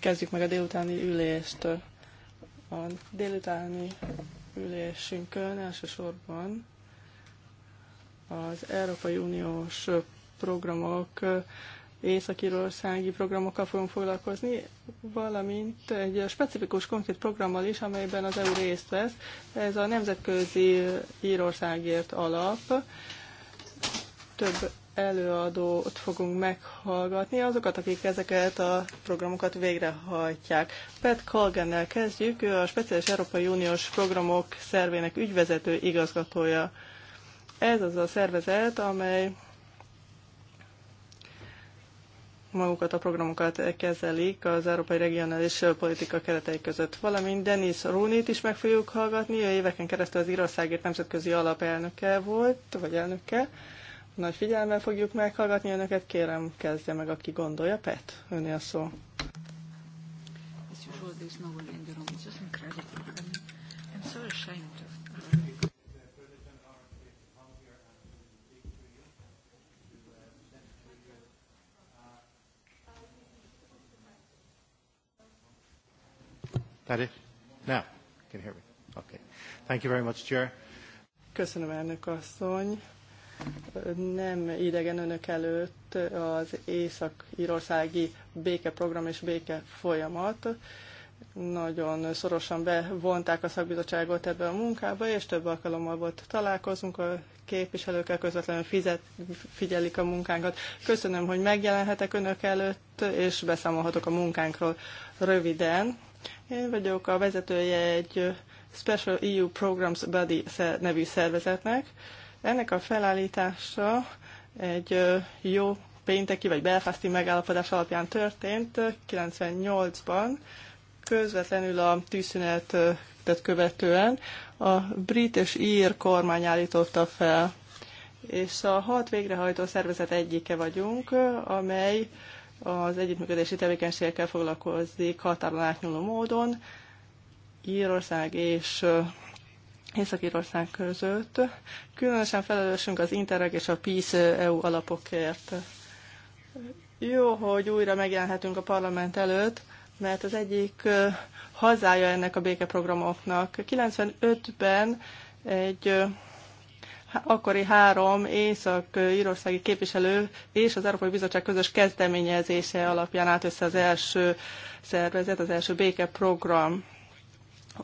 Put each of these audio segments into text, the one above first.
Kezdjük meg a délutáni ülést. A délutáni ülésünkön elsősorban az Európai Uniós programok észak-írországi programokkal fogunk foglalkozni, valamint egy specifikus konkrét programmal is, amelyben az EU részt vesz. Ez a Nemzetközi Írországért Alap. Több előadót fogunk meghallgatni, azokat, akik ezeket a programokat végrehajtják. Pet Colgannel kezdjük, ő a Speciális Európai Uniós Programok Szervének ügyvezető igazgatója. Ez az a szervezet, amely magukat a programokat kezelik az Európai Regionális Politika keretei között. Valamint Denis Rúnit is meg fogjuk hallgatni, ő éveken keresztül az Írországért Nemzetközi Alapelnöke volt, vagy elnöke. Nagy figyelmel fogjuk meghallgatni önöket. Kérem, kezdje meg, aki gondolja. Pet, öné a szó. That it? Now, can you hear me? Okay. Thank you very much, Chair. Köszönöm, elnök asszony nem idegen önök előtt az Észak-Írországi békeprogram és béke folyamat. Nagyon szorosan bevonták a szakbizottságot ebbe a munkába, és több alkalommal volt találkozunk a képviselőkkel, közvetlenül fizet, figyelik a munkánkat. Köszönöm, hogy megjelenhetek önök előtt, és beszámolhatok a munkánkról röviden. Én vagyok a vezetője egy Special EU Programs Body nevű szervezetnek, ennek a felállítása egy jó pénteki vagy belfasti megállapodás alapján történt 98-ban, közvetlenül a tűzszünetet követően a brit és ír kormány állította fel. És a hat végrehajtó szervezet egyike vagyunk, amely az együttműködési tevékenységekkel foglalkozik határon átnyúló módon, Írország és Észak-Írország között. Különösen felelősünk az Interreg és a Peace EU alapokért. Jó, hogy újra megjelenhetünk a parlament előtt, mert az egyik hazája ennek a békeprogramoknak. 95-ben egy akkori három észak-írországi képviselő és az Európai Bizottság közös kezdeményezése alapján állt össze az első szervezet, az első békeprogram.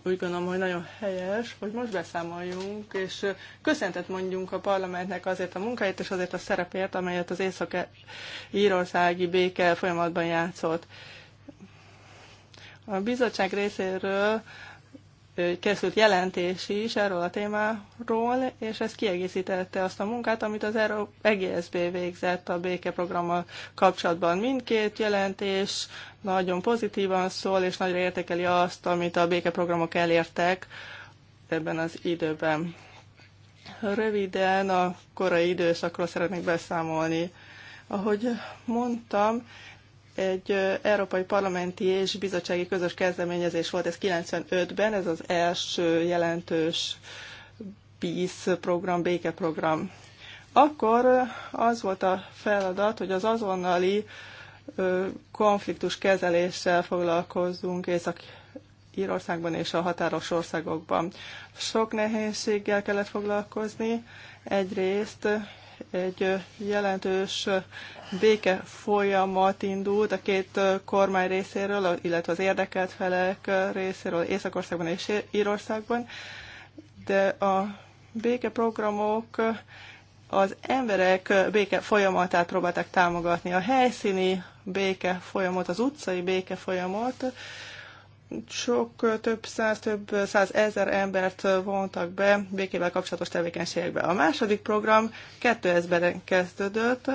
Úgy gondolom, hogy nagyon helyes, hogy most beszámoljunk, és köszöntet mondjunk a parlamentnek azért a munkáért és azért a szerepért, amelyet az észak-írországi béke folyamatban játszott. A bizottság részéről készült jelentés is erről a témáról, és ez kiegészítette azt a munkát, amit az Euró EGSB végzett a békeprogrammal kapcsolatban. Mindkét jelentés nagyon pozitívan szól, és nagyon értékeli azt, amit a békeprogramok elértek ebben az időben. Röviden a korai időszakról szeretnék beszámolni. Ahogy mondtam, egy európai parlamenti és bizottsági közös kezdeményezés volt ez 95-ben, ez az első jelentős Peace program, békeprogram. Akkor az volt a feladat, hogy az azonnali konfliktus kezeléssel foglalkozzunk észak Írországban és a határos országokban. Sok nehézséggel kellett foglalkozni. Egyrészt egy jelentős béke folyamat indult a két kormány részéről, illetve az érdekelt felek részéről Északországban és Írországban, de a békeprogramok az emberek béke folyamatát próbálták támogatni. A helyszíni béke folyamat, az utcai béke folyamat sok több száz, több száz ezer embert vontak be békével kapcsolatos tevékenységekbe. A második program 2000-ben kezdődött,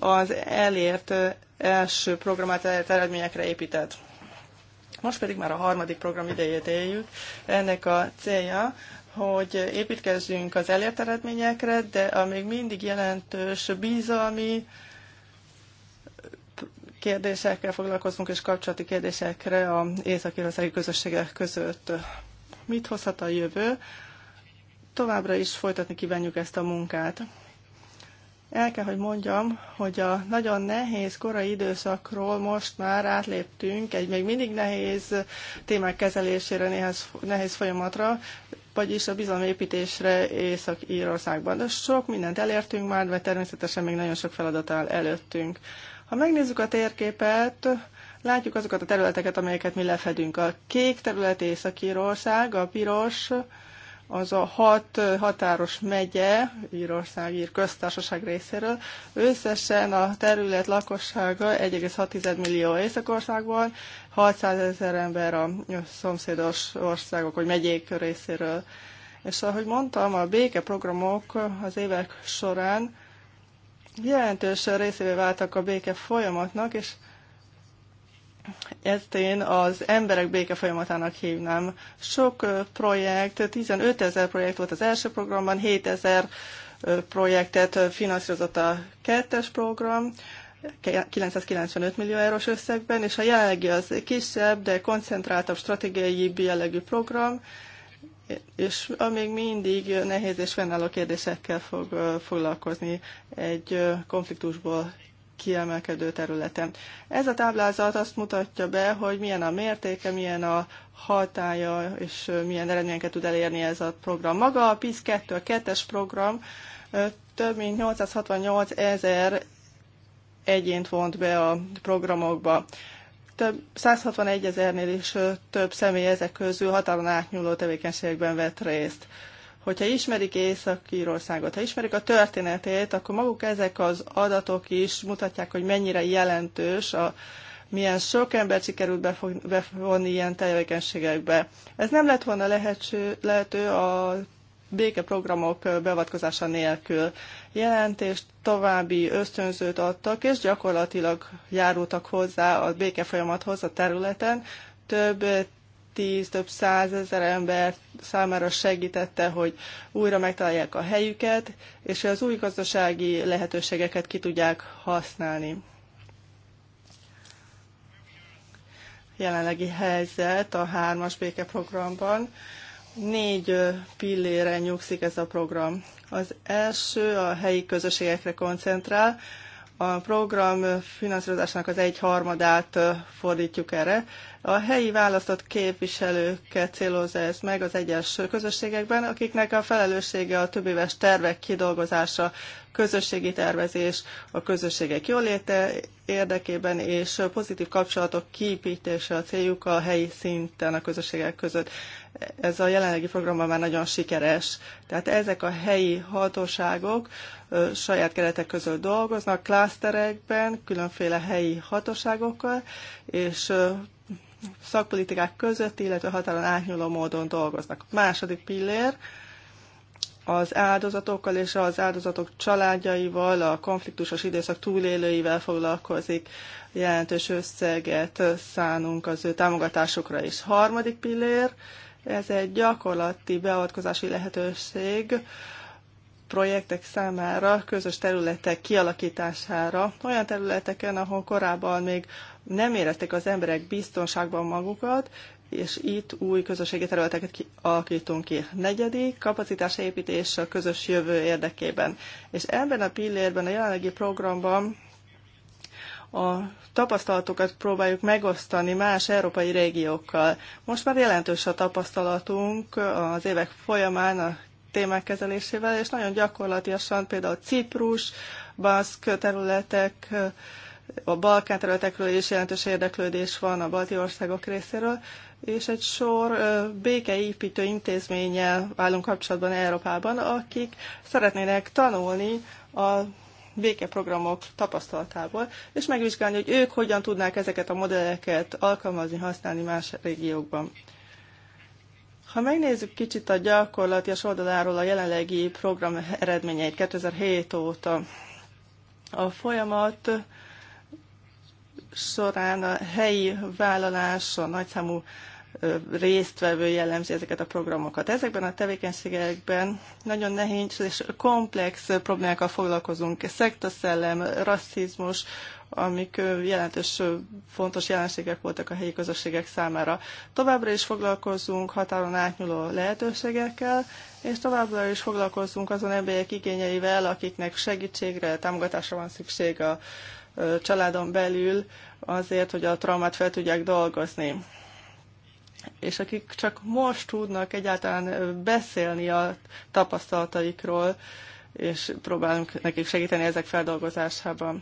az elért első programát elért eredményekre épített. Most pedig már a harmadik program idejét éljük. Ennek a célja, hogy építkezzünk az elért eredményekre, de a még mindig jelentős bizalmi kérdésekkel foglalkozunk, és kapcsolati kérdésekre a észak közösségek között. Mit hozhat a jövő? Továbbra is folytatni kívánjuk ezt a munkát. El kell, hogy mondjam, hogy a nagyon nehéz korai időszakról most már átléptünk egy még mindig nehéz témák kezelésére, nehéz, nehéz folyamatra, vagyis a bizalomépítésre Észak-Írországban. De sok mindent elértünk már, de természetesen még nagyon sok feladat áll előttünk. Ha megnézzük a térképet, látjuk azokat a területeket, amelyeket mi lefedünk. A kék terület Észak-Írország, a piros az a hat határos megye Írország ír köztársaság részéről. Összesen a terület lakossága 1,6 millió Északországban, 600 ezer ember a szomszédos országok vagy megyék részéről. És ahogy mondtam, a békeprogramok az évek során jelentős részévé váltak a béke folyamatnak, és ezt én az emberek béke folyamatának hívnám. Sok projekt, 15 ezer projekt volt az első programban, 7 ezer projektet finanszírozott a kettes program, 995 millió eurós összegben, és a jelenlegi az kisebb, de koncentráltabb stratégiai jellegű program, és amíg mindig nehéz és fennálló kérdésekkel fog foglalkozni egy konfliktusból kiemelkedő területen. Ez a táblázat azt mutatja be, hogy milyen a mértéke, milyen a hatája, és milyen eredményeket tud elérni ez a program. Maga a PISZ 2, a 2-es program több mint 868 ezer egyént vont be a programokba több, 161 ezernél is több személy ezek közül határon átnyúló tevékenységekben vett részt. Hogyha ismerik Észak-Írországot, ha ismerik a történetét, akkor maguk ezek az adatok is mutatják, hogy mennyire jelentős a milyen sok ember sikerült bevonni ilyen tevékenységekbe. Ez nem lett volna lehetső, lehető a békeprogramok beavatkozása nélkül jelentést, további ösztönzőt adtak, és gyakorlatilag járultak hozzá a békefolyamathoz a területen. Több tíz, több százezer ember számára segítette, hogy újra megtalálják a helyüket, és az új gazdasági lehetőségeket ki tudják használni. Jelenlegi helyzet a hármas békeprogramban Négy pillére nyugszik ez a program. Az első a helyi közösségekre koncentrál. A program finanszírozásának az egy harmadát fordítjuk erre. A helyi választott képviselőket célozza ez meg az egyes közösségekben, akiknek a felelőssége a többéves tervek kidolgozása, közösségi tervezés, a közösségek jóléte érdekében és pozitív kapcsolatok kiépítése a céljuk a helyi szinten a közösségek között ez a jelenlegi programban már nagyon sikeres. Tehát ezek a helyi hatóságok saját keretek között dolgoznak, klaszterekben, különféle helyi hatóságokkal, és szakpolitikák között, illetve határon átnyúló módon dolgoznak. Második pillér, az áldozatokkal és az áldozatok családjaival, a konfliktusos időszak túlélőivel foglalkozik, jelentős összeget szánunk az ő támogatásokra is. Harmadik pillér, ez egy gyakorlati beavatkozási lehetőség projektek számára, közös területek kialakítására, olyan területeken, ahol korábban még nem érezték az emberek biztonságban magukat, és itt új közösségi területeket alakítunk ki. Negyedik, kapacitásépítés a közös jövő érdekében. És ebben a pillérben, a jelenlegi programban a tapasztalatokat próbáljuk megosztani más európai régiókkal. Most már jelentős a tapasztalatunk az évek folyamán a témák kezelésével, és nagyon gyakorlatilag például Ciprus, Baszk területek, a Balkán területekről is jelentős érdeklődés van a balti országok részéről, és egy sor békeépítő intézménnyel állunk kapcsolatban Európában, akik szeretnének tanulni a békeprogramok tapasztalatából, és megvizsgálni, hogy ők hogyan tudnák ezeket a modelleket alkalmazni, használni más régiókban. Ha megnézzük kicsit a gyakorlatias oldaláról a jelenlegi program eredményeit 2007 óta, a folyamat során a helyi vállalás, a nagyszámú résztvevő jellemzi ezeket a programokat. Ezekben a tevékenységekben nagyon nehéz és komplex problémákkal foglalkozunk. Szektaszellem, rasszizmus, amik jelentős, fontos jelenségek voltak a helyi közösségek számára. Továbbra is foglalkozunk határon átnyúló lehetőségekkel, és továbbra is foglalkozunk azon emberek igényeivel, akiknek segítségre, támogatásra van szükség a családon belül, azért, hogy a traumát fel tudják dolgozni és akik csak most tudnak egyáltalán beszélni a tapasztalataikról, és próbálunk nekik segíteni ezek feldolgozásában.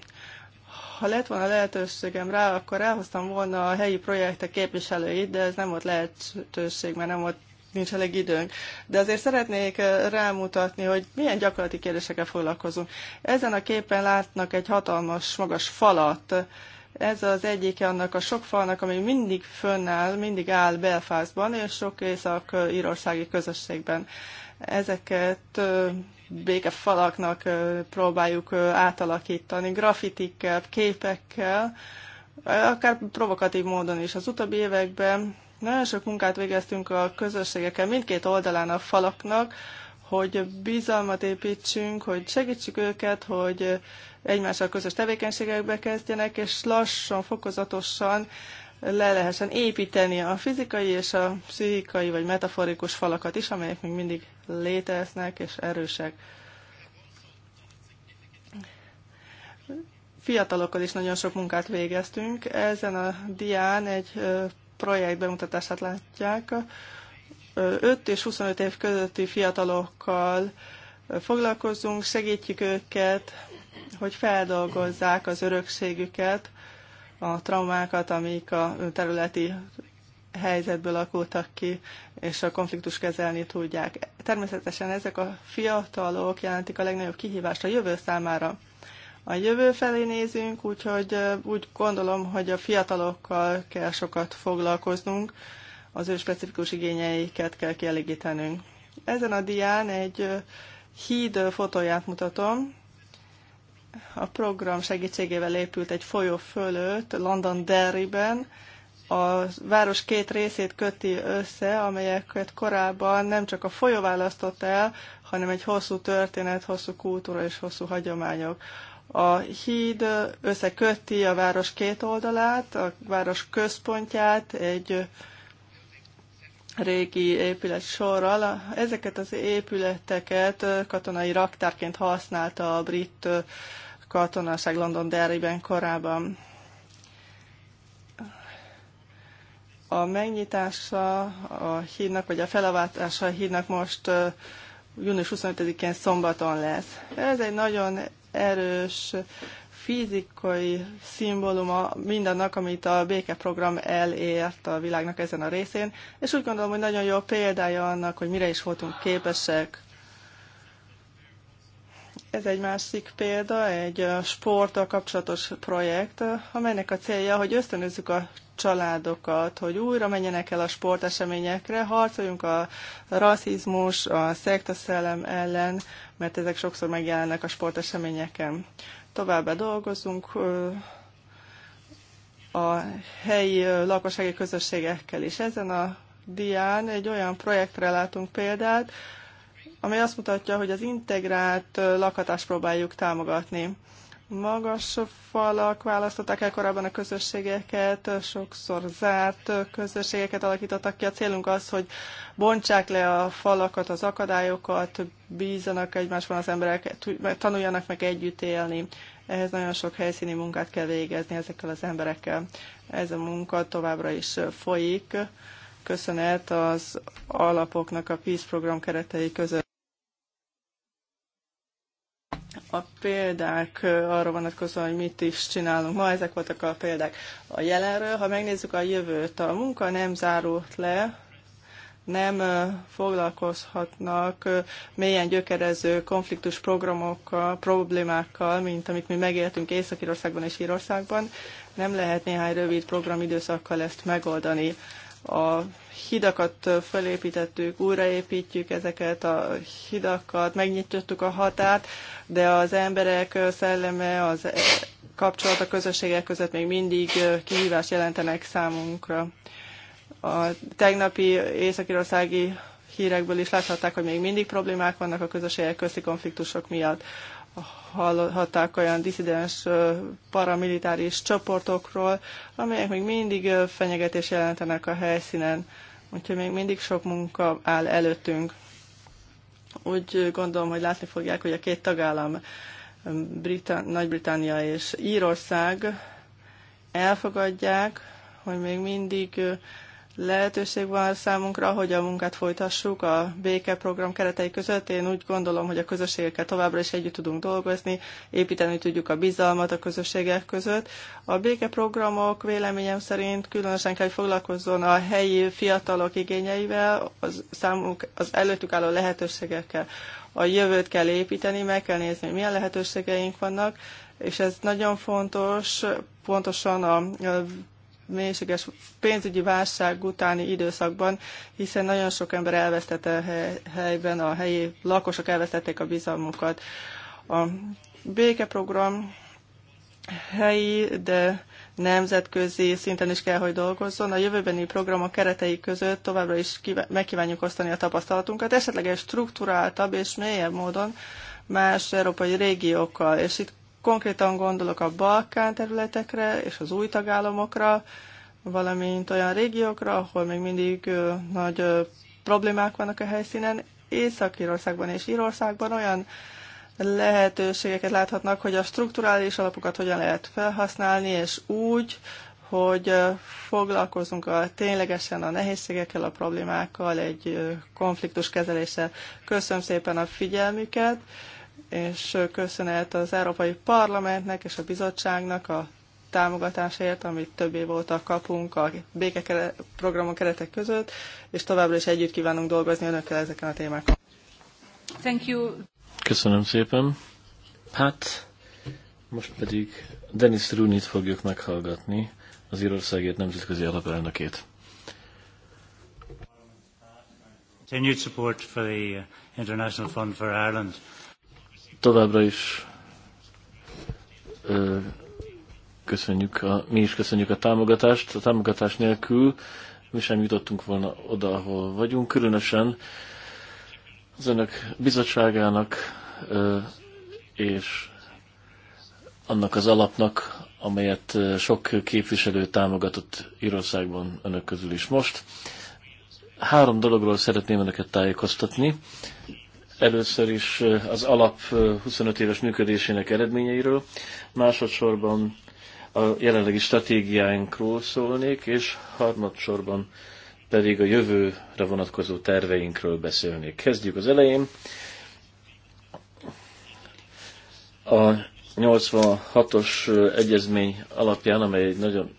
Ha lett volna lehetőségem rá, akkor elhoztam volna a helyi projektek képviselőit, de ez nem volt lehetőség, mert nem volt nincs elég időnk. De azért szeretnék eh, rámutatni, hogy milyen gyakorlati kérdésekkel foglalkozunk. Ezen a képen látnak egy hatalmas, magas falat, ez az egyike annak a sok falnak, ami mindig fönnáll, mindig áll Belfastban és sok észak-írországi közösségben. Ezeket békefalaknak próbáljuk átalakítani, grafitikkel, képekkel, akár provokatív módon is. Az utóbbi években nagyon sok munkát végeztünk a közösségekkel mindkét oldalán a falaknak, hogy bizalmat építsünk, hogy segítsük őket, hogy egymással közös tevékenységekbe kezdjenek, és lassan, fokozatosan le lehessen építeni a fizikai és a pszichikai vagy metaforikus falakat is, amelyek még mindig léteznek és erősek. Fiatalokkal is nagyon sok munkát végeztünk. Ezen a dián egy projekt bemutatását látják. 5 és 25 év közötti fiatalokkal foglalkozunk, segítjük őket hogy feldolgozzák az örökségüket, a traumákat, amik a területi helyzetből alakultak ki, és a konfliktus kezelni tudják. Természetesen ezek a fiatalok jelentik a legnagyobb kihívást a jövő számára. A jövő felé nézünk, úgyhogy úgy gondolom, hogy a fiatalokkal kell sokat foglalkoznunk, az ő specifikus igényeiket kell kielégítenünk. Ezen a dián egy híd fotóját mutatom, a program segítségével épült egy folyó fölött, London Derryben, a város két részét köti össze, amelyeket korábban nem csak a folyó választott el, hanem egy hosszú történet, hosszú kultúra és hosszú hagyományok. A híd összeköti a város két oldalát, a város központját egy régi épület sorral. Ezeket az épületeket katonai raktárként használta a brit katonaság London Derryben korában. A megnyitása a hídnak, vagy a felavátása a hídnak most június 25-én szombaton lesz. Ez egy nagyon erős fizikai szimbóluma mindannak, amit a békeprogram elért a világnak ezen a részén, és úgy gondolom, hogy nagyon jó példája annak, hogy mire is voltunk képesek ez egy másik példa, egy sporttal kapcsolatos projekt, amelynek a célja, hogy ösztönözzük a családokat, hogy újra menjenek el a sporteseményekre, harcoljunk a rasszizmus, a szektaszellem ellen, mert ezek sokszor megjelennek a sporteseményeken. Továbbá dolgozunk a helyi lakossági közösségekkel is. Ezen a dián egy olyan projektre látunk példát, amely azt mutatja, hogy az integrált lakhatást próbáljuk támogatni. Magas falak választották el korábban a közösségeket, sokszor zárt közösségeket alakítottak ki. A célunk az, hogy bontsák le a falakat, az akadályokat, bízzanak egymásban az emberek, tanuljanak meg együtt élni. Ehhez nagyon sok helyszíni munkát kell végezni ezekkel az emberekkel. Ez a munka továbbra is folyik. Köszönet az alapoknak a PEACE program keretei között. A példák arra vonatkozóan, hogy mit is csinálunk ma, ezek voltak a példák a jelenről. Ha megnézzük a jövőt, a munka nem zárult le, nem foglalkozhatnak mélyen gyökerező konfliktus programokkal, problémákkal, mint amit mi megéltünk Észak-Írországban és Írországban. Nem lehet néhány rövid programidőszakkal ezt megoldani a hidakat felépítettük, újraépítjük ezeket a hidakat, megnyitottuk a határt, de az emberek szelleme, az e- kapcsolat a közösségek között még mindig kihívást jelentenek számunkra. A tegnapi északirországi hírekből is láthatták, hogy még mindig problémák vannak a közösségek közti konfliktusok miatt hallhatták olyan diszidens paramilitáris csoportokról, amelyek még mindig fenyegetés jelentenek a helyszínen. Úgyhogy még mindig sok munka áll előttünk. Úgy gondolom, hogy látni fogják, hogy a két tagállam, Britán- Nagy-Britannia és Írország elfogadják, hogy még mindig lehetőség van számunkra, hogy a munkát folytassuk a békeprogram keretei között. Én úgy gondolom, hogy a közösségekkel továbbra is együtt tudunk dolgozni, építeni tudjuk a bizalmat a közösségek között. A békeprogramok véleményem szerint különösen kell, hogy foglalkozzon a helyi fiatalok igényeivel, az, számunk, az előttük álló lehetőségekkel. A jövőt kell építeni, meg kell nézni, milyen lehetőségeink vannak, és ez nagyon fontos, pontosan a mélységes pénzügyi válság utáni időszakban, hiszen nagyon sok ember elvesztette a helyben, a helyi lakosok elvesztették a bizalmukat. A békeprogram helyi, de nemzetközi szinten is kell, hogy dolgozzon. A jövőbeni programok keretei között továbbra is megkívánjuk osztani a tapasztalatunkat, esetleg egy struktúráltabb és mélyebb módon más európai régiókkal, és itt Konkrétan gondolok a Balkán területekre és az új tagállamokra, valamint olyan régiókra, ahol még mindig nagy problémák vannak a helyszínen. Észak-Írországban és Írországban olyan lehetőségeket láthatnak, hogy a strukturális alapokat hogyan lehet felhasználni, és úgy, hogy foglalkozunk a, ténylegesen a nehézségekkel, a problémákkal, egy konfliktus kezeléssel. Köszönöm szépen a figyelmüket, és köszönet az Európai Parlamentnek és a bizottságnak a támogatásért, amit több év óta kapunk a békeprogramon keretek között, és továbbra is együtt kívánunk dolgozni önökkel ezeken a témákon. Thank you. Köszönöm szépen. Hát, most pedig Denis Runit fogjuk meghallgatni, az Írországért Nemzetközi Alapelnökét. Continued support for the uh, International Fund for Ireland továbbra is ö, köszönjük a, mi is köszönjük a támogatást. A támogatás nélkül mi sem jutottunk volna oda, ahol vagyunk. Különösen az önök bizottságának ö, és annak az alapnak, amelyet sok képviselő támogatott Írországban önök közül is most. Három dologról szeretném önöket tájékoztatni. Először is az alap 25 éves működésének eredményeiről, másodszorban a jelenlegi stratégiáinkról szólnék, és harmadsorban pedig a jövőre vonatkozó terveinkről beszélnék. Kezdjük az elején. A 86-os egyezmény alapján, amely egy nagyon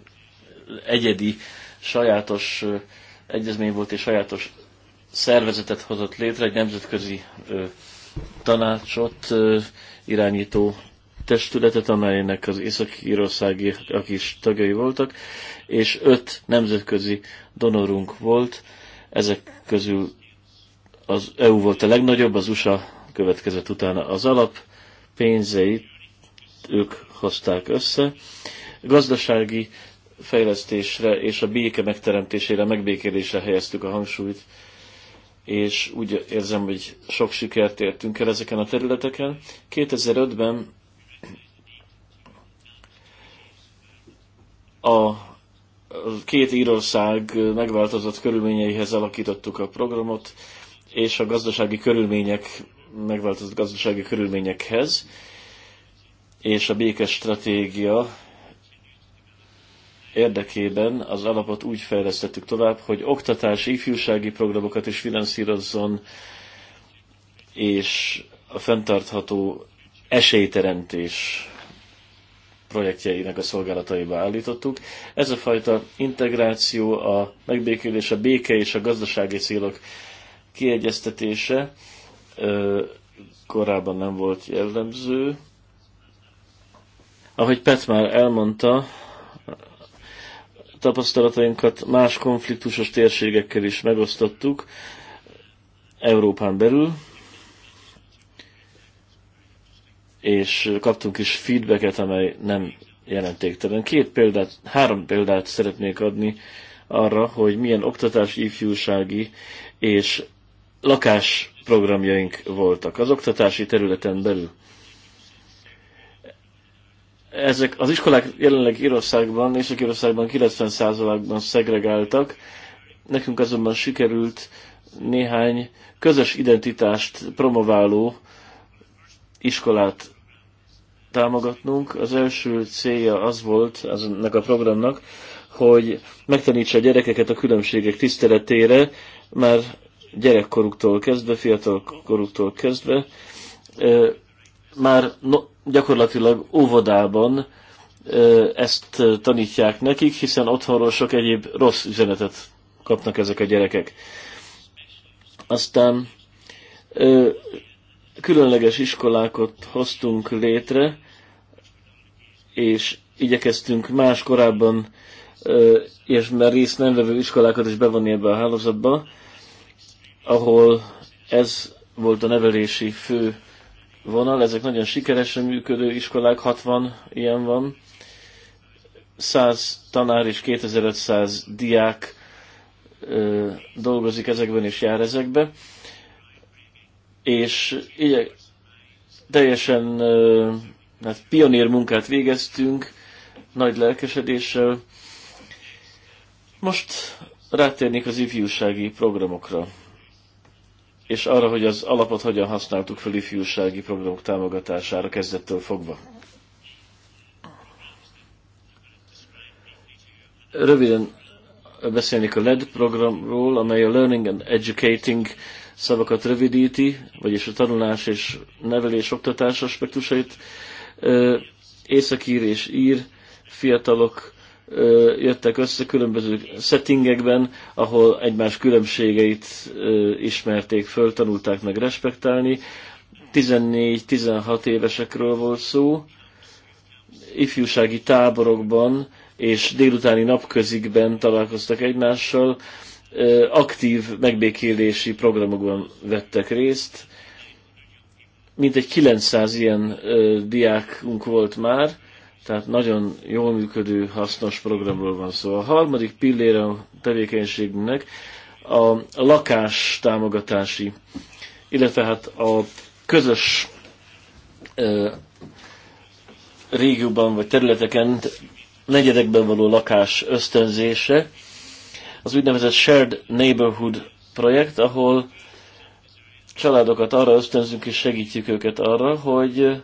egyedi, sajátos egyezmény volt és sajátos szervezetet hozott létre, egy nemzetközi ö, tanácsot, ö, irányító testületet, amelynek az észak-írországiak is tagjai voltak, és öt nemzetközi donorunk volt, ezek közül az EU volt a legnagyobb, az USA következett utána az alap, pénzeit ők hozták össze. Gazdasági fejlesztésre és a béke megteremtésére, megbékélésre helyeztük a hangsúlyt és úgy érzem, hogy sok sikert értünk el ezeken a területeken. 2005-ben a két Írország megváltozott körülményeihez alakítottuk a programot, és a gazdasági körülmények, megváltozott gazdasági körülményekhez, és a békes stratégia érdekében az alapot úgy fejlesztettük tovább, hogy oktatási, ifjúsági programokat is finanszírozzon, és a fenntartható esélyteremtés projektjeinek a szolgálataiba állítottuk. Ez a fajta integráció, a megbékélés, a béke és a gazdasági célok kiegyeztetése korábban nem volt jellemző. Ahogy Pet már elmondta, tapasztalatainkat más konfliktusos térségekkel is megosztottuk Európán belül, és kaptunk is feedbacket, amely nem jelentéktelen. Két példát, három példát szeretnék adni arra, hogy milyen oktatás, ifjúsági és lakásprogramjaink voltak az oktatási területen belül ezek az iskolák jelenleg Írországban, és Írországban 90%-ban szegregáltak, nekünk azonban sikerült néhány közös identitást promováló iskolát támogatnunk. Az első célja az volt ennek a programnak, hogy megtanítsa a gyerekeket a különbségek tiszteletére, már gyerekkoruktól kezdve, fiatalkoruktól kezdve, már no, gyakorlatilag óvodában ezt tanítják nekik, hiszen otthonról sok egyéb rossz üzenetet kapnak ezek a gyerekek. Aztán különleges iskolákat hoztunk létre, és igyekeztünk más korábban és már részt nem vevő iskolákat is bevonni ebbe a hálózatba, ahol ez volt a nevelési fő vonal, ezek nagyon sikeresen működő iskolák, 60 ilyen van, 100 tanár és 2500 diák ö, dolgozik ezekben és jár ezekbe, és így teljesen ö, hát pionír munkát végeztünk, nagy lelkesedéssel. Most rátérnék az ifjúsági programokra és arra, hogy az alapot hogyan használtuk fel ifjúsági programok támogatására kezdettől fogva. Röviden beszélnék a LED programról, amely a Learning and Educating szavakat rövidíti, vagyis a tanulás és nevelés oktatás aspektusait. Északír és ír fiatalok jöttek össze különböző settingekben, ahol egymás különbségeit ismerték föl, tanulták meg respektálni. 14-16 évesekről volt szó, ifjúsági táborokban és délutáni napközikben találkoztak egymással, aktív megbékélési programokban vettek részt. Mintegy 900 ilyen diákunk volt már, tehát nagyon jól működő, hasznos programról van szó. A harmadik pillére a tevékenységünknek a lakás támogatási, illetve hát a közös e, régióban vagy területeken, negyedekben való lakás ösztönzése, az úgynevezett Shared Neighborhood projekt, ahol családokat arra ösztönzünk és segítjük őket arra, hogy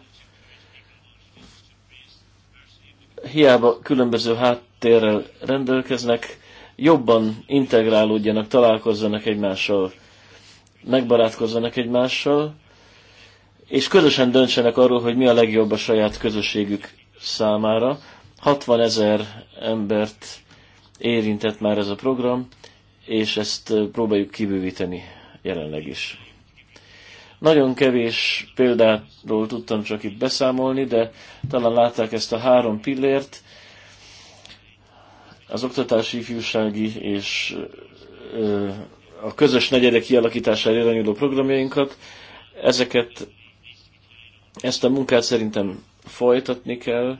hiába különböző háttérrel rendelkeznek, jobban integrálódjanak, találkozzanak egymással, megbarátkozzanak egymással, és közösen döntsenek arról, hogy mi a legjobb a saját közösségük számára. 60 ezer embert érintett már ez a program, és ezt próbáljuk kibővíteni jelenleg is. Nagyon kevés példáról tudtam csak itt beszámolni, de talán látták ezt a három pillért, az oktatási, ifjúsági és a közös negyedek kialakítására irányuló programjainkat. Ezeket, ezt a munkát szerintem folytatni kell,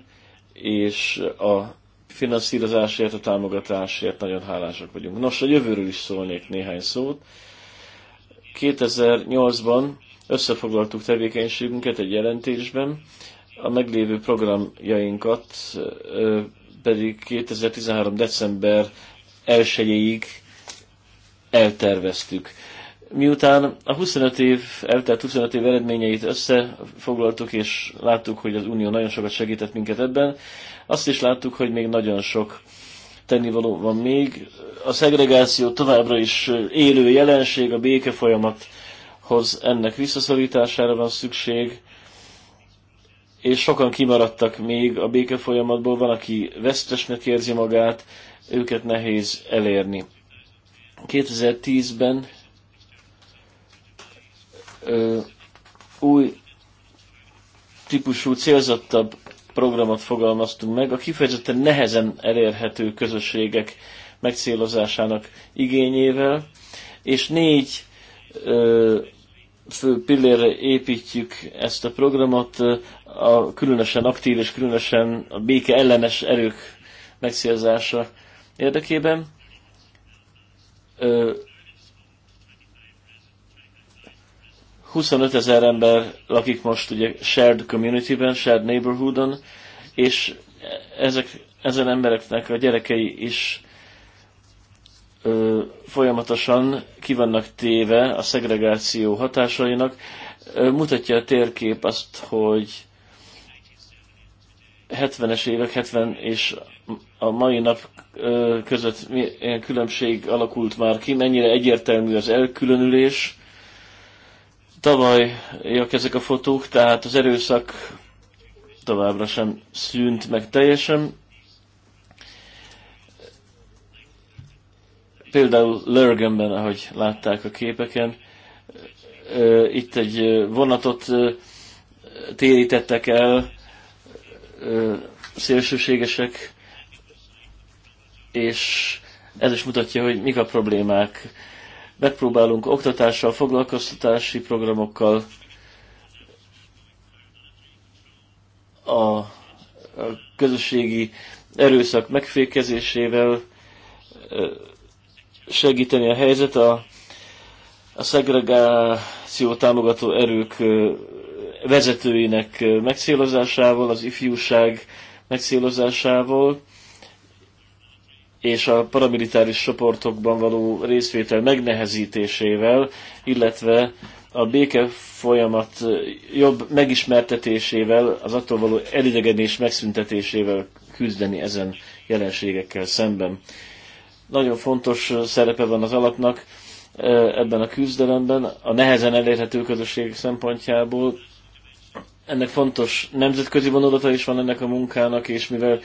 és a finanszírozásért, a támogatásért nagyon hálásak vagyunk. Nos, a jövőről is szólnék néhány szót. 2008-ban Összefoglaltuk tevékenységünket egy jelentésben, a meglévő programjainkat pedig 2013. december 1 elterveztük. Miután a 25 év, eltelt 25 év eredményeit összefoglaltuk, és láttuk, hogy az Unió nagyon sokat segített minket ebben, azt is láttuk, hogy még nagyon sok tennivaló van még. A szegregáció továbbra is élő jelenség, a béke folyamat hoz ennek visszaszorítására van szükség, és sokan kimaradtak még a béke folyamatból, van, aki vesztesnek érzi magát, őket nehéz elérni. 2010-ben ö, új típusú, célzottabb programot fogalmaztunk meg, a kifejezetten nehezen elérhető közösségek megcélozásának igényével, és négy fő pillére építjük ezt a programot, a különösen aktív és különösen a béke ellenes erők megszélzása érdekében. Ö, 25 ezer ember lakik most ugye shared community-ben, shared neighborhood-on, és ezek, ezen embereknek a gyerekei is ö, folyamatosan kivannak téve a szegregáció hatásainak. Ö, mutatja a térkép azt, hogy 70-es évek, 70 és a mai nap között milyen különbség alakult már ki, mennyire egyértelmű az elkülönülés. Tavalyak ezek a fotók, tehát az erőszak továbbra sem szűnt meg teljesen. Például Lörgenben, ahogy látták a képeken, itt egy vonatot térítettek el szélsőségesek, és ez is mutatja, hogy mik a problémák. Megpróbálunk oktatással, foglalkoztatási programokkal a, a közösségi erőszak megfékezésével segíteni a helyzet. A, a szegregáció támogató erők vezetőinek megszélozásával, az ifjúság megszélozásával, és a paramilitáris csoportokban való részvétel megnehezítésével, illetve a béke folyamat jobb megismertetésével, az attól való elidegenés megszüntetésével küzdeni ezen jelenségekkel szemben. Nagyon fontos szerepe van az alapnak ebben a küzdelemben, a nehezen elérhető közösség szempontjából. Ennek fontos nemzetközi vonulata is van ennek a munkának, és mivel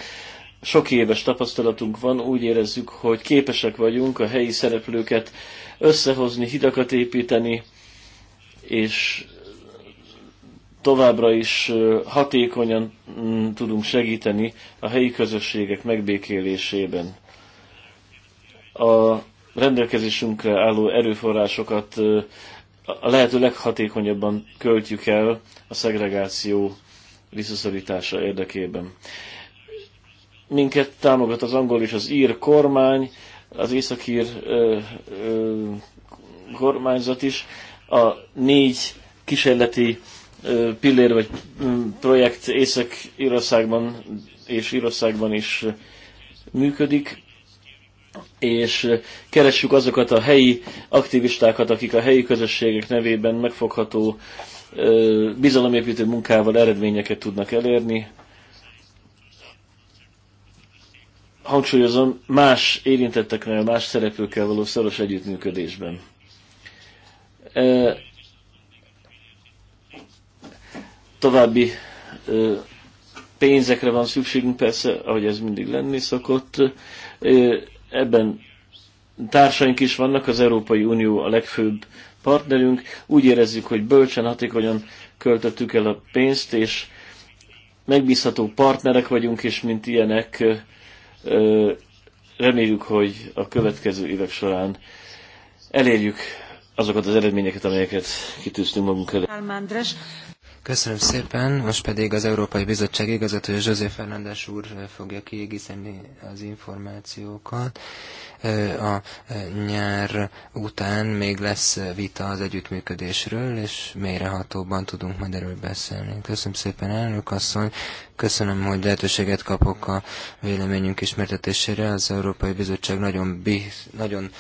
sok éves tapasztalatunk van, úgy érezzük, hogy képesek vagyunk a helyi szereplőket összehozni, hidakat építeni, és továbbra is hatékonyan mm, tudunk segíteni a helyi közösségek megbékélésében a rendelkezésünkre álló erőforrásokat a lehető leghatékonyabban költjük el a szegregáció visszaszorítása érdekében. Minket támogat az angol és az ír kormány, az északír kormányzat is. A négy kísérleti pillér vagy projekt Észak-Írországban és Írországban is működik és keressük azokat a helyi aktivistákat, akik a helyi közösségek nevében megfogható bizalomépítő munkával eredményeket tudnak elérni. Hangsúlyozom, más érintetteknél, más szereplőkkel való szoros együttműködésben. További pénzekre van szükségünk persze, ahogy ez mindig lenni szokott ebben társaink is vannak, az Európai Unió a legfőbb partnerünk. Úgy érezzük, hogy bölcsen, hatékonyan költöttük el a pénzt, és megbízható partnerek vagyunk, és mint ilyenek reméljük, hogy a következő évek során elérjük azokat az eredményeket, amelyeket kitűztünk magunk elé. Köszönöm szépen, most pedig az Európai Bizottság igazgatója José Fernández úr eh, fogja kiegészíteni az információkat. Eh, a eh, nyár után még lesz vita az együttműködésről, és mélyrehatóban tudunk majd erről beszélni. Köszönöm szépen, elnök asszony, köszönöm, hogy lehetőséget kapok a véleményünk ismertetésére. Az Európai Bizottság nagyon, bíz, nagyon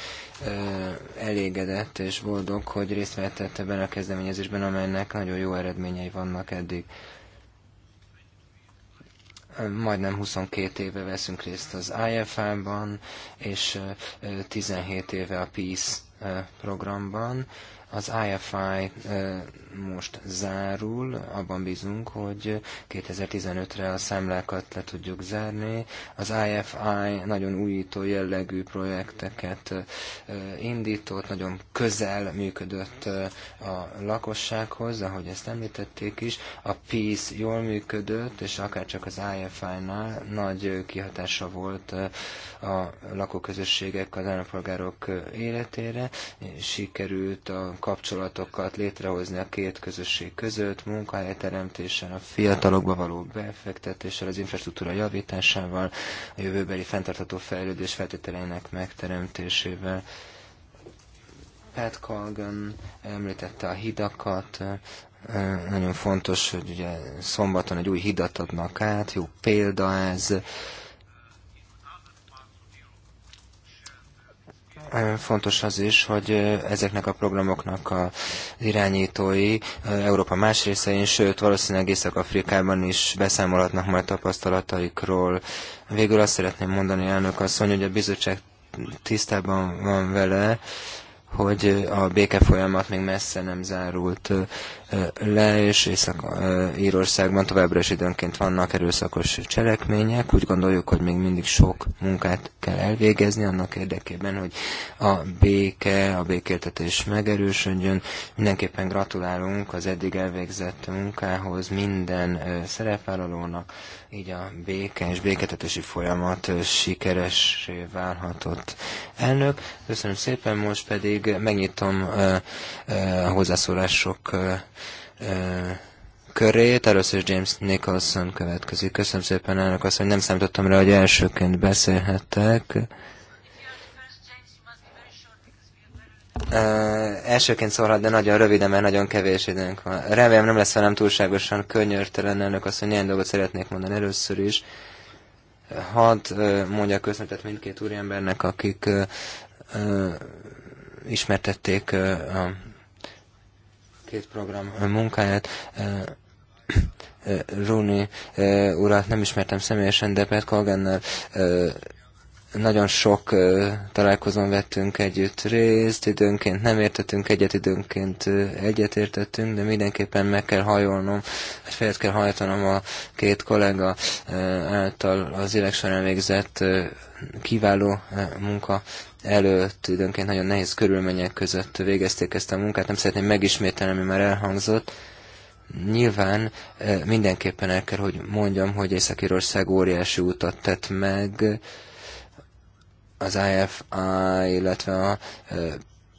elégedett és boldog, hogy részt vett ebben a kezdeményezésben, amelynek nagyon jó eredményei vannak eddig. Majdnem 22 éve veszünk részt az IFA-ban, és 17 éve a PEACE programban az IFI most zárul, abban bízunk, hogy 2015-re a számlákat le tudjuk zárni. Az IFI nagyon újító jellegű projekteket indított, nagyon közel működött a lakossághoz, ahogy ezt említették is. A PEACE jól működött, és akárcsak az IFI-nál nagy kihatása volt a lakóközösségek, az állampolgárok életére. Sikerült a kapcsolatokat létrehozni a két közösség között, munkahelyteremtéssel, a fiatalokba való befektetéssel, az infrastruktúra javításával, a jövőbeli fenntartható fejlődés feltételeinek megteremtésével. Pat Colgan említette a hidakat, nagyon fontos, hogy ugye szombaton egy új hidat adnak át, jó példa ez, Fontos az is, hogy ezeknek a programoknak a irányítói Európa más részein, sőt valószínűleg Észak-Afrikában is beszámolhatnak majd tapasztalataikról. Végül azt szeretném mondani, elnök asszony, hogy a bizottság tisztában van vele, hogy a béke folyamat még messze nem zárult le, és Észak-Írországban továbbra is időnként vannak erőszakos cselekmények. Úgy gondoljuk, hogy még mindig sok munkát kell elvégezni annak érdekében, hogy a béke, a békéltetés megerősödjön. Mindenképpen gratulálunk az eddig elvégzett munkához minden szerepvállalónak, így a béke és béketetési folyamat sikeresé válhatott elnök. Köszönöm szépen, most pedig megnyitom a hozzászólások körét. Először James Nicholson következik. Köszönöm szépen elnök azt, hogy nem számítottam rá, hogy elsőként beszélhetek. Uh, elsőként szólhat, de nagyon röviden, mert nagyon kevés időnk van. Remélem nem lesz velem túlságosan könyörtelen elnök azt, hogy néhány dolgot szeretnék mondani először is. Hadd uh, mondja köszönetet mindkét úriembernek, akik uh, uh, ismertették uh, a két program munkáját. Rúni urat nem ismertem személyesen, de Pet Kolgennel nagyon sok találkozón vettünk együtt részt, időnként nem értettünk egyet, időnként egyetértettünk, de mindenképpen meg kell hajolnom, hát fejet kell hajtanom a két kollega által az élek során végzett kiváló munka előtt időnként nagyon nehéz körülmények között végezték ezt a munkát. Nem szeretném megismételni, ami már elhangzott. Nyilván eh, mindenképpen el kell, hogy mondjam, hogy Észak-Írország óriási utat tett meg az IFI, illetve a eh,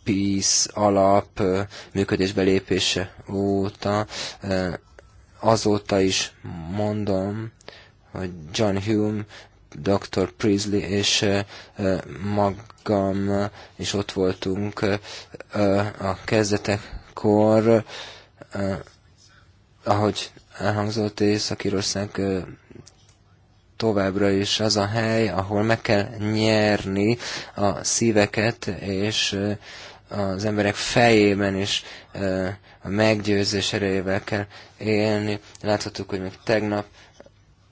Peace alap eh, működésbe lépése óta. Azóta is mondom, hogy John Hume dr. Priestley és magam is ott voltunk a kezdetekkor, ahogy elhangzott észak irország továbbra is az a hely, ahol meg kell nyerni a szíveket, és az emberek fejében is a meggyőzés erejével kell élni. Láthattuk, hogy még tegnap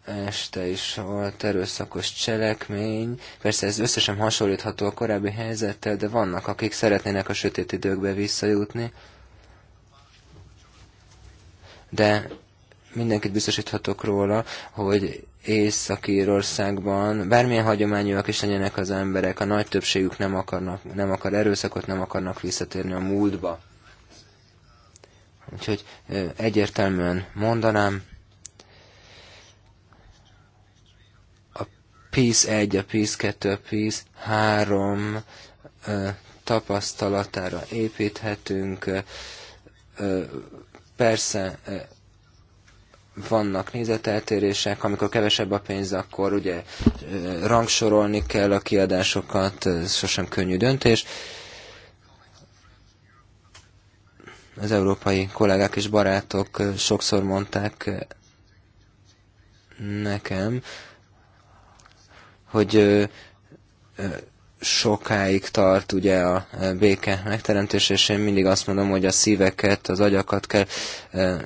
este is volt erőszakos cselekmény. Persze ez összesen hasonlítható a korábbi helyzettel, de vannak, akik szeretnének a sötét időkbe visszajutni. De mindenkit biztosíthatok róla, hogy Észak-Írországban bármilyen hagyományúak is legyenek az emberek, a nagy többségük nem, akarnak, nem akar erőszakot, nem akarnak visszatérni a múltba. Úgyhogy egyértelműen mondanám, PISZ 1, a PISZ 2, a PISZ 3 tapasztalatára építhetünk. Persze vannak nézeteltérések, amikor kevesebb a pénz, akkor ugye rangsorolni kell a kiadásokat, ez sosem könnyű döntés. Az európai kollégák és barátok sokszor mondták nekem, hogy sokáig tart ugye a béke megteremtése, és én mindig azt mondom, hogy a szíveket, az agyakat kell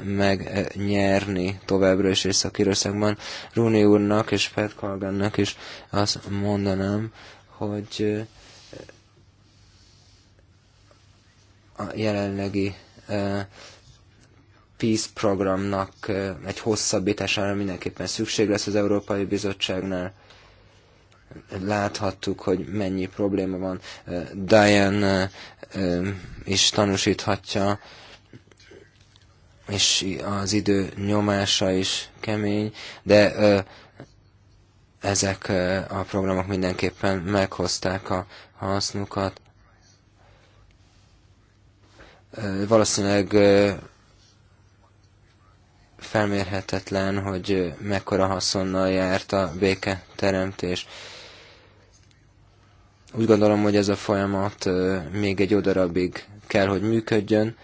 megnyerni továbbra is Észak-Írországban. Rúni úrnak és Pet Kalgannak is azt mondanám, hogy a jelenlegi Peace programnak egy hosszabbítására mindenképpen szükség lesz az Európai Bizottságnál láthattuk, hogy mennyi probléma van. Diane is tanúsíthatja, és az idő nyomása is kemény, de ezek a programok mindenképpen meghozták a hasznukat. Valószínűleg felmérhetetlen, hogy mekkora haszonnal járt a béke teremtés úgy gondolom, hogy ez a folyamat még egy odarabig kell, hogy működjön.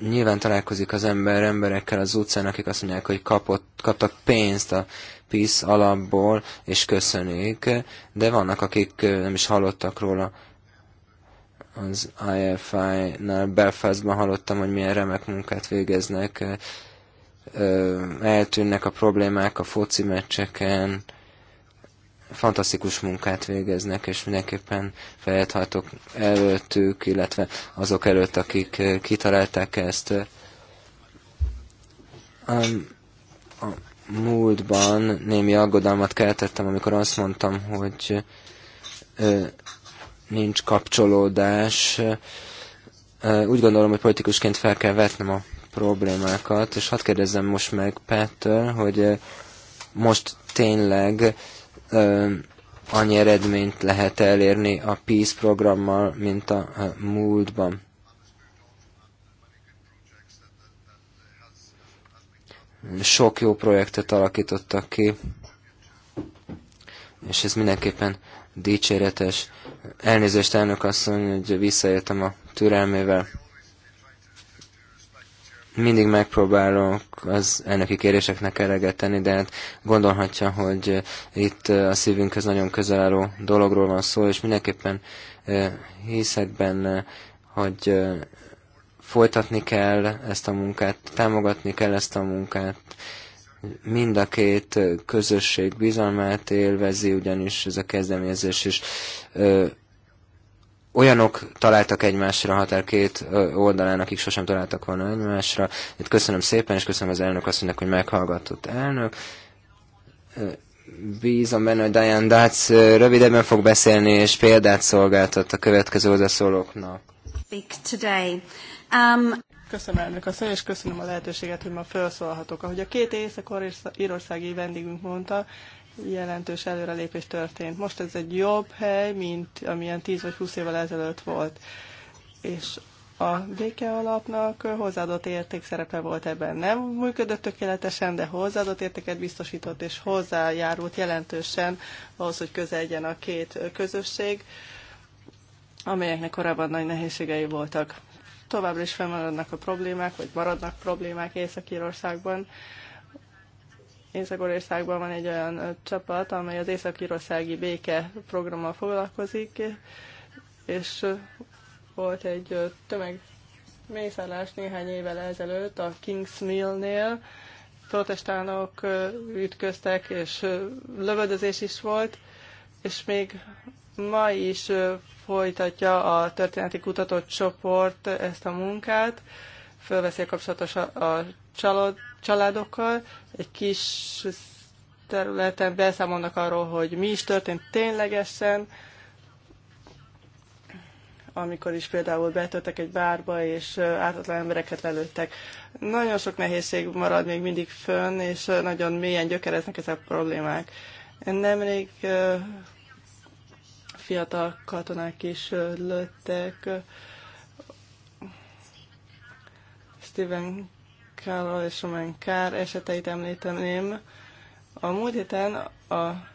Nyilván találkozik az ember emberekkel az utcán, akik azt mondják, hogy kapott, kaptak pénzt a PISZ alapból, és köszönik, de vannak, akik nem is hallottak róla az IFI-nál Belfastban hallottam, hogy milyen remek munkát végeznek eltűnnek a problémák a foci meccseken, fantasztikus munkát végeznek, és mindenképpen fejet előttük, illetve azok előtt, akik kitalálták ezt. A múltban némi aggodalmat keltettem, amikor azt mondtam, hogy nincs kapcsolódás. Úgy gondolom, hogy politikusként fel kell vetnem a problémákat, és hadd kérdezzem most meg Pettől, hogy most tényleg annyi eredményt lehet elérni a Peace programmal, mint a múltban. Sok jó projektet alakítottak ki, és ez mindenképpen dicséretes. Elnézést, elnök asszony, hogy visszajöttem a türelmével mindig megpróbálok az elnöki kéréseknek eleget tenni, de hát gondolhatja, hogy eh, itt eh, a szívünkhez nagyon közel álló dologról van szó, és mindenképpen eh, hiszek benne, hogy folytatni kell ezt a munkát, támogatni kell ezt a munkát, mind a két közösség bizalmát élvezi, ugyanis ez a kezdeményezés is olyanok találtak egymásra a határ két oldalán, akik sosem találtak volna egymásra. Itt köszönöm szépen, és köszönöm az elnök azt hogy meghallgatott elnök. Bízom benne, hogy Diane Dutz rövidebben fog beszélni, és példát szolgáltat a következő hozzászólóknak. Um... Köszönöm elnök asszony, és köszönöm a lehetőséget, hogy ma felszólhatok. Ahogy a két észak-írországi vendégünk mondta, jelentős előrelépés történt. Most ez egy jobb hely, mint amilyen 10 vagy 20 évvel ezelőtt volt. És a béke alapnak hozzáadott érték szerepe volt ebben. Nem működött tökéletesen, de hozzáadott értéket biztosított, és hozzájárult jelentősen ahhoz, hogy közeljen a két közösség, amelyeknek korábban nagy nehézségei voltak. Továbbra is fennmaradnak a problémák, vagy maradnak problémák Észak-Írországban Észak-Országban van egy olyan csapat, amely az Észak-Írországi béke programmal foglalkozik, és volt egy tömeg mészállás néhány évvel ezelőtt a Kings Mill-nél. Protestánok ütköztek, és lövöldözés is volt, és még ma is folytatja a történeti kutatócsoport ezt a munkát, fölveszi a kapcsolatos a, a csalód, családokkal, egy kis területen beszámolnak arról, hogy mi is történt ténylegesen, amikor is például betöltek egy bárba, és ártatlan embereket lelőttek. Nagyon sok nehézség marad még mindig fönn, és nagyon mélyen gyökereznek ezek a problémák. Nemrég fiatal katonák is lőttek. Stephen Kállal és Roman Kár eseteit említeném. A múlt héten a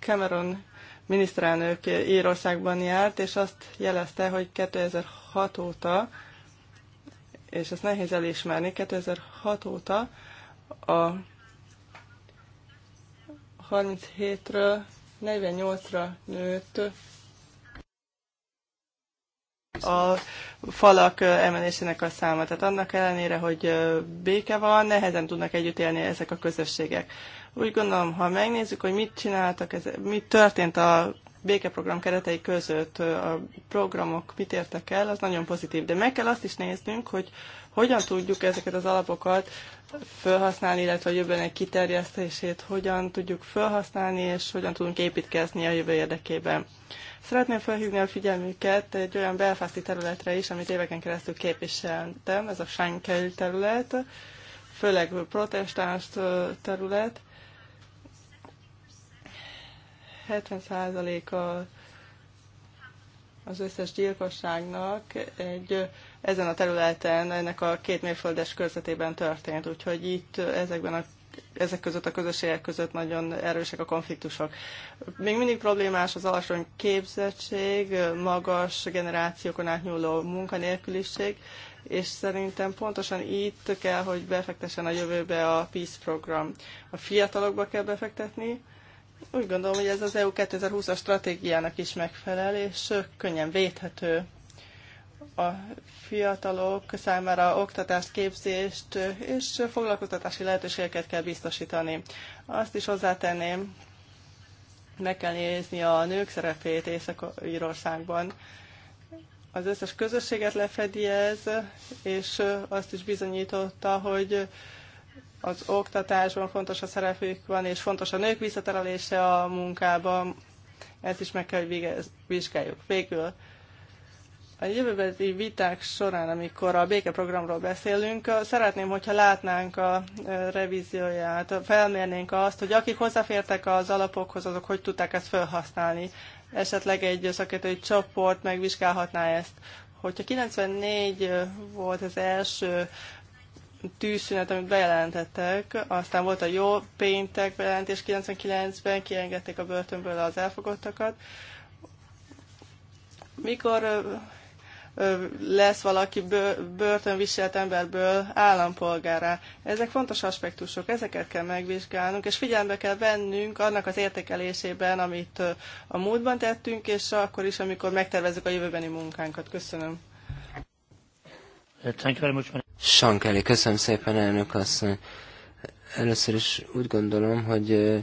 Cameron miniszterelnök Írországban járt, és azt jelezte, hogy 2006 óta, és ezt nehéz elismerni, 2006 óta a 37-ről 48-ra nőtt a falak emelésének a száma. Tehát annak ellenére, hogy béke van, nehezen tudnak együtt élni ezek a közösségek. Úgy gondolom, ha megnézzük, hogy mit csináltak, ez, mit történt a békeprogram keretei között a programok mit értek el, az nagyon pozitív. De meg kell azt is néznünk, hogy hogyan tudjuk ezeket az alapokat felhasználni, illetve a jövőnek kiterjesztését, hogyan tudjuk felhasználni, és hogyan tudunk építkezni a jövő érdekében. Szeretném felhívni a figyelmüket egy olyan belfászti területre is, amit éveken keresztül képviseltem, ez a Schenkel terület, főleg protestáns terület, 70%-a az összes gyilkosságnak egy, ezen a területen, ennek a két mérföldes körzetében történt. Úgyhogy itt ezekben a ezek között, a közösségek között nagyon erősek a konfliktusok. Még mindig problémás az alacsony képzettség, magas generációkon átnyúló munkanélküliség, és szerintem pontosan itt kell, hogy befektessen a jövőbe a Peace program. A fiatalokba kell befektetni, úgy gondolom, hogy ez az EU 2020-as stratégiának is megfelel, és könnyen védhető a fiatalok számára oktatást, képzést és foglalkoztatási lehetőségeket kell biztosítani. Azt is hozzátenném, meg kell nézni a nők szerepét Észak-Írországban. Az összes közösséget lefedi ez, és azt is bizonyította, hogy az oktatásban fontos a szerepük van, és fontos a nők visszaterelése a munkában. Ezt is meg kell, hogy vizsgáljuk. Végül a jövőbeli viták során, amikor a békeprogramról beszélünk, szeretném, hogyha látnánk a revízióját, felmérnénk azt, hogy akik hozzáfértek az alapokhoz, azok hogy tudták ezt felhasználni. Esetleg egy szakértői csoport megvizsgálhatná ezt. Hogyha 94 volt az első tűzszünet, amit bejelentettek, aztán volt a jó péntek bejelentés 99-ben, kiengedték a börtönből az elfogottakat. Mikor lesz valaki börtönviselt emberből állampolgárá. Ezek fontos aspektusok, ezeket kell megvizsgálnunk, és figyelme kell vennünk annak az értékelésében, amit a múltban tettünk, és akkor is, amikor megtervezzük a jövőbeni munkánkat. Köszönöm. Sankeli, köszönöm szépen, elnök asszony. Először is úgy gondolom, hogy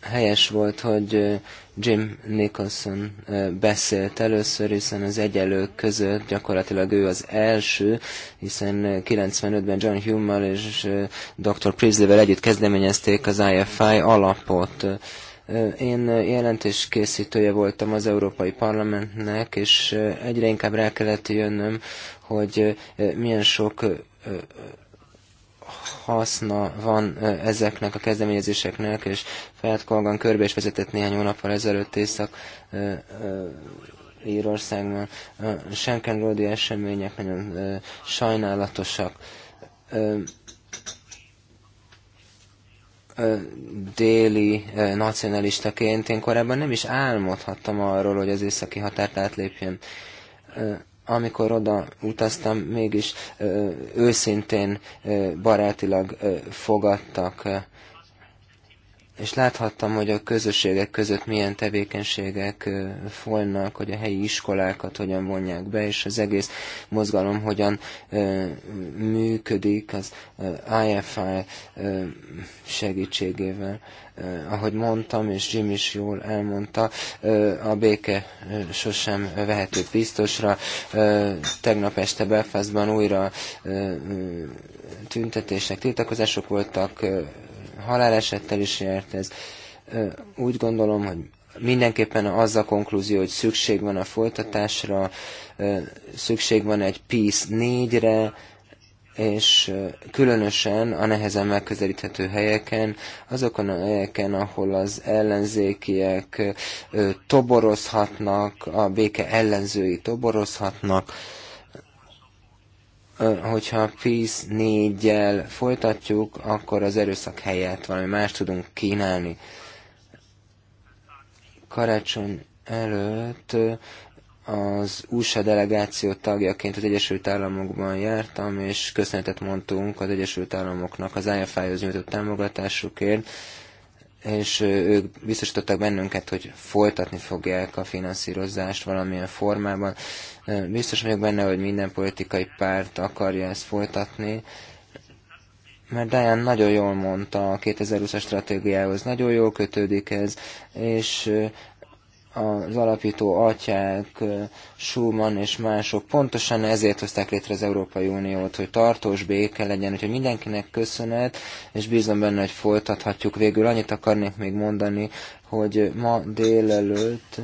helyes volt, hogy Jim Nicholson beszélt először, hiszen az egyelők között gyakorlatilag ő az első, hiszen 95-ben John Hume-mal és Dr. Priestley-vel együtt kezdeményezték az IFI alapot. Én jelentés készítője voltam az Európai Parlamentnek, és egyre inkább rá kellett jönnöm, hogy milyen sok haszna van ezeknek a kezdeményezéseknek, és Fát Kolgan körbe is vezetett néhány hónappal ezelőtt észak Írországban. A Schenken-Rodi események nagyon sajnálatosak déli nacionalistaként én korábban nem is álmodhattam arról, hogy az északi határt átlépjem. Amikor oda utaztam, mégis őszintén barátilag fogadtak és láthattam, hogy a közösségek között milyen tevékenységek folynak, hogy a helyi iskolákat hogyan vonják be, és az egész mozgalom hogyan működik az IFI segítségével. Ahogy mondtam, és Jim is jól elmondta, a béke sosem vehető biztosra. Tegnap este Belfastban újra tüntetések, tiltakozások voltak, halálesettel is járt ez. Úgy gondolom, hogy mindenképpen az a konklúzió, hogy szükség van a folytatásra, szükség van egy PIS 4-re, és különösen a nehezen megközelíthető helyeken, azokon a helyeken, ahol az ellenzékiek toborozhatnak, a béke ellenzői toborozhatnak, hogyha PIS 4-jel folytatjuk, akkor az erőszak helyett valami más tudunk kínálni. Karácsony előtt az USA delegáció tagjaként az Egyesült Államokban jártam, és köszönetet mondtunk az Egyesült Államoknak az IFI-hoz nyújtott támogatásukért, és ők biztosítottak bennünket, hogy folytatni fogják a finanszírozást valamilyen formában. Biztos vagyok benne, hogy minden politikai párt akarja ezt folytatni, mert Diane nagyon jól mondta a 2020-as stratégiához, nagyon jól kötődik ez, és az alapító atyák, Schumann és mások pontosan ezért hozták létre az Európai Uniót, hogy tartós béke legyen, hogy mindenkinek köszönet, és bízom benne, hogy folytathatjuk végül. Annyit akarnék még mondani, hogy ma délelőtt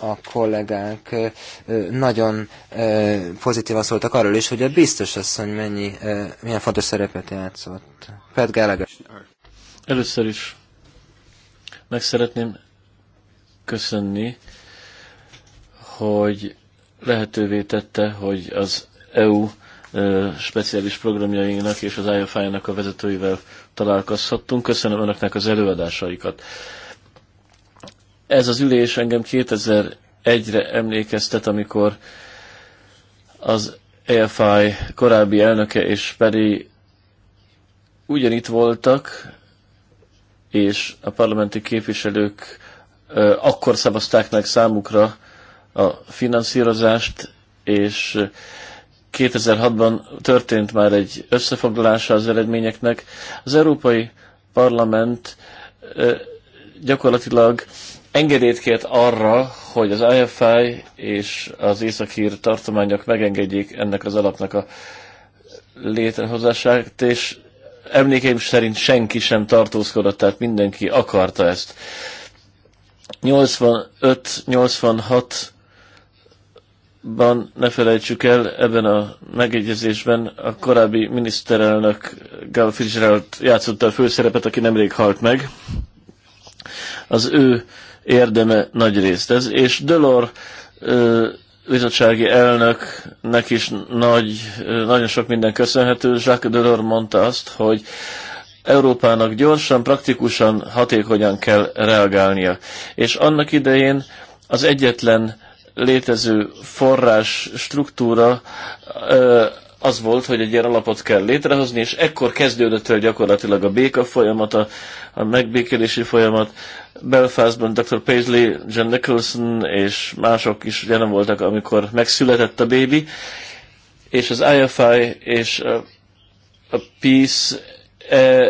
a kollégák nagyon pozitívan szóltak arról is, hogy a biztos asszony mennyi, milyen fontos szerepet játszott. Pat Gallagher. Először is meg szeretném köszönni, hogy lehetővé tette, hogy az EU speciális programjainak és az IFI-nak a vezetőivel találkozhattunk. Köszönöm önöknek az előadásaikat. Ez az ülés engem 2001-re emlékeztet, amikor az EFI korábbi elnöke és pedig ugyanitt voltak, és a parlamenti képviselők akkor szavazták meg számukra a finanszírozást, és 2006-ban történt már egy összefoglalása az eredményeknek. Az Európai Parlament gyakorlatilag engedélyt kért arra, hogy az IFI és az északír tartományok megengedjék ennek az alapnak a létrehozását, és emlékeim szerint senki sem tartózkodott, tehát mindenki akarta ezt. 85-86-ban ne felejtsük el ebben a megegyezésben a korábbi miniszterelnök Gal Fitzgerald játszotta a főszerepet, aki nemrég halt meg. Az ő érdeme nagy részt ez, és Dölor bizottsági elnöknek is nagy, nagyon sok minden köszönhető. Jacques Delors mondta azt, hogy Európának gyorsan, praktikusan, hatékonyan kell reagálnia. És annak idején az egyetlen létező forrás struktúra az volt, hogy egy ilyen alapot kell létrehozni, és ekkor kezdődött el gyakorlatilag a béka folyamat, a, megbékélési folyamat. Belfastban Dr. Paisley, John Nicholson és mások is jelen voltak, amikor megszületett a bébi, és az IFI és a, a Peace E,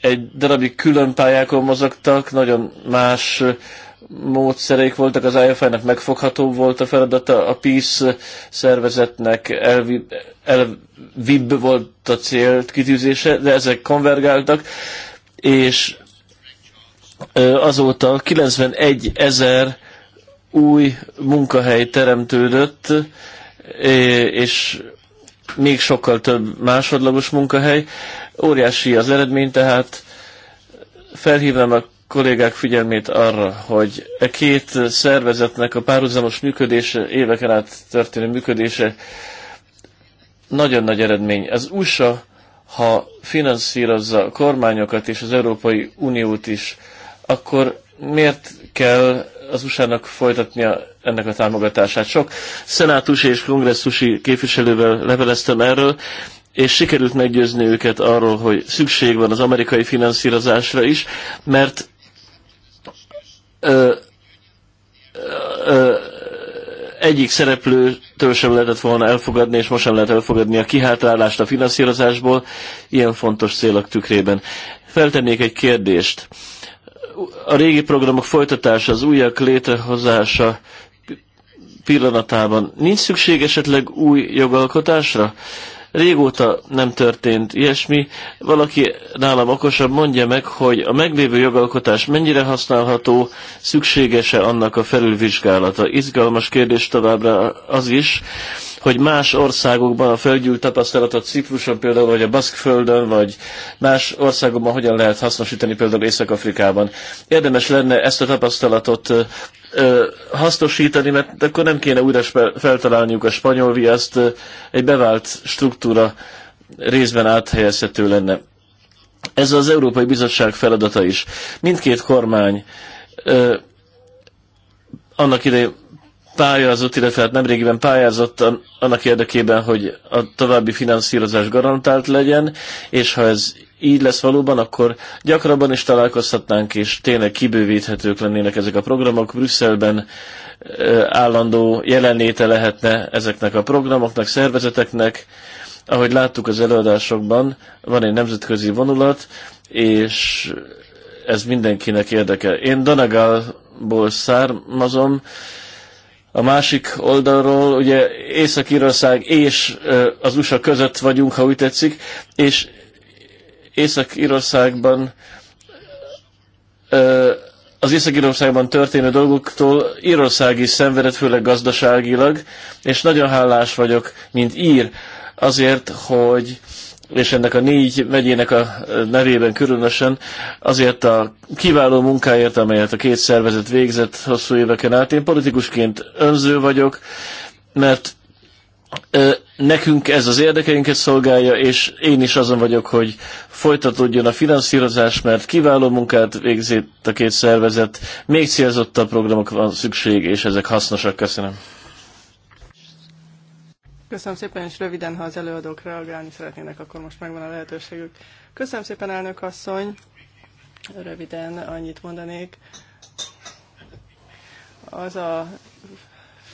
egy darabig külön pályákon mozogtak, nagyon más módszereik voltak, az IFI-nek megfogható volt a feladata, a Peace szervezetnek elvib, el, volt a cél kitűzése, de ezek konvergáltak, és e, azóta 91 ezer új munkahely teremtődött, e, és még sokkal több másodlagos munkahely. Óriási az eredmény, tehát felhívnám a kollégák figyelmét arra, hogy e két szervezetnek a párhuzamos működése, éveken át történő működése nagyon nagy eredmény. Az USA, ha finanszírozza a kormányokat és az Európai Uniót is, akkor miért kell az USA-nak folytatnia ennek a támogatását. Sok szenátusi és kongresszusi képviselővel leveleztem erről, és sikerült meggyőzni őket arról, hogy szükség van az amerikai finanszírozásra is, mert ö, ö, egyik szereplőtől sem lehetett volna elfogadni, és most sem lehet elfogadni a kihátrálást a finanszírozásból ilyen fontos célok tükrében. Feltennék egy kérdést. Ö, a régi programok folytatása, az újak létrehozása pillanatában nincs szükség esetleg új jogalkotásra? Régóta nem történt ilyesmi. Valaki nálam okosabb mondja meg, hogy a meglévő jogalkotás mennyire használható, szükséges-e annak a felülvizsgálata. Izgalmas kérdés továbbra az is, hogy más országokban a földgyűlt tapasztalatot Cipruson például, vagy a Baszkföldön, vagy más országokban hogyan lehet hasznosítani például Észak-Afrikában. Érdemes lenne ezt a tapasztalatot ö, hasznosítani, mert akkor nem kéne újra feltalálniuk a spanyol viaszt, egy bevált struktúra részben áthelyezhető lenne. Ez az Európai Bizottság feladata is. Mindkét kormány ö, annak idején pályázott, illetve hát nemrégiben pályázott annak érdekében, hogy a további finanszírozás garantált legyen, és ha ez így lesz valóban, akkor gyakrabban is találkozhatnánk, és tényleg kibővíthetők lennének ezek a programok. Brüsszelben állandó jelenléte lehetne ezeknek a programoknak, szervezeteknek. Ahogy láttuk az előadásokban, van egy nemzetközi vonulat, és ez mindenkinek érdeke. Én Donegalból származom, a másik oldalról, ugye Észak-Írország és az USA között vagyunk, ha úgy tetszik, és Észak-Írországban az Észak-Írországban történő dolgoktól Írország is szenvedett, főleg gazdaságilag, és nagyon hálás vagyok, mint ír, azért, hogy és ennek a négy megyének a nevében különösen azért a kiváló munkáért, amelyet a két szervezet végzett hosszú éveken át. Én politikusként önző vagyok, mert Nekünk ez az érdekeinket szolgálja, és én is azon vagyok, hogy folytatódjon a finanszírozás, mert kiváló munkát végzett a két szervezet, még célzottabb programok van szükség, és ezek hasznosak. Köszönöm. Köszönöm szépen, és röviden, ha az előadók reagálni szeretnének, akkor most megvan a lehetőségük. Köszönöm szépen, elnök asszony. Röviden annyit mondanék. Az a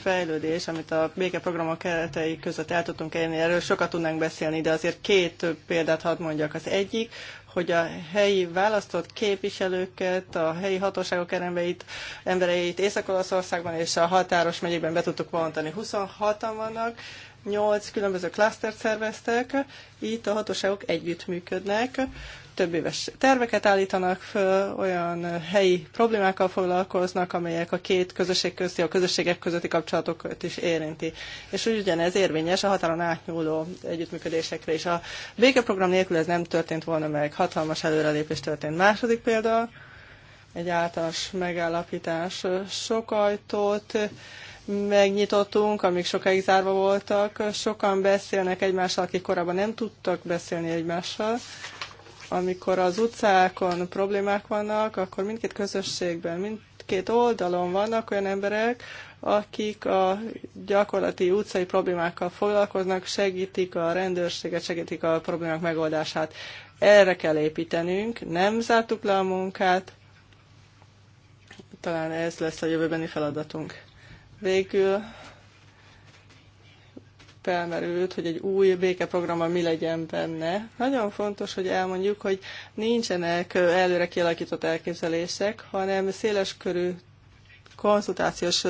fejlődés, amit a békeprogramok keretei között el tudtunk érni, erről sokat tudnánk beszélni, de azért két példát hadd mondjak. Az egyik, hogy a helyi választott képviselőket, a helyi hatóságok erembeit, embereit Észak-Olaszországban és a határos megyékben be tudtuk vontani. 26-an vannak, 8 különböző klasztert szerveztek, itt a hatóságok együttműködnek, több éves terveket állítanak föl, olyan helyi problémákkal foglalkoznak, amelyek a két közösség közti, a közösségek közötti kapcsolatokat is érinti. És úgy ugyanez érvényes a határon átnyúló együttműködésekre is. A békeprogram nélkül ez nem történt volna meg, hatalmas előrelépés történt. Második példa, egy általános megállapítás. Sok ajtót megnyitottunk, amik sokáig zárva voltak. Sokan beszélnek egymással, akik korábban nem tudtak beszélni egymással amikor az utcákon problémák vannak, akkor mindkét közösségben, mindkét oldalon vannak olyan emberek, akik a gyakorlati utcai problémákkal foglalkoznak, segítik a rendőrséget, segítik a problémák megoldását. Erre kell építenünk, nem zártuk le a munkát, talán ez lesz a jövőbeni feladatunk. Végül felmerült, hogy egy új békeprogramban mi legyen benne. Nagyon fontos, hogy elmondjuk, hogy nincsenek előre kialakított elképzelések, hanem széles körű konzultációs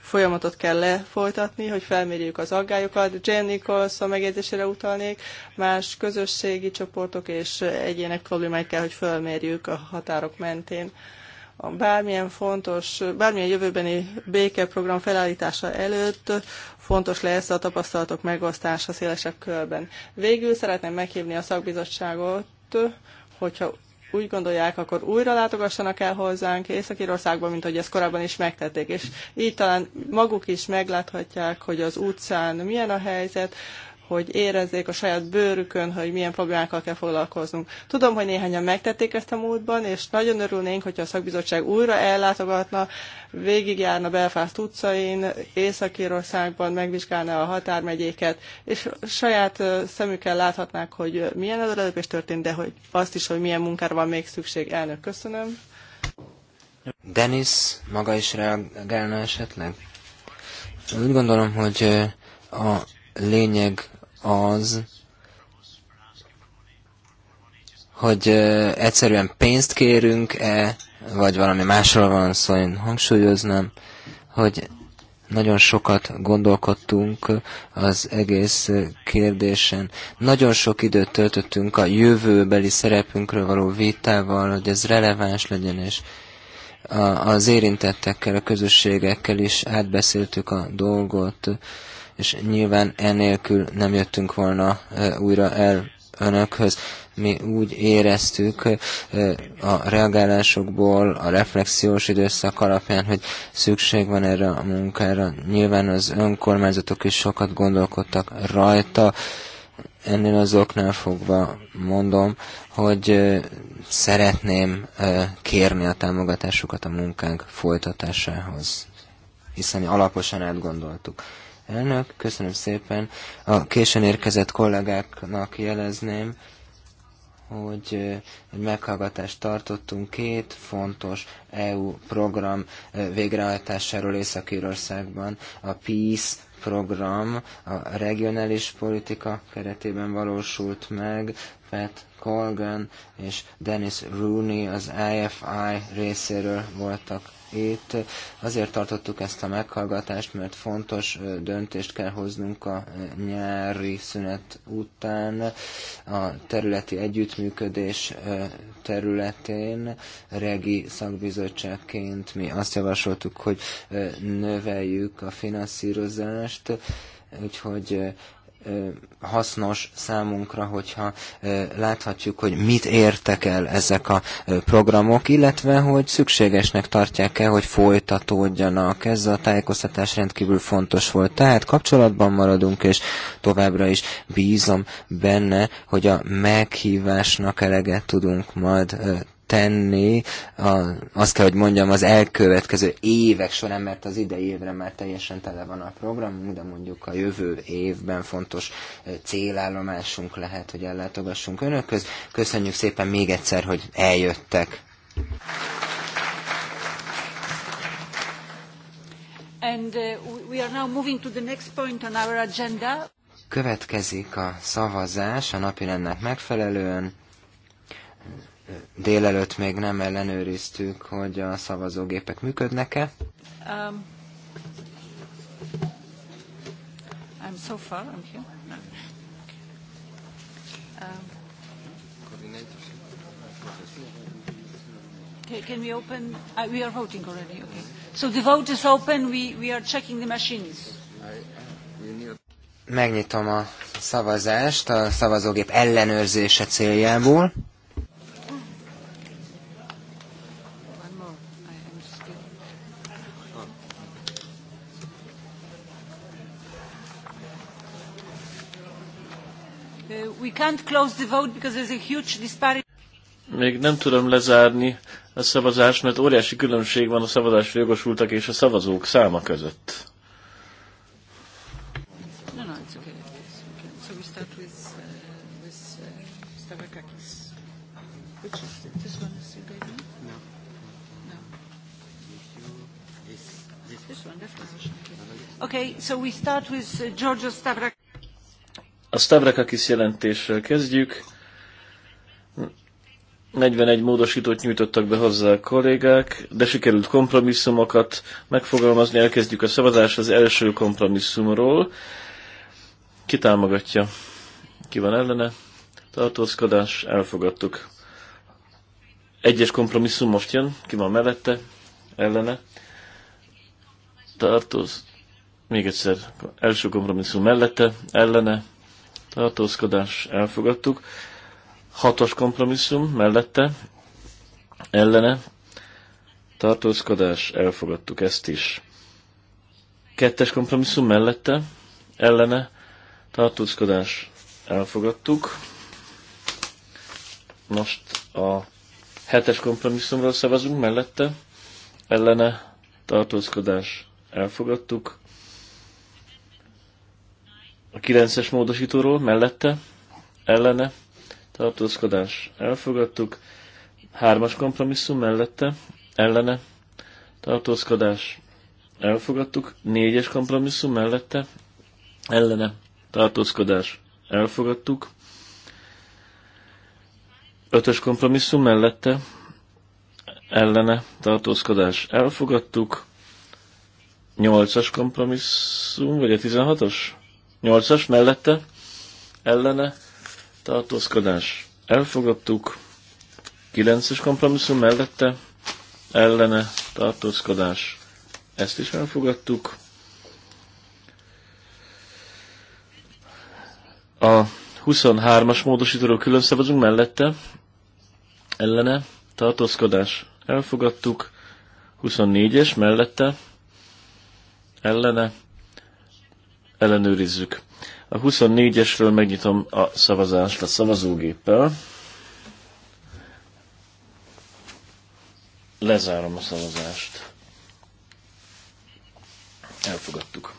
folyamatot kell lefolytatni, hogy felmérjük az aggályokat. Jenny Nichols a megjegyzésére utalnék, más közösségi csoportok és egyének problémáit kell, hogy felmérjük a határok mentén a bármilyen fontos, bármilyen jövőbeni békeprogram felállítása előtt fontos lesz a tapasztalatok megosztása szélesebb körben. Végül szeretném meghívni a szakbizottságot, hogyha úgy gondolják, akkor újra látogassanak el hozzánk Észak-Írországban, mint hogy ezt korábban is megtették. És így talán maguk is megláthatják, hogy az utcán milyen a helyzet, hogy érezzék a saját bőrükön, hogy milyen problémákkal kell foglalkoznunk. Tudom, hogy néhányan megtették ezt a módban, és nagyon örülnénk, hogyha a szakbizottság újra ellátogatna, végigjárna Belfast utcain, Észak-Írországban megvizsgálna a határmegyéket, és saját szemükkel láthatnák, hogy milyen előrelépés történt, de hogy azt is, hogy milyen munkára van még szükség. Elnök, köszönöm. Denis maga is reagálna esetleg? Úgy gondolom, hogy a lényeg az, hogy egyszerűen pénzt kérünk-e, vagy valami másról van szó, én hangsúlyoznám, hogy nagyon sokat gondolkodtunk az egész kérdésen. Nagyon sok időt töltöttünk a jövőbeli szerepünkről való vitával, hogy ez releváns legyen, és az érintettekkel, a közösségekkel is átbeszéltük a dolgot és nyilván enélkül nem jöttünk volna újra el önökhöz. Mi úgy éreztük a reagálásokból, a reflexiós időszak alapján, hogy szükség van erre a munkára. Nyilván az önkormányzatok is sokat gondolkodtak rajta, ennél az oknál fogva mondom, hogy szeretném kérni a támogatásukat a munkánk folytatásához, hiszen alaposan átgondoltuk. Elnök, köszönöm szépen. A későn érkezett kollégáknak jelezném, hogy egy meghallgatást tartottunk két fontos EU program végrehajtásáról Észak-Írországban. A PEACE program a regionális politika keretében valósult meg, Pat Colgan és Dennis Rooney az IFI részéről voltak hét. Azért tartottuk ezt a meghallgatást, mert fontos döntést kell hoznunk a nyári szünet után a területi együttműködés területén. Regi szakbizottságként mi azt javasoltuk, hogy növeljük a finanszírozást, úgyhogy hasznos számunkra, hogyha láthatjuk, hogy mit értek el ezek a programok, illetve hogy szükségesnek tartják-e, hogy folytatódjanak. Ez a tájékoztatás rendkívül fontos volt. Tehát kapcsolatban maradunk, és továbbra is bízom benne, hogy a meghívásnak eleget tudunk majd tenni, a, azt kell, hogy mondjam, az elkövetkező évek során, mert az idei évre már teljesen tele van a program, de mondjuk a jövő évben fontos célállomásunk lehet, hogy ellátogassunk önökhöz. Köszönjük szépen még egyszer, hogy eljöttek. And uh, we are now moving to the next point on our agenda. Következik a szavazás a napirendnek megfelelően délelőtt még nem ellenőriztük, hogy a szavazógépek működnek-e. Um, I'm so far, I'm here. No. Um, okay, can we open? Uh, we are voting already. Okay. So the vote is open. We we are checking the machines. Megnyitom a szavazást a szavazógép ellenőrzése céljából. Még nem tudom lezárni a szavazást, mert óriási különbség van a szavazás jogosultak és a szavazók száma között. Okay, so we start with Georgios uh, uh, Stavrakis. A Stavrakakis jelentéssel kezdjük. 41 módosítót nyújtottak be hozzá a kollégák, de sikerült kompromisszumokat megfogalmazni. Elkezdjük a szavazás az első kompromisszumról. Ki támogatja? Ki van ellene? Tartózkodás, elfogadtuk. Egyes kompromisszum most jön, ki van mellette, ellene. Tartóz, még egyszer, első kompromisszum mellette, ellene, tartózkodás elfogadtuk. Hatos kompromisszum mellette, ellene, tartózkodás elfogadtuk ezt is. Kettes kompromisszum mellette, ellene, tartózkodás elfogadtuk. Most a hetes kompromisszumról szavazunk mellette, ellene tartózkodás elfogadtuk a 9-es módosítóról mellette, ellene, tartózkodás elfogadtuk, 3-as kompromisszum mellette, ellene, tartózkodás elfogadtuk, 4-es kompromisszum mellette, ellene, tartózkodás elfogadtuk, 5-ös kompromisszum mellette, ellene, tartózkodás elfogadtuk, 8-as kompromisszum, vagy a 16-os? Nyolcas mellette ellene tartózkodás elfogadtuk. Kilences kompromisszum mellette ellene tartózkodás ezt is elfogadtuk. A 23-as módosítóról külön szavazunk mellette ellene tartózkodás elfogadtuk. 24-es mellette ellene ellenőrizzük. A 24-esről megnyitom a szavazást a szavazógéppel. Lezárom a szavazást. Elfogadtuk.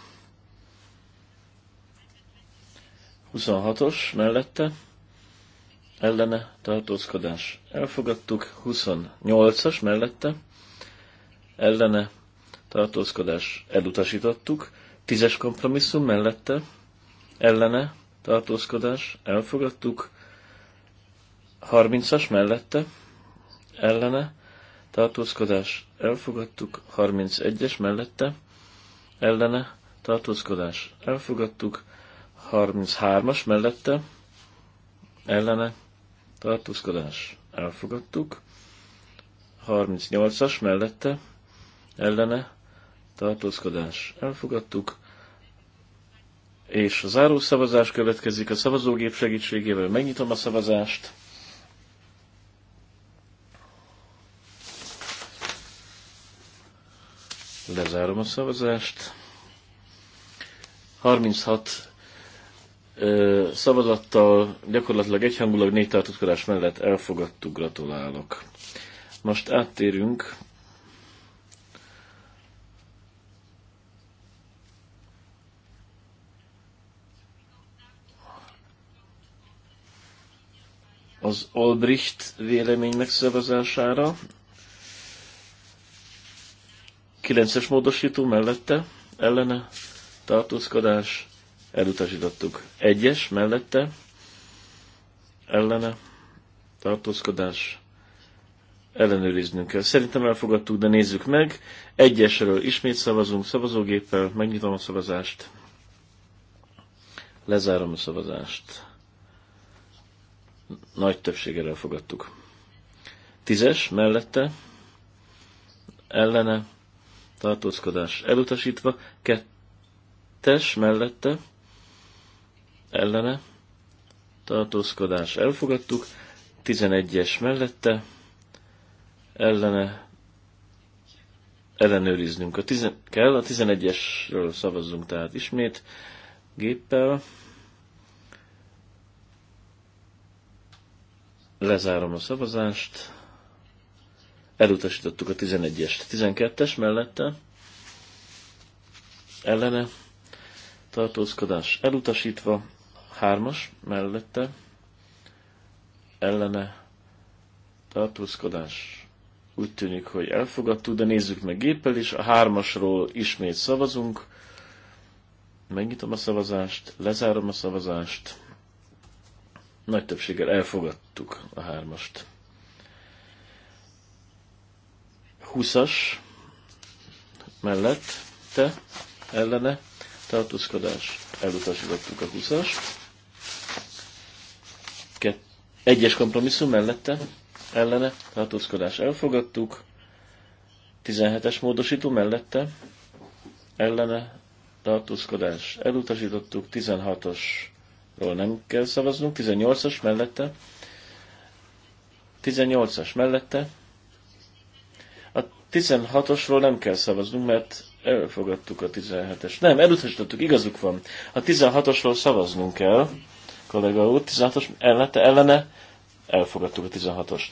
26-os mellette ellene tartózkodás. Elfogadtuk 28-as mellette, ellene tartózkodás elutasítottuk, Tízes kompromisszum mellette, ellene, tartózkodás, elfogadtuk. 30-as mellette, ellene, tartózkodás, elfogadtuk. 31-es mellette, ellene, tartózkodás, elfogadtuk. 33-as mellette, ellene, tartózkodás, elfogadtuk. 38-as mellette, ellene, tartózkodás elfogadtuk, és a záró szavazás következik a szavazógép segítségével. Megnyitom a szavazást. Lezárom a szavazást. 36 ö, szavazattal, gyakorlatilag egyhangulag négy tartózkodás mellett elfogadtuk, gratulálok. Most áttérünk az Olbricht vélemény megszavazására. 9-es módosító mellette, ellene, tartózkodás, elutasítottuk. 1-es mellette, ellene, tartózkodás, ellenőriznünk kell. Szerintem elfogadtuk, de nézzük meg. Egyesről ismét szavazunk szavazógéppel, megnyitom a szavazást, lezárom a szavazást. Nagy többséggel elfogadtuk. Tízes mellette, ellene, tartózkodás elutasítva, kettes mellette, ellene, tartózkodás elfogadtuk, Tizenegyes mellette, ellene, ellenőriznünk. A tizen- kell, a tizenegyesről szavazzunk tehát ismét géppel. Lezárom a szavazást. Elutasítottuk a 11-est. 12-es mellette. Ellene. Tartózkodás elutasítva. 3-as mellette. Ellene. Tartózkodás úgy tűnik, hogy elfogadtuk, de nézzük meg géppel is. A hármasról ismét szavazunk. Megnyitom a szavazást, lezárom a szavazást nagy többséggel elfogadtuk a hármast. 20-as mellett te ellene tartózkodás elutasítottuk a 20-as. Egyes kompromisszum mellette ellene tartózkodás elfogadtuk. 17-es módosító mellette ellene tartózkodás elutasítottuk. 16-os ról nem kell szavaznunk, 18-as mellette, 18-as mellette, a 16-osról nem kell szavaznunk, mert elfogadtuk a 17-es. Nem, elutasítottuk, igazuk van. A 16-osról szavaznunk kell, kollega úr, 16-os ellene, ellene elfogadtuk a 16-ost.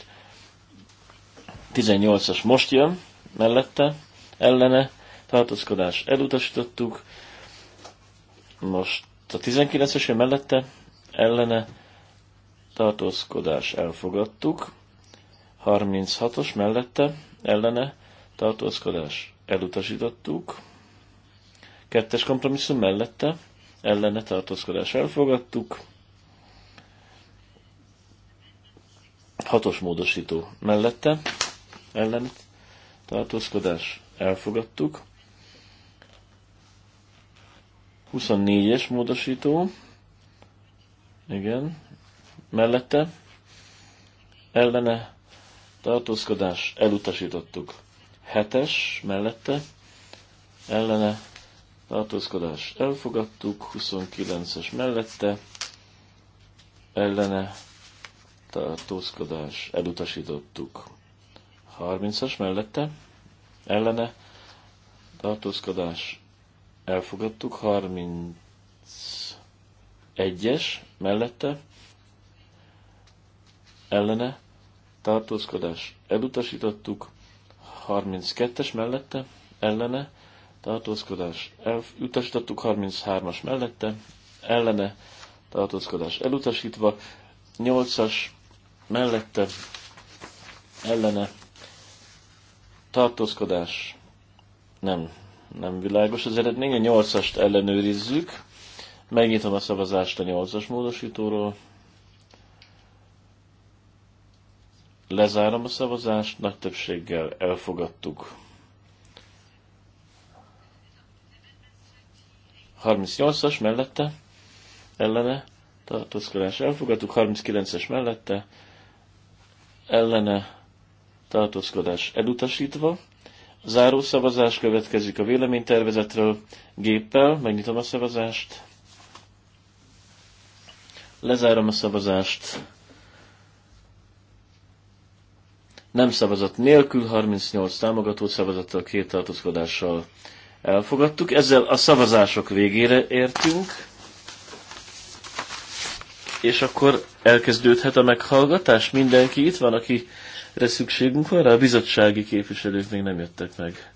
18-as most jön, mellette, ellene, tartózkodás elutasítottuk, most a 19 es mellette ellene tartózkodás elfogadtuk, 36-os mellette ellene tartózkodás elutasítottuk, kettes kompromisszum mellette ellene tartózkodás elfogadtuk, hatos módosító mellette ellene tartózkodás elfogadtuk, 24-es módosító. Igen. Mellette. Ellene. Tartózkodás. Elutasítottuk. 7-es. Mellette. Ellene. Tartózkodás. Elfogadtuk. 29-es. Mellette. Ellene. Tartózkodás. Elutasítottuk. 30-as. Mellette. Ellene. Tartózkodás elfogadtuk, 31-es mellette, ellene, tartózkodás elutasítottuk, 32-es mellette, ellene, tartózkodás elutasítottuk, 33-as mellette, ellene, tartózkodás elutasítva, 8-as mellette, ellene, tartózkodás nem nem világos az eredmény. A 8-ast ellenőrizzük. Megnyitom a szavazást a 8-as módosítóról. Lezárom a szavazást, nagy többséggel elfogadtuk. 38-as mellette, ellene, tartózkodás elfogadtuk, 39-es mellette, ellene, tartózkodás elutasítva, Záró szavazás következik a véleménytervezetről. Géppel megnyitom a szavazást. Lezárom a szavazást. Nem szavazat nélkül, 38 támogató szavazattal, két tartózkodással elfogadtuk. Ezzel a szavazások végére értünk, és akkor elkezdődhet a meghallgatás. Mindenki itt van, aki szükségünk van, rá a bizottsági képviselők még nem jöttek meg.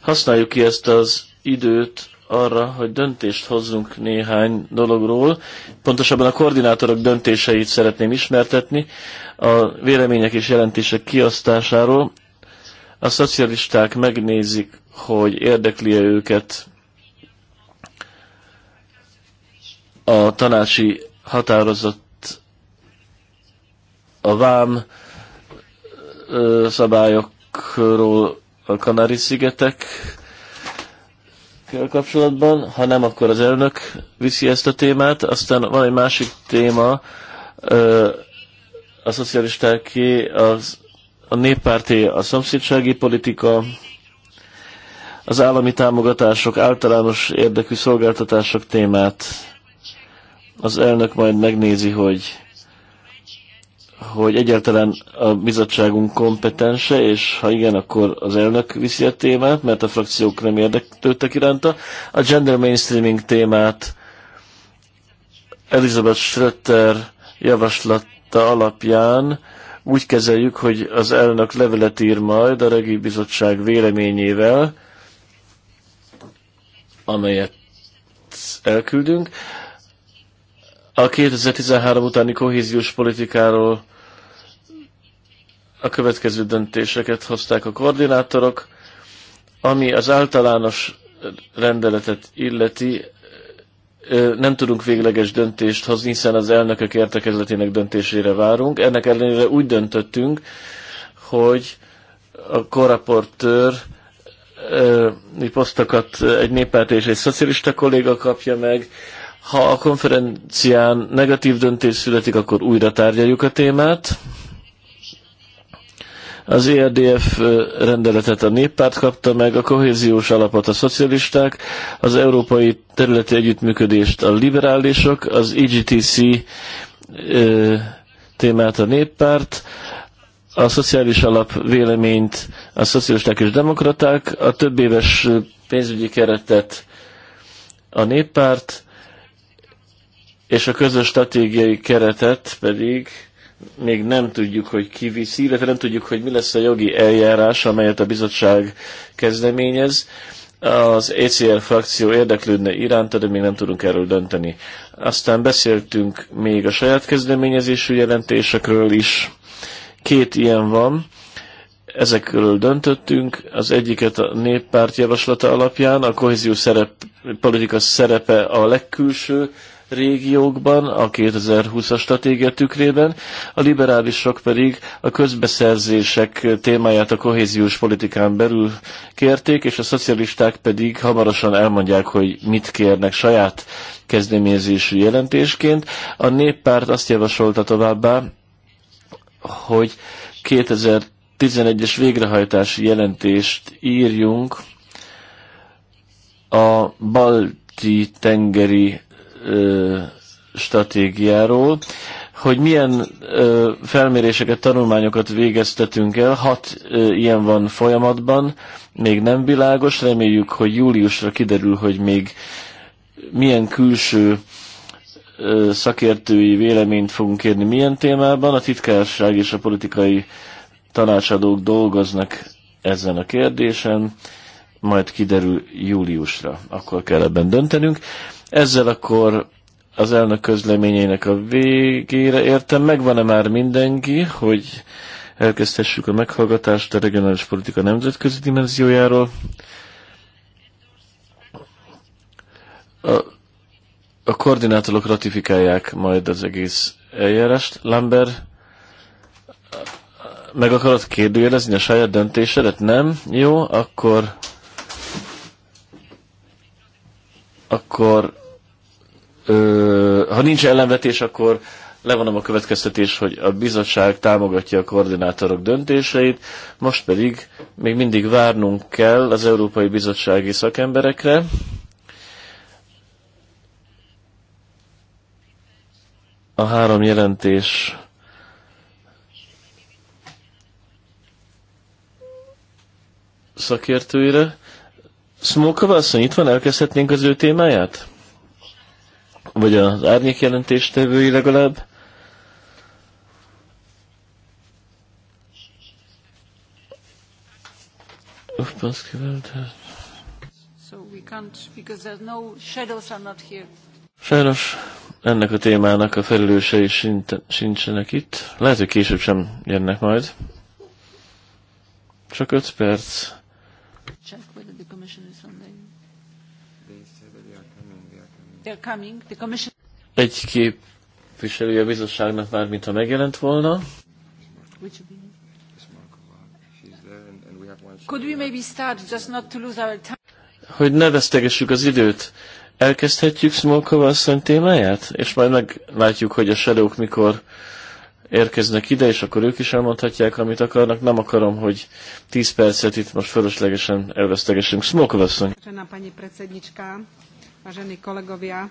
Használjuk ki ezt az időt arra, hogy döntést hozzunk néhány dologról. Pontosabban a koordinátorok döntéseit szeretném ismertetni, a vélemények és jelentések kiasztásáról. A szocialisták megnézik, hogy érdekli-e őket a tanácsi határozat a vám szabályokról a Kanári-szigetek kapcsolatban, ha nem, akkor az elnök viszi ezt a témát. Aztán van egy másik téma, a szocialistáké, az, a néppárté, a szomszédsági politika, az állami támogatások, általános érdekű szolgáltatások témát. Az elnök majd megnézi, hogy hogy egyáltalán a bizottságunk kompetense, és ha igen, akkor az elnök viszi a témát, mert a frakciók nem érdeklődtek iránta. A gender mainstreaming témát Elizabeth Schröter javaslata alapján úgy kezeljük, hogy az elnök levelet ír majd a regi bizottság véleményével, amelyet elküldünk. A 2013 utáni kohéziós politikáról a következő döntéseket hozták a koordinátorok, ami az általános rendeletet illeti, nem tudunk végleges döntést hozni, hiszen az elnökök értekezletének döntésére várunk. Ennek ellenére úgy döntöttünk, hogy a koraportőr posztokat egy néppárt és egy szocialista kolléga kapja meg. Ha a konferencián negatív döntés születik, akkor újra tárgyaljuk a témát. Az ERDF rendeletet a néppárt kapta meg, a kohéziós alapot a szocialisták, az európai területi együttműködést a liberálisok, az EGTC témát a néppárt, a szociális alap véleményt a szocialisták és demokraták, a több éves pénzügyi keretet a néppárt, és a közös stratégiai keretet pedig még nem tudjuk, hogy ki viszi, illetve nem tudjuk, hogy mi lesz a jogi eljárás, amelyet a bizottság kezdeményez. Az ECR frakció érdeklődne iránta, de még nem tudunk erről dönteni. Aztán beszéltünk még a saját kezdeményezésű jelentésekről is. Két ilyen van ezekről döntöttünk, az egyiket a néppárt javaslata alapján, a kohézió szerep, politika szerepe a legkülső régiókban, a 2020-as stratégia tükrében, a liberálisok pedig a közbeszerzések témáját a kohéziós politikán belül kérték, és a szocialisták pedig hamarosan elmondják, hogy mit kérnek saját kezdeményezésű jelentésként. A néppárt azt javasolta továbbá, hogy 2011-es végrehajtási jelentést írjunk a balti tengeri ö, stratégiáról, hogy milyen ö, felméréseket, tanulmányokat végeztetünk el. Hat ö, ilyen van folyamatban, még nem világos, reméljük, hogy júliusra kiderül, hogy még milyen külső ö, szakértői véleményt fogunk kérni milyen témában. A titkárság és a politikai tanácsadók dolgoznak ezen a kérdésen, majd kiderül júliusra, akkor kell ebben döntenünk. Ezzel akkor az elnök közleményének a végére értem. Megvan-e már mindenki, hogy elkezdhessük a meghallgatást a regionális politika nemzetközi dimenziójáról? A, a koordinátorok ratifikálják majd az egész eljárást. Lambert, meg akarod kérdőjelezni a saját döntésedet? Nem? Jó, akkor akkor ö, ha nincs ellenvetés, akkor levonom a következtetés, hogy a bizottság támogatja a koordinátorok döntéseit, most pedig még mindig várnunk kell az Európai Bizottsági szakemberekre. A három jelentés szakértőire. Smokova asszony, itt van, elkezdhetnénk az ő témáját? vagy az árnyék jelentéstevői legalább. So we can't, because there's no shadows are not here. Sajnos ennek a témának a felelősei sincsenek itt. Lehet, hogy később sem jönnek majd. Csak öt perc Egy képviselője a bizottságnak már, mintha megjelent volna. Uh, hogy ne vesztegessük az időt, elkezdhetjük Smolkova asszony témáját, és majd meglátjuk, hogy a serók mikor érkeznek ide, és akkor ők is elmondhatják, amit akarnak. Nem akarom, hogy 10 percet itt most fölöslegesen elvesztegessünk. Smolkova asszony vážení kolegovia,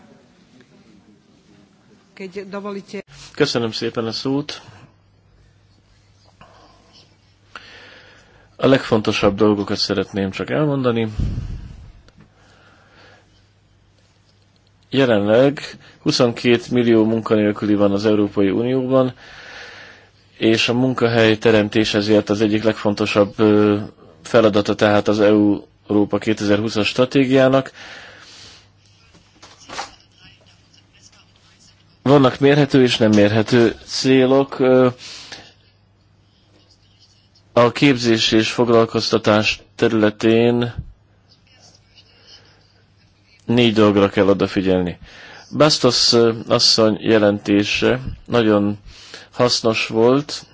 keď dovolíte... Köszönöm szépen a szót. A legfontosabb dolgokat szeretném csak elmondani. Jelenleg 22 millió munkanélküli van az Európai Unióban, és a munkahely teremtés ezért az egyik legfontosabb feladata tehát az EU Európa 2020-as stratégiának. Vannak mérhető és nem mérhető célok. A képzés és foglalkoztatás területén négy dologra kell odafigyelni. Bastos asszony jelentése nagyon hasznos volt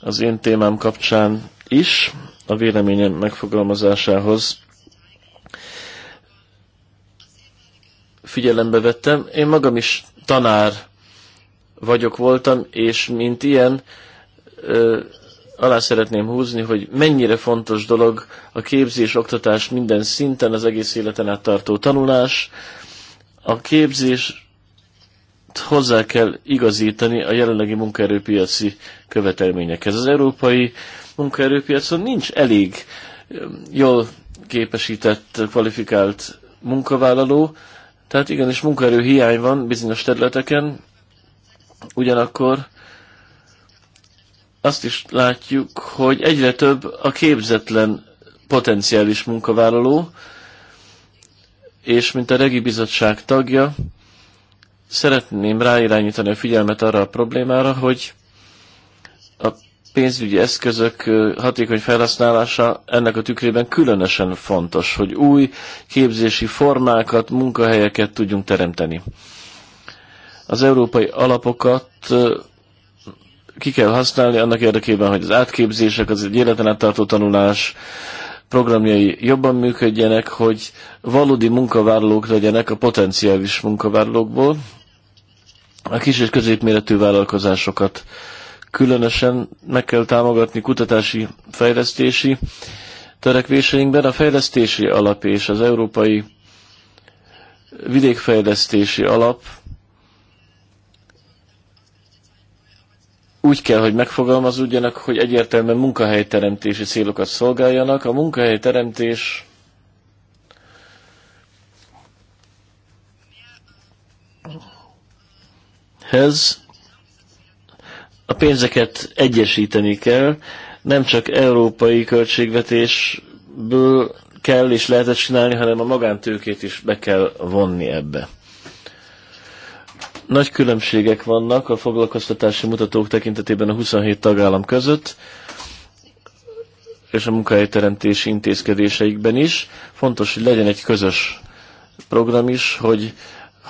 az én témám kapcsán is, a véleményem megfogalmazásához figyelembe vettem. Én magam is tanár vagyok, voltam, és mint ilyen ö, alá szeretném húzni, hogy mennyire fontos dolog a képzés, oktatás minden szinten, az egész életen át tartó tanulás. A képzés hozzá kell igazítani a jelenlegi munkaerőpiaci követelményekhez. Az európai munkaerőpiacon nincs elég jól képesített, kvalifikált munkavállaló, tehát igenis munkaerő hiány van bizonyos területeken, ugyanakkor azt is látjuk, hogy egyre több a képzetlen potenciális munkavállaló, és mint a Regi Bizottság tagja, szeretném ráirányítani a figyelmet arra a problémára, hogy a pénzügyi eszközök hatékony felhasználása ennek a tükrében különösen fontos, hogy új képzési formákat, munkahelyeket tudjunk teremteni. Az európai alapokat ki kell használni annak érdekében, hogy az átképzések, az egy életen át tartó tanulás programjai jobban működjenek, hogy valódi munkavállalók legyenek a potenciális munkavállalókból, a kis és középméretű vállalkozásokat különösen meg kell támogatni kutatási, fejlesztési törekvéseinkben. A fejlesztési alap és az európai vidékfejlesztési alap úgy kell, hogy megfogalmazódjanak, hogy egyértelműen munkahelyteremtési célokat szolgáljanak. A munkahelyteremtés hez a pénzeket egyesíteni kell, nem csak európai költségvetésből kell és ezt csinálni, hanem a magántőkét is be kell vonni ebbe. Nagy különbségek vannak a foglalkoztatási mutatók tekintetében a 27 tagállam között, és a munkahelyteremtési intézkedéseikben is. Fontos, hogy legyen egy közös program is, hogy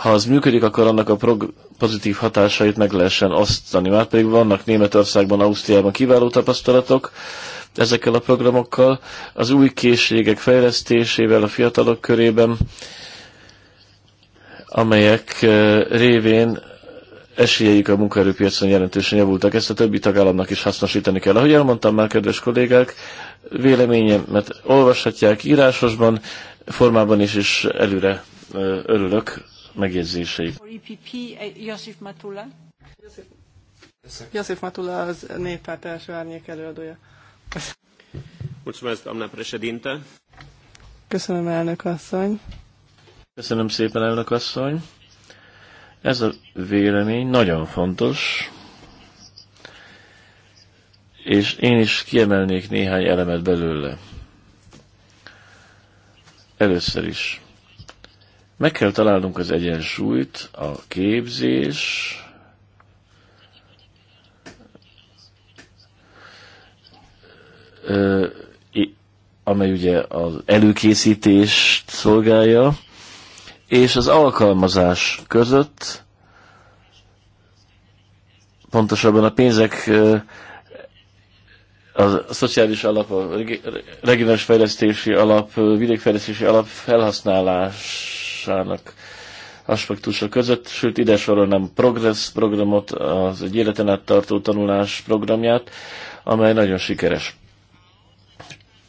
ha az működik, akkor annak a pozitív hatásait meg lehessen osztani. Már pedig vannak Németországban, Ausztriában kiváló tapasztalatok ezekkel a programokkal. Az új készségek fejlesztésével a fiatalok körében, amelyek eh, révén esélyeik a munkaerőpiacon jelentősen javultak. Ezt a többi tagállamnak is hasznosítani kell. Ahogy elmondtam már, kedves kollégák, véleményemet olvashatják írásosban, formában is, és előre eh, örülök megjegyzései. E eh, József Matula. Matula az néppárt első árnyék előadója. Mulțumesc, doamna președinte. Köszönöm, elnök asszony. Köszönöm szépen, elnök asszony. Ez a vélemény nagyon fontos, és én is kiemelnék néhány elemet belőle. Először is meg kell találnunk az egyensúlyt, a képzés, amely ugye az előkészítést szolgálja, és az alkalmazás között, pontosabban a pénzek a szociális alap, a regionális fejlesztési alap, vidékfejlesztési alap felhasználás hatásának aspektusa között, sőt ide sorolnám Progress programot, az egy életen át tartó tanulás programját, amely nagyon sikeres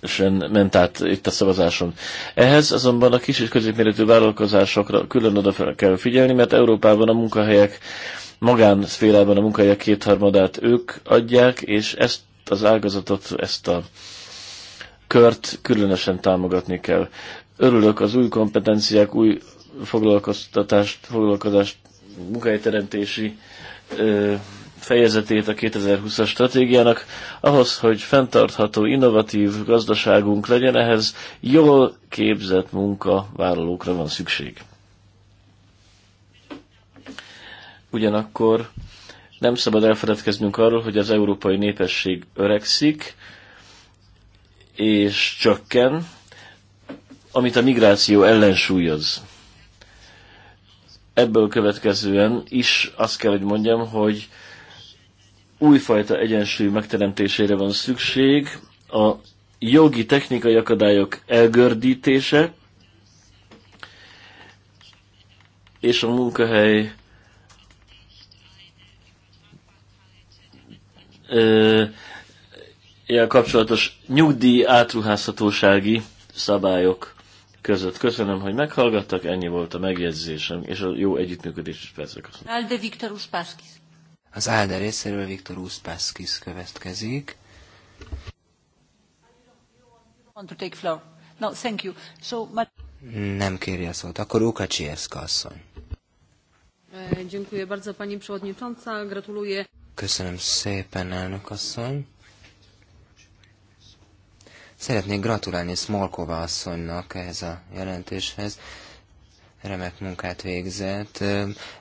és ment át itt a szavazáson. Ehhez azonban a kis és középméretű vállalkozásokra külön oda kell figyelni, mert Európában a munkahelyek, magánszférában a munkahelyek kétharmadát ők adják, és ezt az ágazatot, ezt a kört különösen támogatni kell. Örülök az új kompetenciák, új foglalkoztatást, foglalkozást, munkahelyteremtési fejezetét a 2020-as stratégiának. Ahhoz, hogy fenntartható, innovatív gazdaságunk legyen, ehhez jól képzett munkavállalókra van szükség. Ugyanakkor nem szabad elfeledkeznünk arról, hogy az európai népesség öregszik, és csökken, amit a migráció ellensúlyoz. Ebből következően is azt kell, hogy mondjam, hogy újfajta egyensúly megteremtésére van szükség, a jogi technikai akadályok elgördítése és a munkahely ilyen kapcsolatos nyugdíj átruházhatósági szabályok között. Köszönöm, hogy meghallgattak, ennyi volt a megjegyzésem, és a jó együttműködés is persze köszönöm. Alde Viktor Uspászkis. Az Alde részéről Viktor Uspászkis következik. Want to take floor. No, thank you. So, but... Nem kéri a szót. Akkor Ukacsijewska asszony. Dziękuję bardzo, pani przewodnicząca. Gratuluję. Köszönöm szépen, elnök asszony. Szeretnék gratulálni Smolkova asszonynak ehhez a jelentéshez. Remek munkát végzett.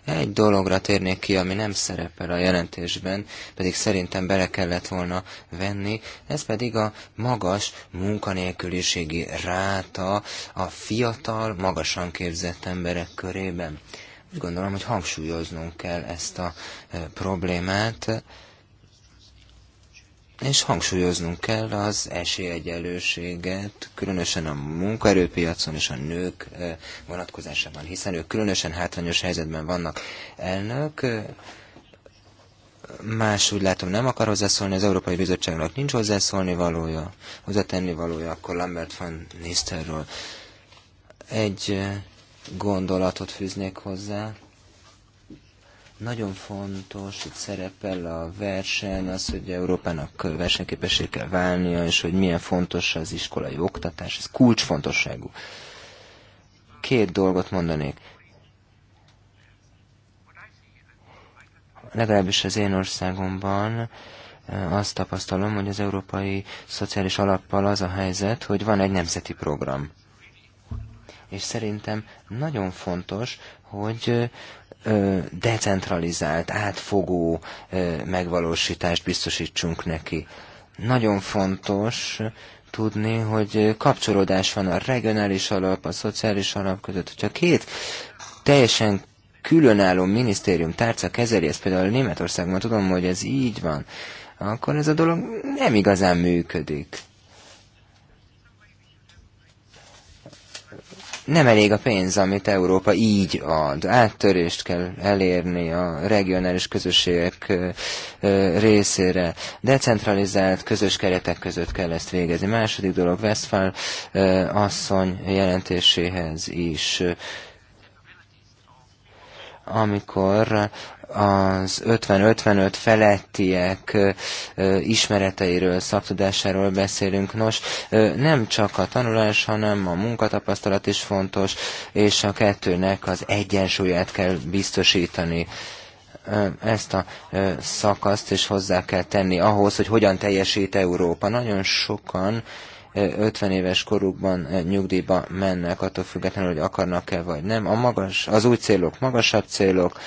Egy dologra térnék ki, ami nem szerepel a jelentésben, pedig szerintem bele kellett volna venni, ez pedig a magas munkanélküliségi ráta a fiatal, magasan képzett emberek körében. Úgy gondolom, hogy hangsúlyoznunk kell ezt a e, problémát és hangsúlyoznunk kell az esélyegyelőséget, különösen a munkaerőpiacon és a nők eh, vonatkozásában, hiszen ők különösen hátrányos helyzetben vannak. Elnök, eh, más úgy látom nem akar hozzászólni, az Európai Bizottságnak nincs hozzászólni valója, hozzátenni valója, akkor Lambert van Nisterről. Egy eh, gondolatot fűznék hozzá. Nagyon fontos, itt szerepel a verseny, az, hogy Európának versenyképessé kell válnia, és hogy milyen fontos az iskolai oktatás, ez kulcsfontosságú. Két dolgot mondanék. Legalábbis az én országomban eh, azt tapasztalom, hogy az Európai Szociális Alappal az a helyzet, hogy van egy nemzeti program. És szerintem nagyon fontos, hogy eh, decentralizált, átfogó megvalósítást biztosítsunk neki. Nagyon fontos tudni, hogy kapcsolódás van a regionális alap, a szociális alap között. Hogyha két teljesen különálló minisztérium tárca kezeli, ezt például Németországban tudom, hogy ez így van, akkor ez a dolog nem igazán működik. nem elég a pénz, amit Európa így ad. Áttörést kell elérni a regionális közösségek részére. Decentralizált közös keretek között kell ezt végezni. Második dolog Westphal asszony jelentéséhez is amikor az 50-55 felettiek ismereteiről, szaktudásáról beszélünk. Nos, nem csak a tanulás, hanem a munkatapasztalat is fontos, és a kettőnek az egyensúlyát kell biztosítani ezt a szakaszt is hozzá kell tenni ahhoz, hogy hogyan teljesít Európa. Nagyon sokan 50 éves korukban nyugdíjba mennek, attól függetlenül, hogy akarnak-e vagy nem. A magas, az új célok magasabb célok,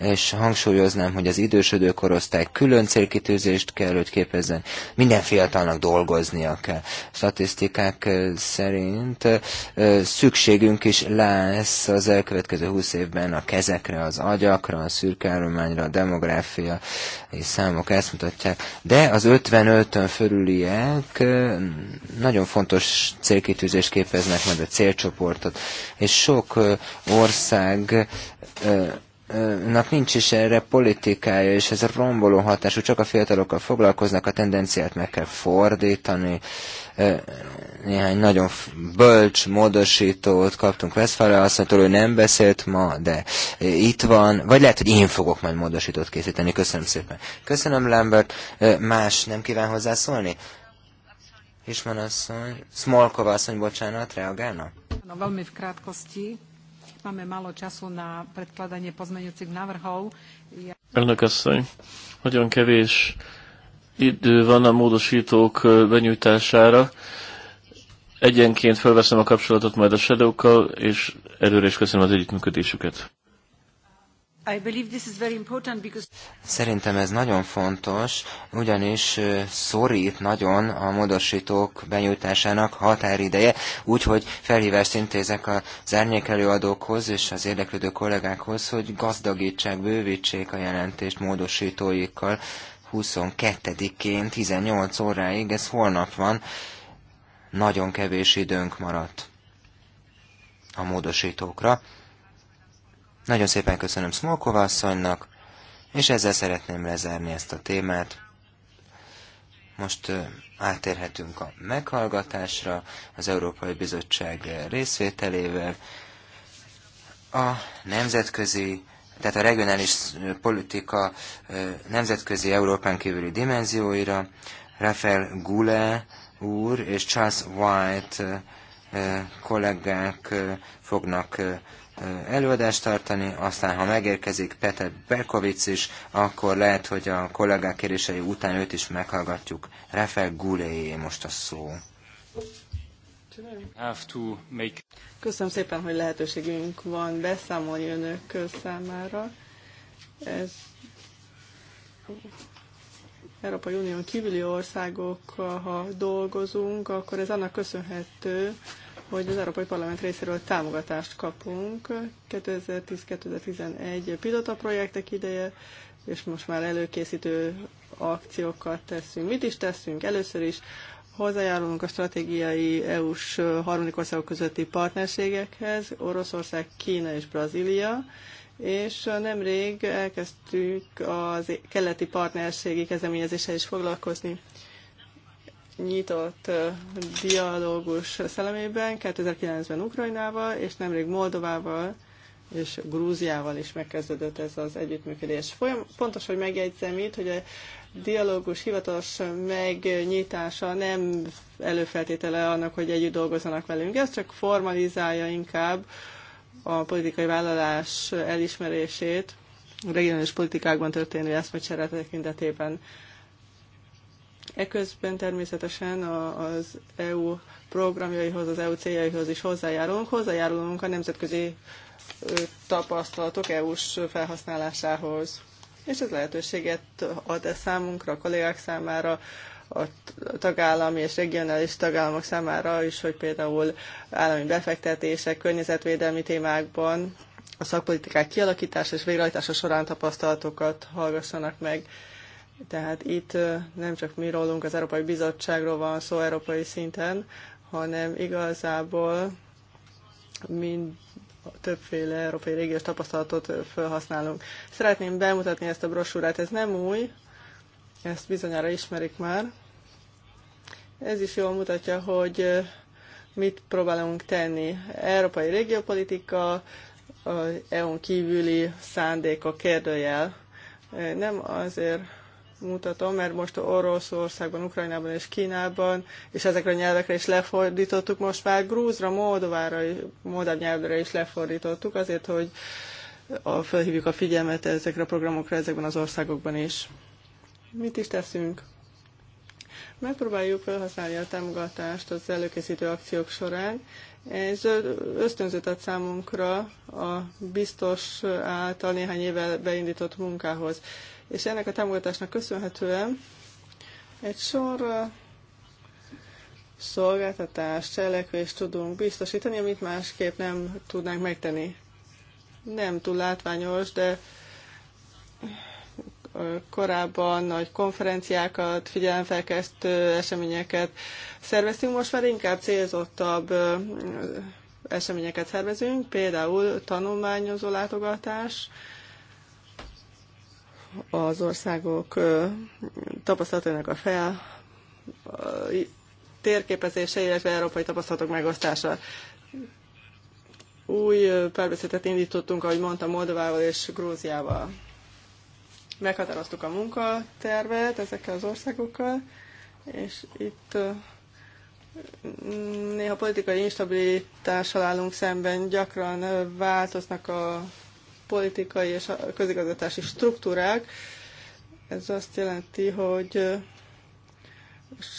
és hangsúlyoznám, hogy az idősödő korosztály külön célkitűzést kell, hogy képezzen, minden fiatalnak dolgoznia kell. Statisztikák szerint szükségünk is lesz az elkövetkező 20 évben a kezekre, az agyakra, a szürkállományra, a demográfia és számok ezt mutatják. De az 55-ön fölüliek nagyon fontos célkitűzést képeznek majd a célcsoportot, és sok ország nak nincs is erre politikája, és ez a romboló hatású, csak a fiatalokkal foglalkoznak, a tendenciát meg kell fordítani. Néhány nagyon bölcs módosítót kaptunk Veszfára, azt mondta, hogy nem beszélt ma, de itt van, vagy lehet, hogy én fogok majd módosítót készíteni. Köszönöm szépen. Köszönöm, Lambert. Más nem kíván hozzászólni? Isman asszony, Smolkova asszony, bocsánat, reagálna? Na, valami v krátkosti máme málo času na predkladanie pozmeňujúcich návrhov. Ja... Elnök asszony, nagyon kevés idő van a módosítók benyújtására. Egyenként felveszem a kapcsolatot majd a shadow és előre is köszönöm az együttműködésüket. Szerintem ez nagyon fontos, ugyanis szorít nagyon a módosítók benyújtásának határideje, úgyhogy felhívást intézek az árnyékelőadókhoz és az érdeklődő kollégákhoz, hogy gazdagítsák, bővítsék a jelentést módosítóikkal 22-én 18 óráig, ez holnap van, nagyon kevés időnk maradt a módosítókra. Nagyon szépen köszönöm Smolkova asszonynak, és ezzel szeretném lezárni ezt a témát. Most átérhetünk a meghallgatásra az Európai Bizottság részvételével. A nemzetközi, tehát a regionális politika nemzetközi Európán kívüli dimenzióira Rafael Gule úr és Charles White kollégák fognak előadást tartani, aztán ha megérkezik Peter Berkovic is, akkor lehet, hogy a kollégák kérései után őt is meghallgatjuk. Rafael Gouléé most a szó. Köszönöm szépen, hogy lehetőségünk van beszámolni önök számára. Ez Európai Unión kívüli országokkal, ha dolgozunk, akkor ez annak köszönhető, hogy az Európai Parlament részéről támogatást kapunk. 2010-2011 pilota projektek ideje, és most már előkészítő akciókat teszünk. Mit is teszünk? Először is hozzájárulunk a stratégiai EU-s harmadik országok közötti partnerségekhez, Oroszország, Kína és Brazília, és nemrég elkezdtük az keleti partnerségi kezdeményezéssel is foglalkozni nyitott dialógus szellemében 2009-ben Ukrajnával, és nemrég Moldovával és Grúziával is megkezdődött ez az együttműködés. Folyam, pontos, hogy megjegyzem itt, hogy a dialógus hivatalos megnyitása nem előfeltétele annak, hogy együtt dolgozzanak velünk. Ez csak formalizálja inkább a politikai vállalás elismerését regionális politikákban történő eszmecsere tekintetében. Eközben természetesen az EU programjaihoz, az EU céljaihoz is hozzájárulunk. Hozzájárulunk a nemzetközi tapasztalatok EU-s felhasználásához. És ez lehetőséget ad-e számunkra, a kollégák számára, a tagállami és regionális tagállamok számára is, hogy például állami befektetések, környezetvédelmi témákban a szakpolitikák kialakítása és végrehajtása során tapasztalatokat hallgassanak meg. Tehát itt nem csak mi rólunk, az Európai Bizottságról van szó európai szinten, hanem igazából mind többféle európai régiós tapasztalatot felhasználunk. Szeretném bemutatni ezt a brosúrát, ez nem új, ezt bizonyára ismerik már. Ez is jól mutatja, hogy mit próbálunk tenni. Európai régiópolitika, EU-n kívüli szándékok kérdőjel. Nem azért mutatom, mert most Oroszországban, Ukrajnában és Kínában, és ezekre a nyelvekre is lefordítottuk, most már grúzra, moldovára, moldáv nyelvre is lefordítottuk, azért, hogy a, felhívjuk a figyelmet ezekre a programokra ezekben az országokban is. Mit is teszünk? Megpróbáljuk felhasználni a támogatást az előkészítő akciók során. Ez ösztönzött ad számunkra a biztos által néhány éve beindított munkához és ennek a támogatásnak köszönhetően egy sor szolgáltatást, cselekvést tudunk biztosítani, amit másképp nem tudnánk megtenni. Nem túl látványos, de korábban nagy konferenciákat, figyelemfelkesztő eseményeket szerveztünk, most már inkább célzottabb eseményeket szervezünk, például tanulmányozó látogatás, az országok tapasztalatának a fel térképezése, illetve európai tapasztalatok megosztása. Új párbeszédet indítottunk, ahogy mondtam, Moldovával és Grúziával. Meghatároztuk a munkatervet ezekkel az országokkal, és itt néha politikai instabilitással állunk szemben, gyakran változnak a politikai és a közigazgatási struktúrák. Ez azt jelenti, hogy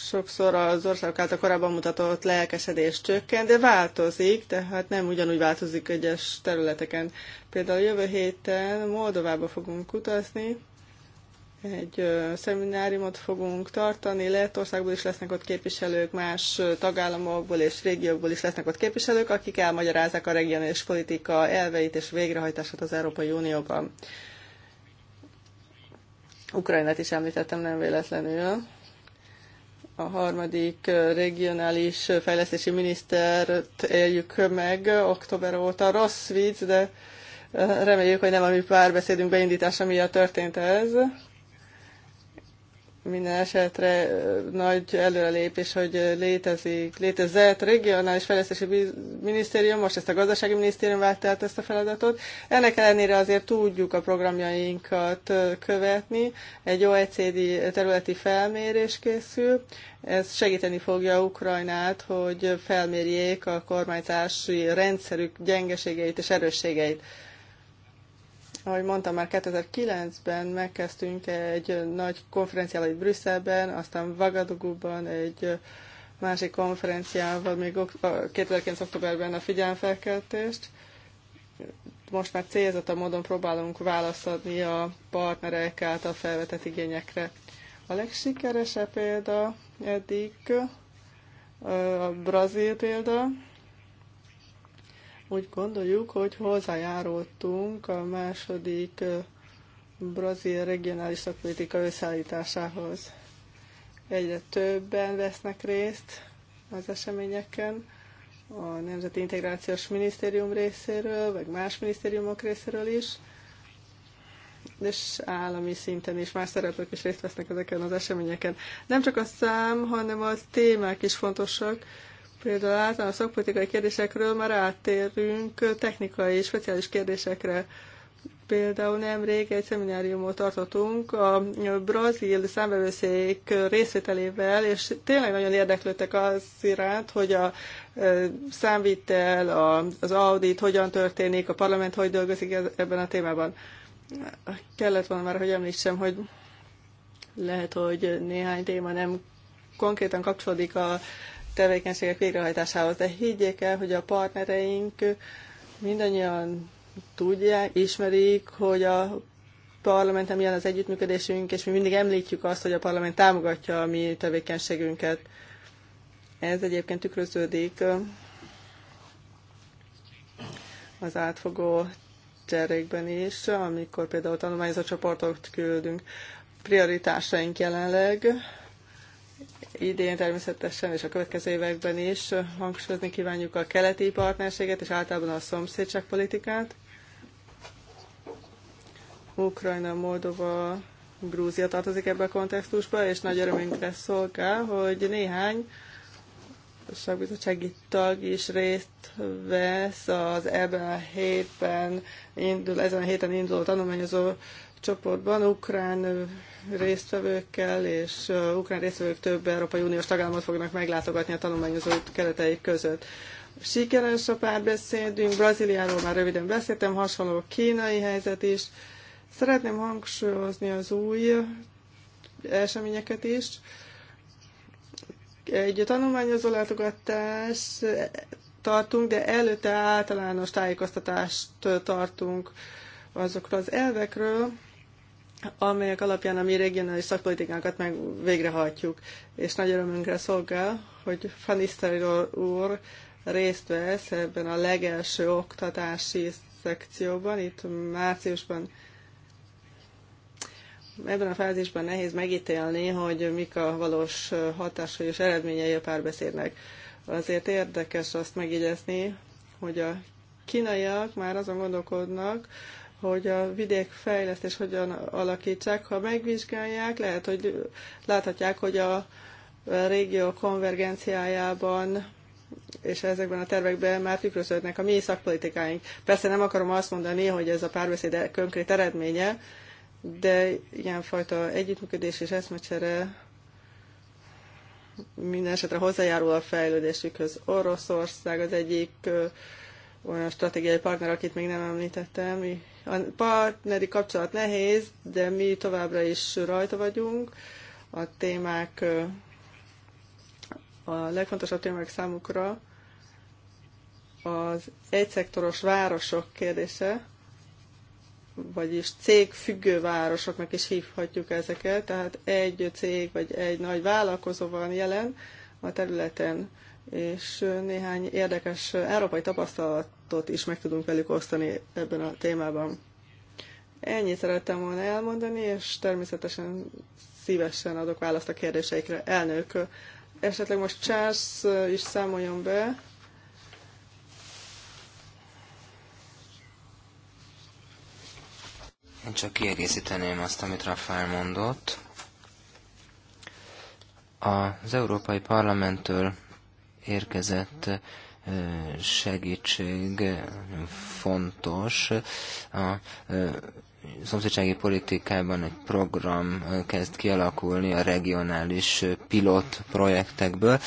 sokszor az országok által korábban mutatott lelkesedés csökken, de változik, tehát nem ugyanúgy változik egyes területeken. Például jövő héten Moldovába fogunk utazni, egy szemináriumot fogunk tartani, Lettországból is lesznek ott képviselők, más tagállamokból és régiókból is lesznek ott képviselők, akik elmagyarázzák a regionális politika elveit és végrehajtását az Európai Unióban. Ukrajnát is említettem nem véletlenül. A harmadik regionális fejlesztési minisztert éljük meg október óta. Rossz vicc, de reméljük, hogy nem a mi párbeszédünk beindítása miatt történt ez minden esetre nagy előrelépés, hogy létezik, létezett regionális fejlesztési minisztérium, most ezt a gazdasági minisztérium vált át ezt a feladatot. Ennek ellenére azért tudjuk a programjainkat követni. Egy OECD területi felmérés készül. Ez segíteni fogja Ukrajnát, hogy felmérjék a kormányzási rendszerük gyengeségeit és erősségeit ahogy mondtam, már 2009-ben megkezdtünk egy nagy konferenciával itt Brüsszelben, aztán Vagadugúban egy másik konferenciával még 2009. októberben a figyelmfelkeltést. Most már célzott a módon próbálunk válaszadni a partnerek által felvetett igényekre. A legsikeresebb példa eddig a brazil példa, úgy gondoljuk, hogy hozzájárultunk a második brazil regionális szakpolitika összeállításához. Egyre többen vesznek részt az eseményeken, a Nemzeti Integrációs Minisztérium részéről, vagy más minisztériumok részéről is, és állami szinten is más szereplők is részt vesznek ezeken az eseményeken. Nem csak a szám, hanem a témák is fontosak, Például általán a szakpolitikai kérdésekről már áttérünk technikai, speciális kérdésekre. Például nemrég egy szemináriumot tartottunk a brazil számbevőszék részvételével, és tényleg nagyon érdeklődtek az iránt, hogy a e, számvitel, az audit hogyan történik, a parlament hogy dolgozik e-, ebben a témában. Kellett volna már, hogy említsem, hogy lehet, hogy néhány téma nem konkrétan kapcsolódik a tevékenységek végrehajtásához. De higgyék el, hogy a partnereink mindannyian tudják, ismerik, hogy a parlamenten milyen az együttműködésünk, és mi mindig említjük azt, hogy a parlament támogatja a mi tevékenységünket. Ez egyébként tükröződik az átfogó cserékben is, amikor például tanulmányozó csoportot küldünk. Prioritásaink jelenleg idén természetesen és a következő években is hangsúlyozni kívánjuk a keleti partnerséget és általában a szomszédságpolitikát. Ukrajna, Moldova, Grúzia tartozik ebbe a kontextusba, és nagy örömünkre szolgál, hogy néhány szakbizottsági tag is részt vesz az ebben a hétben, indul, ezen a héten induló tanulmányozó csoportban ukrán résztvevőkkel, és ukrán résztvevők több Európai Uniós tagállamot fognak meglátogatni a tanulmányozó keretei között. Sikeres a párbeszédünk, Brazíliáról már röviden beszéltem, hasonló kínai helyzet is. Szeretném hangsúlyozni az új eseményeket is. Egy tanulmányozó látogatás tartunk, de előtte általános tájékoztatást tartunk azokról az elvekről, amelyek alapján a mi regionális szakpolitikánkat meg végrehajtjuk. És nagy örömünkre szolgál, hogy Fanisztari úr részt vesz ebben a legelső oktatási szekcióban, itt márciusban ebben a fázisban nehéz megítélni, hogy mik a valós hatásai és eredményei a párbeszédnek. Azért érdekes azt megígyezni, hogy a kínaiak már azon gondolkodnak, hogy a vidék fejlesztés hogyan alakítsák. Ha megvizsgálják, lehet, hogy láthatják, hogy a régió konvergenciájában és ezekben a tervekben már tükröződnek a mi szakpolitikáink. Persze nem akarom azt mondani, hogy ez a párbeszéd konkrét eredménye, de ilyenfajta együttműködés és eszmecsere minden esetre hozzájárul a fejlődésükhöz. Oroszország az egyik olyan stratégiai partner, akit még nem említettem, a partneri kapcsolat nehéz, de mi továbbra is rajta vagyunk. A témák, a legfontosabb témák számukra az egyszektoros városok kérdése, vagyis cégfüggő városoknak is hívhatjuk ezeket, tehát egy cég vagy egy nagy vállalkozó van jelen a területen és néhány érdekes európai tapasztalatot is meg tudunk velük osztani ebben a témában. Ennyit szerettem volna elmondani, és természetesen szívesen adok választ a kérdéseikre. Elnök, esetleg most Charles is számoljon be. Én csak kiegészíteném azt, amit Rafael mondott. Az Európai Parlamenttől érkezett segítség fontos. A szomszédsági politikában egy program kezd kialakulni a regionális pilot projektekből,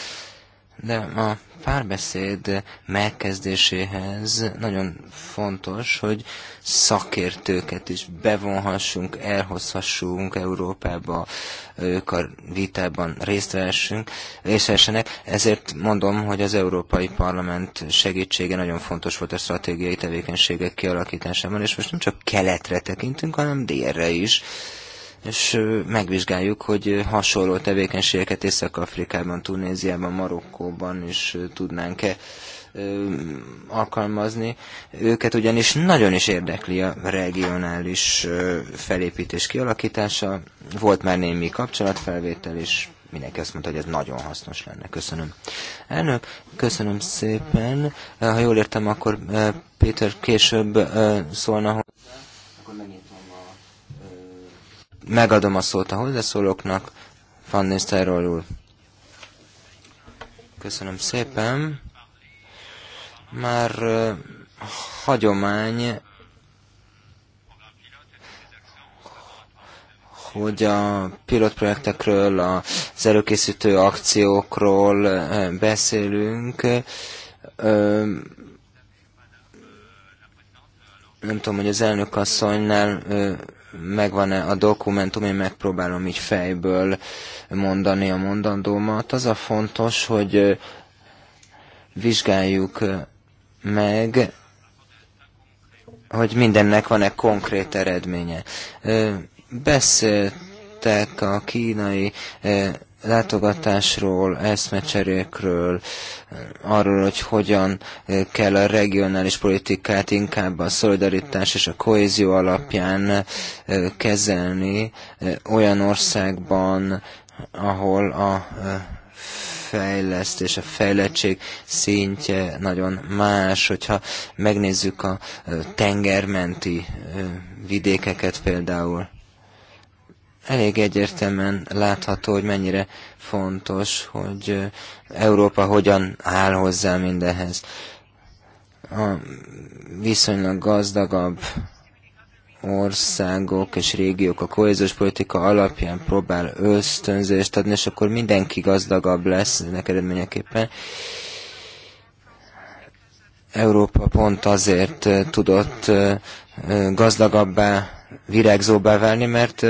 de a párbeszéd megkezdéséhez nagyon fontos, hogy szakértőket is bevonhassunk, elhozhassunk Európába, ők a vitában részt vehessünk, és essenek. Ezért mondom, hogy az Európai Parlament segítsége nagyon fontos volt a stratégiai tevékenységek kialakításában, és most nem csak keletre tekintünk, hanem délre is és megvizsgáljuk, hogy hasonló tevékenységeket Észak-Afrikában, Tunéziában, Marokkóban is tudnánk-e alkalmazni. Őket ugyanis nagyon is érdekli a regionális felépítés kialakítása. Volt már némi kapcsolatfelvétel, és mindenki azt mondta, hogy ez nagyon hasznos lenne. Köszönöm. Elnök, köszönöm szépen. Ha jól értem, akkor Péter később szólna hogy megadom a szót a hozzászólóknak. Van Nisztelról úr. Köszönöm szépen. Már hagyomány, hogy a pilotprojektekről, az előkészítő akciókról beszélünk. Nem tudom, hogy az elnök asszonynál megvan-e a dokumentum, én megpróbálom így fejből mondani a mondandómat. Az a fontos, hogy vizsgáljuk meg, hogy mindennek van-e konkrét eredménye. Beszéltek a kínai látogatásról, eszmecserékről, arról, hogy hogyan eh, kell a regionális politikát inkább a szolidaritás és a kohézió alapján eh, kezelni eh, olyan országban, ahol a fejlesztés, a fejlettség szintje nagyon más. Hogyha megnézzük a tengermenti vidékeket például, elég egyértelműen látható, hogy mennyire fontos, hogy Európa hogyan áll hozzá mindehhez. A viszonylag gazdagabb országok és régiók a kohéziós politika alapján próbál ösztönzést adni, és akkor mindenki gazdagabb lesz ennek eredményeképpen. Európa pont azért tudott gazdagabbá virágzóbbá válni, mert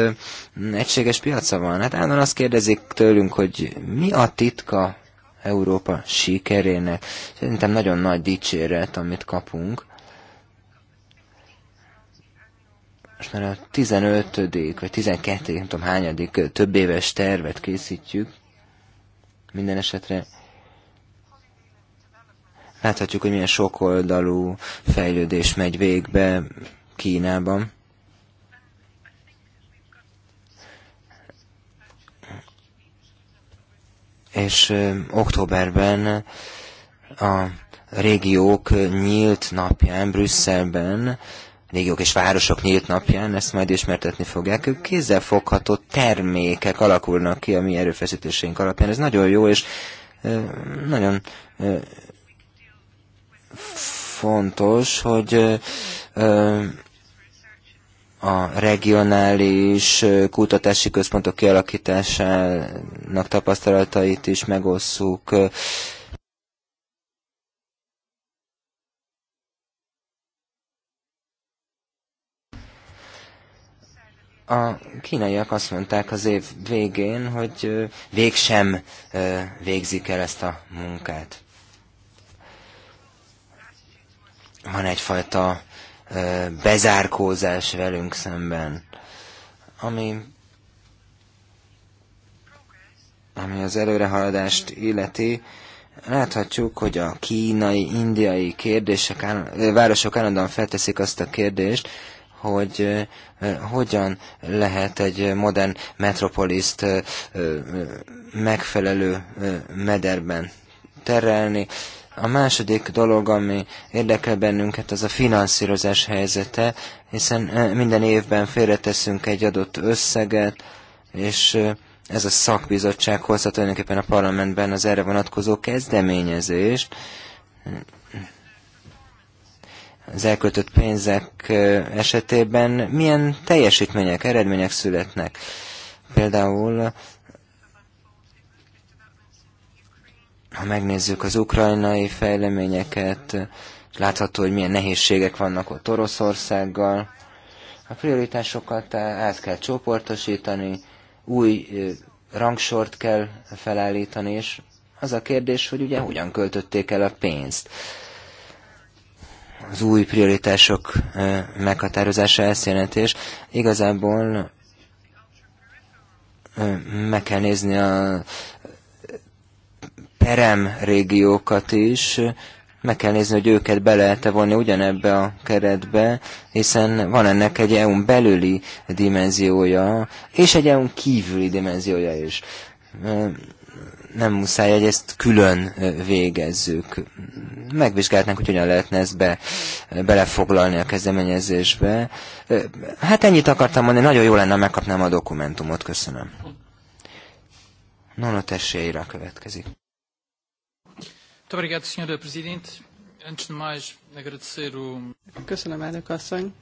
egységes piaca van. Hát állandóan azt kérdezik tőlünk, hogy mi a titka Európa sikerének. Szerintem nagyon nagy dicséret, amit kapunk. Most már a 15. vagy 12. nem tudom hányadik több éves tervet készítjük. Minden esetre láthatjuk, hogy milyen sokoldalú fejlődés megy végbe Kínában. és októberben a régiók nyílt napján Brüsszelben, régiók és városok nyílt napján, ezt majd ismertetni fogják, ők kézzelfogható termékek alakulnak ki a mi erőfeszítéseink alapján. Ez nagyon jó, és nagyon fontos, hogy a regionális kutatási központok kialakításának tapasztalatait is megosszuk. a kínaiak azt mondták az év végén, hogy végsem végzik el ezt a munkát. Van egyfajta bezárkózás velünk szemben, ami, ami az előrehaladást illeti, láthatjuk, hogy a kínai, indiai kérdések, városok állandóan felteszik azt a kérdést, hogy hogyan lehet egy modern metropoliszt megfelelő mederben terelni, a második dolog, ami érdekel bennünket, az a finanszírozás helyzete, hiszen eh, minden évben félreteszünk egy adott összeget, és eh, ez a szakbizottság hozta tulajdonképpen a parlamentben az erre vonatkozó kezdeményezést. Az elköltött pénzek eh, esetében milyen teljesítmények, eredmények születnek. Például Ha megnézzük az ukrajnai fejleményeket, látható, hogy milyen nehézségek vannak ott Oroszországgal. A prioritásokat át kell csoportosítani, új rangsort kell felállítani, és az a kérdés, hogy ugye hogyan költötték el a pénzt. Az új prioritások meghatározása ezt jelenti, és igazából meg kell nézni a perem régiókat is, meg kell nézni, hogy őket be lehet-e vonni ugyanebbe a keretbe, hiszen van ennek egy EU-n belüli dimenziója, és egy EU-n kívüli dimenziója is. Nem muszáj, hogy ezt külön végezzük. Megvizsgálhatnánk, hogy hogyan lehetne ezt be, belefoglalni a kezdeményezésbe. Hát ennyit akartam mondani, nagyon jó lenne, megkapnám a dokumentumot. Köszönöm. Nono tesséjére következik. Köszönöm, elnök asszony.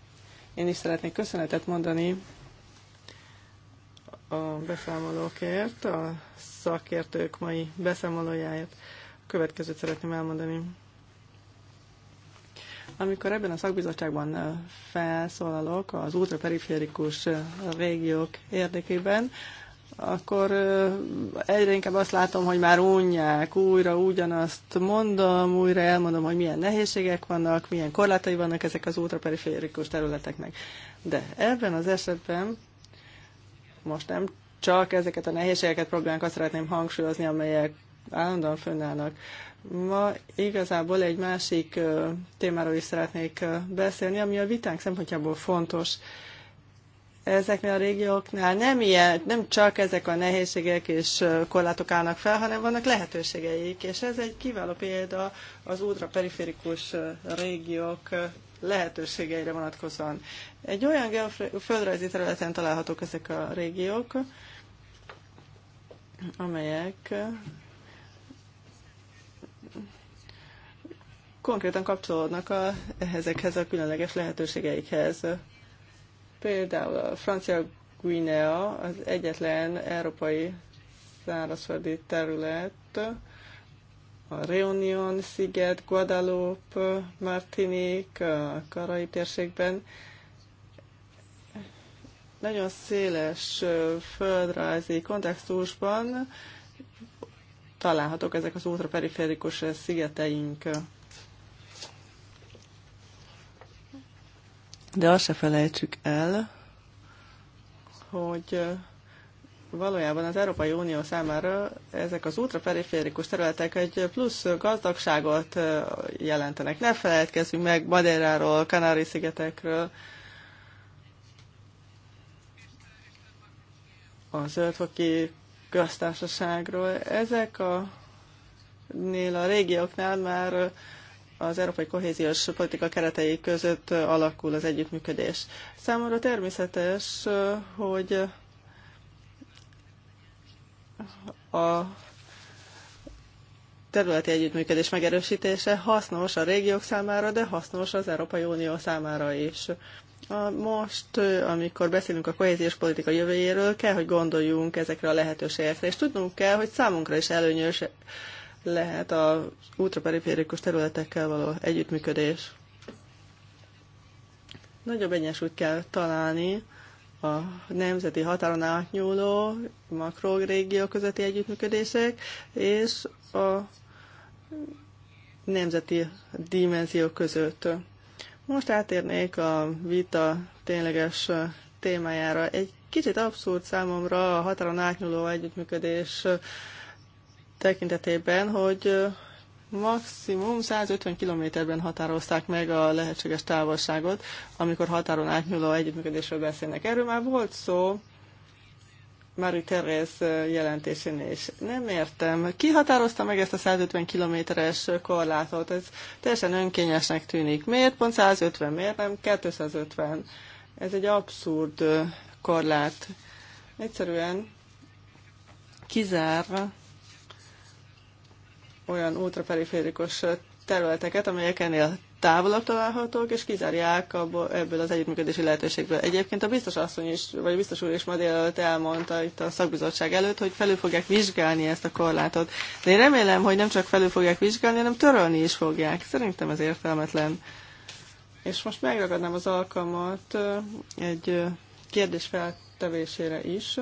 Én is szeretnék köszönetet mondani a beszámolókért, a szakértők mai beszámolójáért. A következőt szeretném elmondani. Amikor ebben a szakbizottságban felszólalok az ultraperiférikus régiók érdekében, akkor egyre inkább azt látom, hogy már unják, újra ugyanazt mondom, újra elmondom, hogy milyen nehézségek vannak, milyen korlátai vannak ezek az ultraperiférikus területeknek. De ebben az esetben most nem csak ezeket a nehézségeket, problémákat szeretném hangsúlyozni, amelyek állandóan fönnállnak. Ma igazából egy másik témáról is szeretnék beszélni, ami a vitánk szempontjából fontos ezeknél a régióknál nem ilyen, nem csak ezek a nehézségek és korlátok állnak fel, hanem vannak lehetőségeik, és ez egy kiváló példa az ultraperiférikus régiók lehetőségeire vonatkozóan. Egy olyan földrajzi területen találhatók ezek a régiók, amelyek konkrétan kapcsolódnak a, ezekhez a különleges lehetőségeikhez. Például a francia Guinea az egyetlen európai szárazföldi terület, a Réunion sziget, Guadalupe, Martinique, a Karai térségben nagyon széles földrajzi kontextusban találhatók ezek az ultraperiférikus szigeteink. De azt se felejtsük el, hogy valójában az Európai Unió számára ezek az ultraperiférikus területek egy plusz gazdagságot jelentenek. Ne felejtkezzünk meg Madeiráról, Kanári-szigetekről, a zöldfoki köztársaságról. Ezek a, a régióknál már az európai kohéziós politika keretei között alakul az együttműködés. Számomra természetes, hogy a területi együttműködés megerősítése hasznos a régiók számára, de hasznos az Európai Unió számára is. Most, amikor beszélünk a kohéziós politika jövőjéről, kell, hogy gondoljunk ezekre a lehetőségekre, és tudnunk kell, hogy számunkra is előnyös lehet a ultraperiférikus területekkel való együttműködés. Nagyobb egyensúlyt kell találni a nemzeti határon átnyúló makrórégió közötti együttműködések és a nemzeti dimenzió között. Most átérnék a vita tényleges témájára. Egy kicsit abszurd számomra a határon átnyúló együttműködés tekintetében, hogy maximum 150 kilométerben határozták meg a lehetséges távolságot, amikor határon átnyúló együttműködésről beszélnek. Erről már volt szó Marie Terez jelentésén is. Nem értem. Ki határozta meg ezt a 150 kilométeres korlátot? Ez teljesen önkényesnek tűnik. Miért pont 150? Miért nem 250? Ez egy abszurd korlát. Egyszerűen kizár olyan ultraperiférikus területeket, amelyek ennél távolabb találhatók, és kizárják abból, ebből az együttműködési lehetőségből. Egyébként a biztos asszony is, vagy a biztos úr is ma délelőtt elmondta itt a szakbizottság előtt, hogy felül fogják vizsgálni ezt a korlátot. De én remélem, hogy nem csak felül fogják vizsgálni, hanem törölni is fogják. Szerintem ez értelmetlen. És most megragadnám az alkalmat egy kérdés feltevésére is.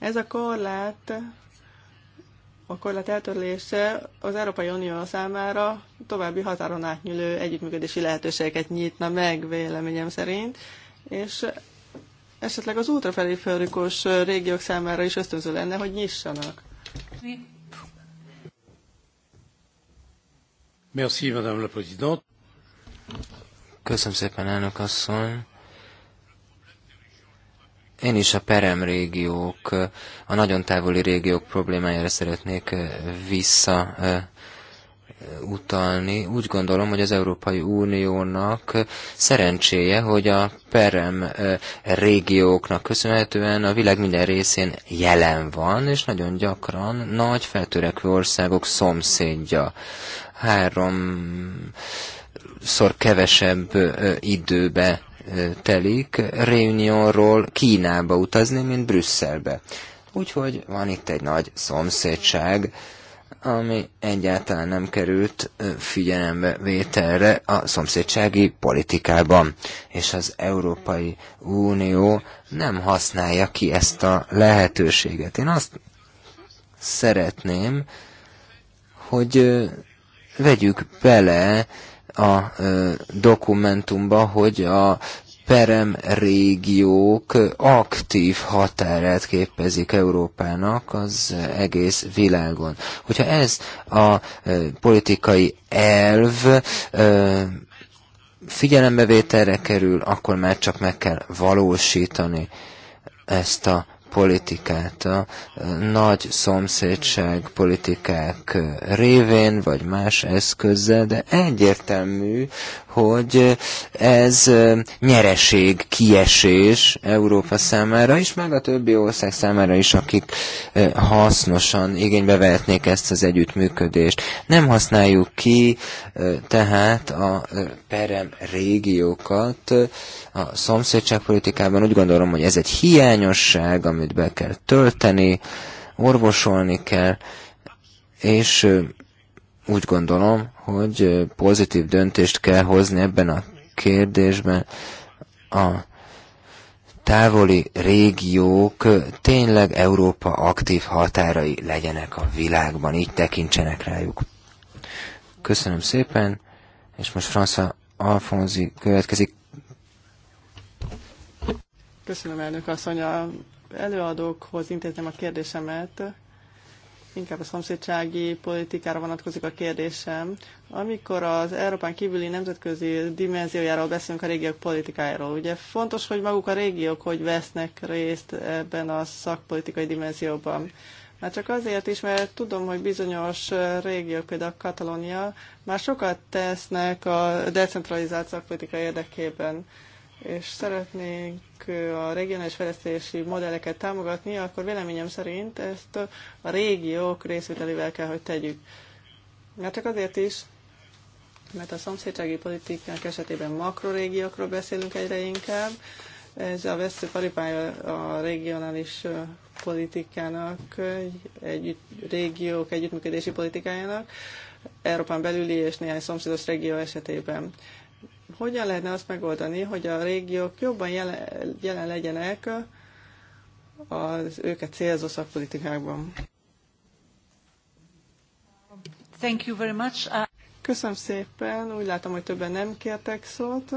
Ez a korlát, a korlát eltörlése az Európai Unió számára további határon átnyúló együttműködési lehetőségeket nyitna meg véleményem szerint, és esetleg az ultraperiferikus régiók számára is ösztönző lenne, hogy nyissanak. Merci, Madame la Présidente. Köszönöm szépen, elnök asszony. Én is a perem régiók, a nagyon távoli régiók problémájára szeretnék vissza utalni. Úgy gondolom, hogy az Európai Uniónak szerencséje, hogy a perem régióknak köszönhetően a világ minden részén jelen van, és nagyon gyakran nagy feltörekvő országok szomszédja. Három szor kevesebb időbe telik Réunionról Kínába utazni, mint Brüsszelbe. Úgyhogy van itt egy nagy szomszédság, ami egyáltalán nem került figyelembe vételre a szomszédsági politikában, és az Európai Unió nem használja ki ezt a lehetőséget. Én azt szeretném, hogy vegyük bele a dokumentumba, hogy a perem régiók aktív határát képezik Európának az egész világon. Hogyha ez a politikai elv figyelembevételre kerül, akkor már csak meg kell valósítani ezt a politikát a nagy szomszédság politikák révén, vagy más eszközzel, de egyértelmű, hogy ez nyereség, kiesés Európa számára is, meg a többi ország számára is, akik hasznosan igénybe vehetnék ezt az együttműködést. Nem használjuk ki tehát a perem régiókat a szomszédságpolitikában. Úgy gondolom, hogy ez egy hiányosság, amit be kell tölteni, orvosolni kell, és úgy gondolom, hogy pozitív döntést kell hozni ebben a kérdésben. A távoli régiók tényleg Európa aktív határai legyenek a világban, így tekintsenek rájuk. Köszönöm szépen, és most François Alfonzi következik Köszönöm, elnök asszony. A előadókhoz intézem a kérdésemet. Inkább a szomszédsági politikára vonatkozik a kérdésem. Amikor az Európán kívüli nemzetközi dimenziójáról beszélünk a régiók politikájáról, ugye fontos, hogy maguk a régiók hogy vesznek részt ebben a szakpolitikai dimenzióban. Már csak azért is, mert tudom, hogy bizonyos régiók, például Katalónia, már sokat tesznek a decentralizált szakpolitika érdekében és szeretnénk a regionális fejlesztési modelleket támogatni, akkor véleményem szerint ezt a régiók részvételével kell, hogy tegyük. Mert csak azért is, mert a szomszédsági politikák esetében makrorégiókról beszélünk egyre inkább, ez a veszőparipája a regionális politikának, egy régiók együttműködési politikájának, Európán belüli és néhány szomszédos régió esetében hogyan lehetne azt megoldani, hogy a régiók jobban jelen, jelen legyenek az őket célzó szakpolitikákban. Thank you very much. Uh, Köszönöm szépen, úgy látom, hogy többen nem kértek szót.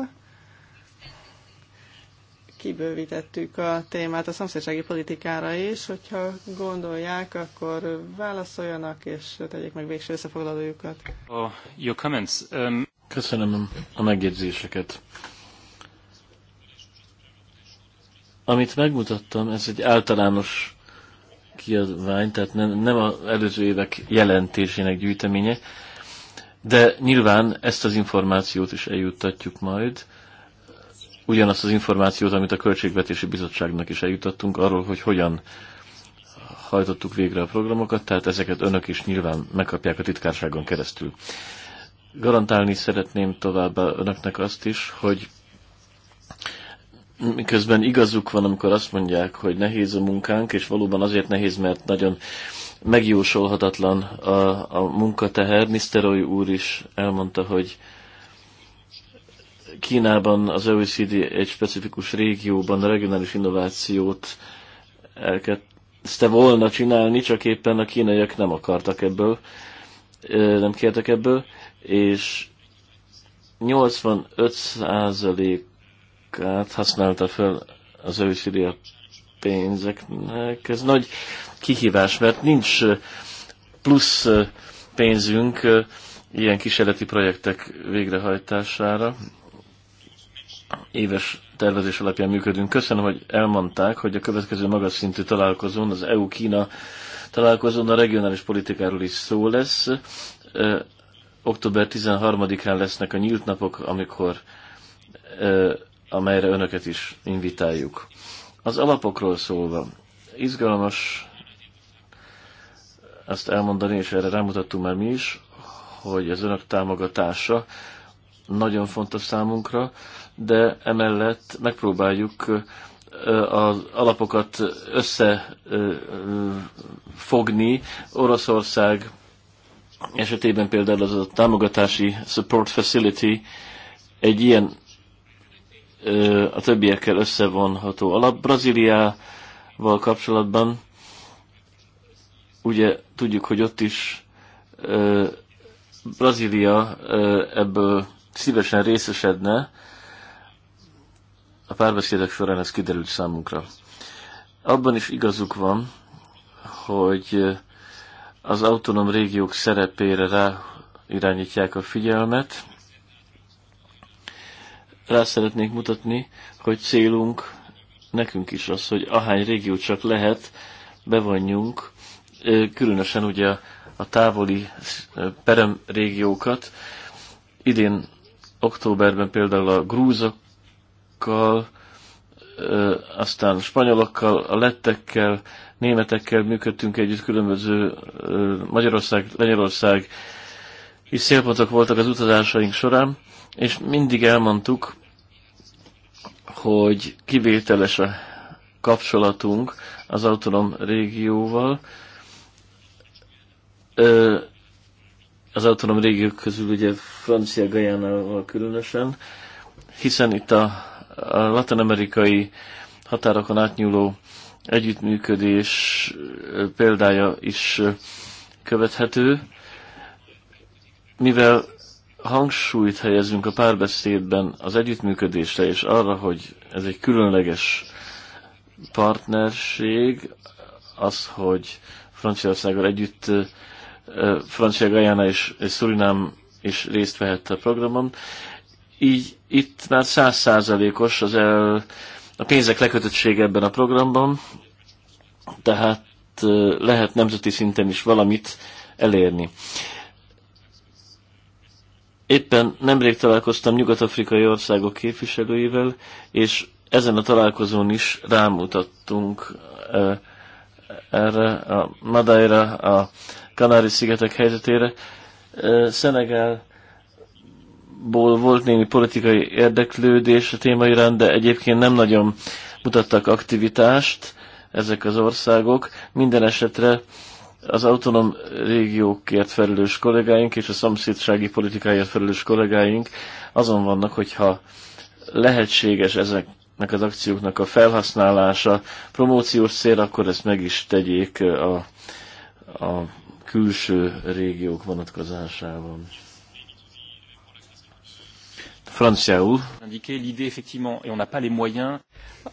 Kibővítettük a témát a szomszédsági politikára is, hogyha gondolják, akkor válaszoljanak és tegyék meg végső összefoglalójukat. Oh, your comments. Um... Köszönöm a megjegyzéseket. Amit megmutattam, ez egy általános kiadvány, tehát nem, nem az előző évek jelentésének gyűjteménye, de nyilván ezt az információt is eljuttatjuk majd, ugyanazt az információt, amit a Költségvetési Bizottságnak is eljutattunk, arról, hogy hogyan hajtottuk végre a programokat, tehát ezeket önök is nyilván megkapják a titkárságon keresztül. Garantálni szeretném továbbá önöknek azt is, hogy miközben igazuk van, amikor azt mondják, hogy nehéz a munkánk, és valóban azért nehéz, mert nagyon megjósolhatatlan a, a munkateher. Niszteroy úr is elmondta, hogy Kínában az OECD egy specifikus régióban a regionális innovációt elkezdte volna csinálni, csak éppen a kínaiak nem akartak ebből, nem kértek ebből és 85%-át használta fel az ősíria pénzeknek. Ez nagy kihívás, mert nincs plusz pénzünk ilyen kísérleti projektek végrehajtására. Éves tervezés alapján működünk. Köszönöm, hogy elmondták, hogy a következő magas szintű találkozón, az EU-Kína találkozón a regionális politikáról is szó lesz október 13-án lesznek a nyílt napok, amikor amelyre önöket is invitáljuk. Az alapokról szólva, izgalmas ezt elmondani, és erre rámutattunk már mi is, hogy az önök támogatása nagyon fontos számunkra, de emellett megpróbáljuk az alapokat összefogni Oroszország esetében például az a támogatási support facility egy ilyen a többiekkel összevonható alap. Brazíliával kapcsolatban ugye tudjuk, hogy ott is Brazília ebből szívesen részesedne, a párbeszédek során ez kiderült számunkra. Abban is igazuk van, hogy az autonóm régiók szerepére rá irányítják a figyelmet. Rá szeretnék mutatni, hogy célunk nekünk is az, hogy ahány régió csak lehet, bevonjunk, különösen ugye a távoli perem régiókat. Idén októberben például a grúzokkal, aztán a spanyolokkal, a lettekkel, németekkel működtünk együtt, különböző Magyarország, Lengyelország is szélpontok voltak az utazásaink során, és mindig elmondtuk, hogy kivételes a kapcsolatunk az autonóm régióval. Az autonóm régiók közül ugye Francia Gajánával különösen, hiszen itt a, a latin-amerikai határokon átnyúló együttműködés példája is követhető, mivel hangsúlyt helyezünk a párbeszédben az együttműködésre, és arra, hogy ez egy különleges partnerség, az, hogy Franciaországgal együtt Francia Gajana és, és Szurinám is részt vehette a programon. Így itt már százszázalékos az el a pénzek lekötöttsége ebben a programban, tehát lehet nemzeti szinten is valamit elérni. Éppen nemrég találkoztam nyugat-afrikai országok képviselőivel, és ezen a találkozón is rámutattunk erre a Madeira, a Kanári-szigetek helyzetére. Szenegál ból volt némi politikai érdeklődés a téma iránt, de egyébként nem nagyon mutattak aktivitást ezek az országok. Minden esetre az autonóm régiókért felelős kollégáink és a szomszédsági politikáért felelős kollégáink azon vannak, hogyha lehetséges ezeknek az akcióknak a felhasználása promóciós cél, akkor ezt meg is tegyék a, a külső régiók vonatkozásában. Franciául.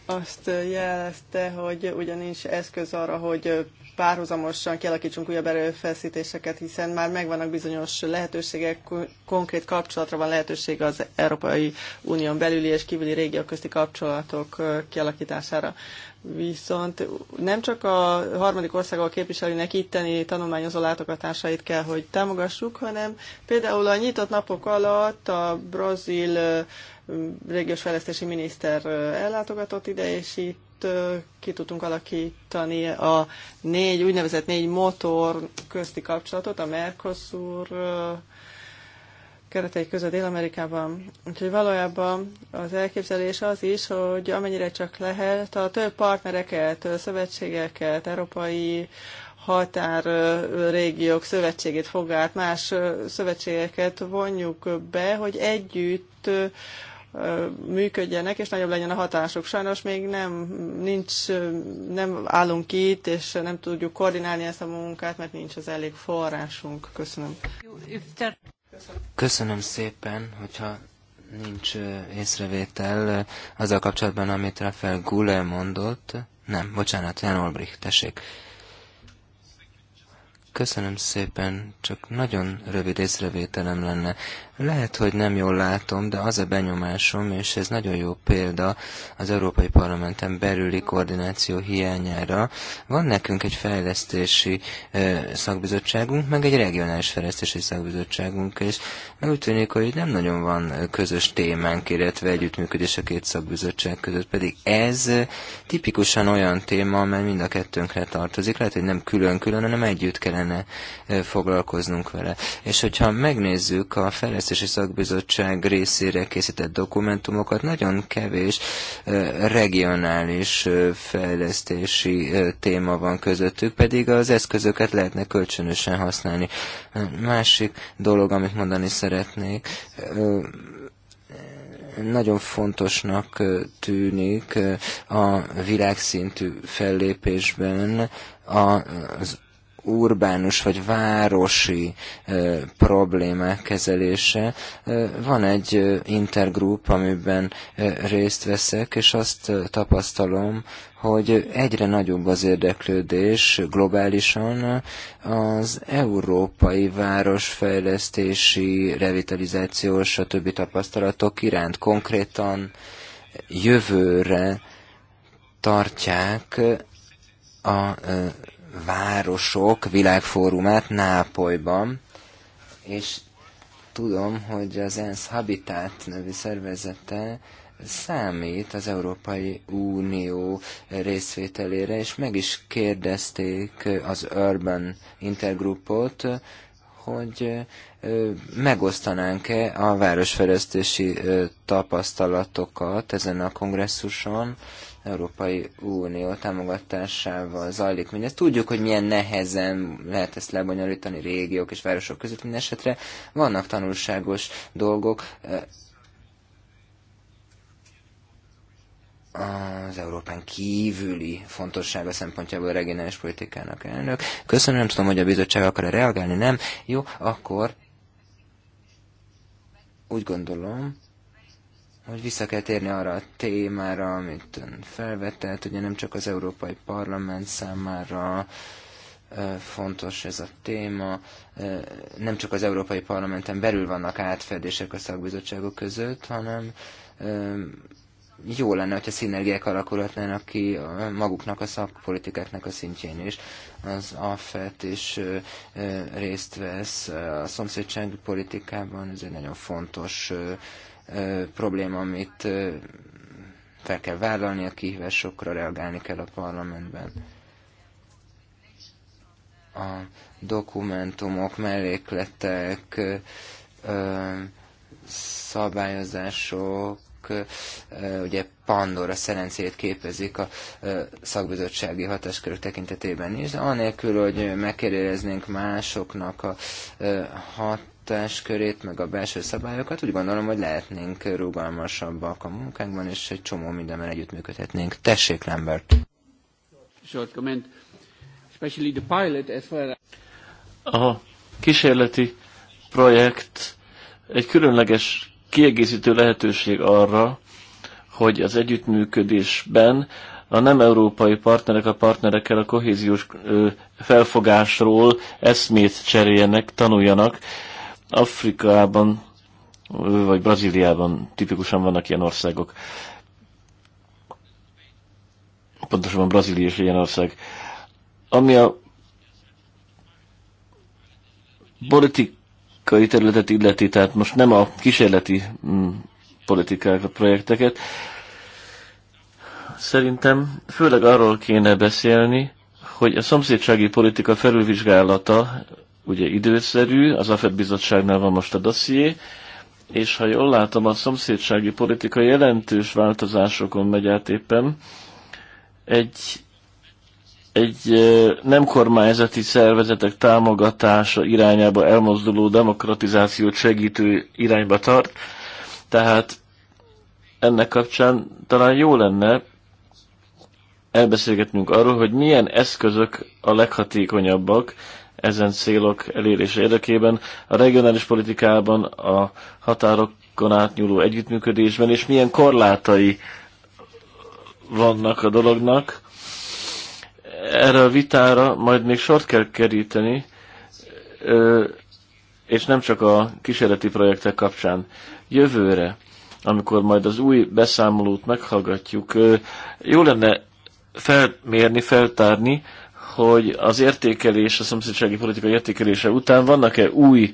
Azt eh, jelezte, hogy ugyanis eszköz arra, hogy eh, párhuzamosan kialakítsunk újabb erőfeszítéseket, hiszen már megvannak bizonyos lehetőségek, konkrét kapcsolatra van lehetőség az Európai Unión belüli és kívüli régió közti kapcsolatok eh, kialakítására. Viszont nem csak a harmadik országok képviselőinek itteni tanulmányozó látogatásait kell, hogy támogassuk, hanem például a nyitott napok alatt a brazil régiós fejlesztési miniszter ellátogatott ide, és itt ki tudtunk alakítani a négy úgynevezett négy motor közti kapcsolatot, a Mercosur keretei között Dél-Amerikában. Úgyhogy valójában az elképzelés az is, hogy amennyire csak lehet, a több partnereket, szövetségeket, európai határrégiók szövetségét fogát, más szövetségeket vonjuk be, hogy együtt működjenek, és nagyobb legyen a hatásuk. Sajnos még nem, nincs, nem állunk itt, és nem tudjuk koordinálni ezt a munkát, mert nincs az elég forrásunk. Köszönöm. Köszönöm. szépen, hogyha nincs észrevétel azzal kapcsolatban, amit Rafael Gule mondott. Nem, bocsánat, Jan Olbrich, tessék. Köszönöm szépen, csak nagyon rövid észrevételem lenne. Lehet, hogy nem jól látom, de az a benyomásom, és ez nagyon jó példa az Európai Parlamenten belüli koordináció hiányára. Van nekünk egy fejlesztési szakbizottságunk, meg egy regionális fejlesztési szakbizottságunk, és úgy tűnik, hogy nem nagyon van közös témánk, illetve együttműködés a két szakbizottság között, pedig ez tipikusan olyan téma, amely mind a kettőnkre tartozik. Lehet, hogy nem külön-külön, hanem együtt kell kellene foglalkoznunk vele. És hogyha megnézzük a Fejlesztési Szakbizottság részére készített dokumentumokat, nagyon kevés regionális fejlesztési téma van közöttük, pedig az eszközöket lehetne kölcsönösen használni. Másik dolog, amit mondani szeretnék, nagyon fontosnak tűnik a világszintű fellépésben az urbánus vagy városi problémák kezelése. Van egy intergroup, amiben részt veszek, és azt tapasztalom, hogy egyre nagyobb az érdeklődés globálisan az európai városfejlesztési, revitalizációs, a többi tapasztalatok iránt konkrétan jövőre tartják a városok világfórumát Nápolyban, és tudom, hogy az ENSZ Habitat nevű szervezete számít az Európai Unió részvételére, és meg is kérdezték az Urban Intergroupot, hogy megosztanánk-e a városfejlesztési tapasztalatokat ezen a kongresszuson, Európai Unió támogatásával zajlik mindez. Tudjuk, hogy milyen nehezen lehet ezt lebonyolítani régiók és városok között, minden esetre vannak tanulságos dolgok. az Európán kívüli fontossága szempontjából a regionális politikának elnök. Köszönöm, nem tudom, hogy a bizottság akar -e reagálni, nem? Jó, akkor úgy gondolom, hogy vissza kell térni arra a témára, amit ön felvetett, ugye nem csak az Európai Parlament számára fontos ez a téma, nem csak az Európai Parlamenten belül vannak átfedések a szakbizottságok között, hanem jó lenne, hogyha szinergiák alakulhatnának ki maguknak a szakpolitikáknak a szintjén is. Az AFET is részt vesz a szomszédsági politikában, ez egy nagyon fontos probléma, amit fel kell vállalni, a kihívásokra reagálni kell a parlamentben. A dokumentumok, mellékletek, szabályozások, ugye Pandora szerencét képezik a szakbizottsági hatáskörök tekintetében is, de anélkül, hogy megkérdeznénk másoknak a hat hatáskörét, meg a belső szabályokat. Úgy gondolom, hogy lehetnénk rugalmasabbak a munkánkban, és egy csomó mindenben együttműködhetnénk. Tessék, Lambert! Short comment. Especially the pilot as well. A kísérleti projekt egy különleges kiegészítő lehetőség arra, hogy az együttműködésben a nem európai partnerek a partnerekkel a kohéziós felfogásról eszmét cseréljenek, tanuljanak, Afrikában vagy Brazíliában tipikusan vannak ilyen országok. Pontosabban Brazília is ilyen ország. Ami a politikai területet illeti, tehát most nem a kísérleti mm, a projekteket, szerintem főleg arról kéne beszélni, hogy a szomszédsági politika felülvizsgálata ugye időszerű, az AFED bizottságnál van most a dosszié, és ha jól látom, a szomszédsági politika jelentős változásokon megy át éppen. Egy, egy nem kormányzati szervezetek támogatása irányába elmozduló demokratizációt segítő irányba tart, tehát ennek kapcsán talán jó lenne elbeszélgetnünk arról, hogy milyen eszközök a leghatékonyabbak ezen célok elérése érdekében, a regionális politikában, a határokon átnyúló együttműködésben, és milyen korlátai vannak a dolognak. Erre a vitára majd még sort kell keríteni, és nem csak a kísérleti projektek kapcsán. Jövőre, amikor majd az új beszámolót meghallgatjuk, jó lenne felmérni, feltárni, hogy az értékelés, a szomszédsági politika értékelése után vannak-e új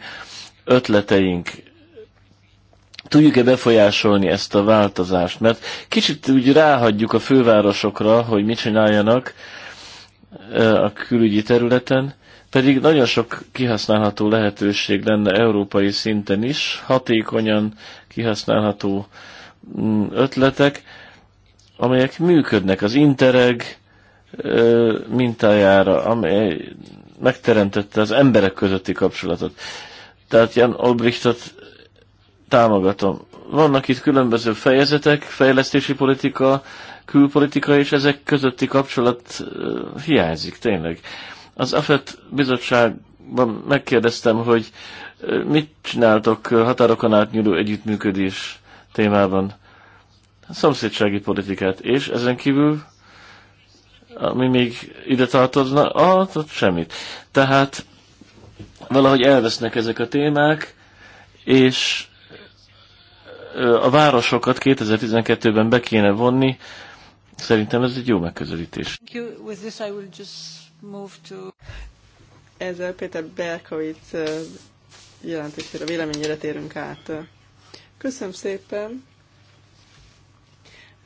ötleteink, tudjuk-e befolyásolni ezt a változást? Mert kicsit úgy ráhagyjuk a fővárosokra, hogy mit csináljanak a külügyi területen, pedig nagyon sok kihasználható lehetőség lenne európai szinten is, hatékonyan kihasználható mm, ötletek, amelyek működnek. Az Interreg, mintájára, amely megteremtette az emberek közötti kapcsolatot. Tehát Jan Olbrichtot támogatom. Vannak itt különböző fejezetek, fejlesztési politika, külpolitika, és ezek közötti kapcsolat hiányzik tényleg. Az AFET bizottságban megkérdeztem, hogy mit csináltok határokon átnyúló együttműködés témában? A szomszédsági politikát, és ezen kívül ami még ide tartozna, ah, semmit. Tehát valahogy elvesznek ezek a témák, és a városokat 2012-ben be kéne vonni. Szerintem ez egy jó megközelítés. Ezzel Péter Berkovic jelentésére, véleményére térünk át. Köszönöm szépen!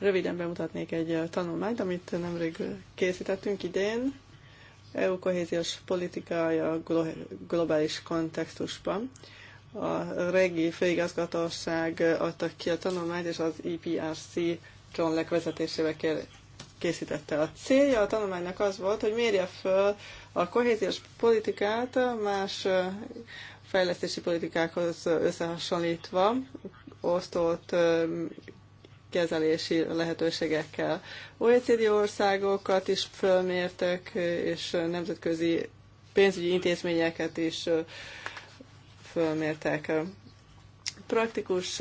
Röviden bemutatnék egy tanulmányt, amit nemrég készítettünk idén, EU kohéziós politikája globális kontextusban. A régi főigazgatóság adta ki a tanulmányt, és az EPRC John Leck vezetésével készítette. A célja a tanulmánynak az volt, hogy mérje föl a kohéziós politikát más fejlesztési politikákhoz összehasonlítva, osztott kezelési lehetőségekkel. OECD országokat is fölmértek, és nemzetközi pénzügyi intézményeket is fölmértek. Praktikus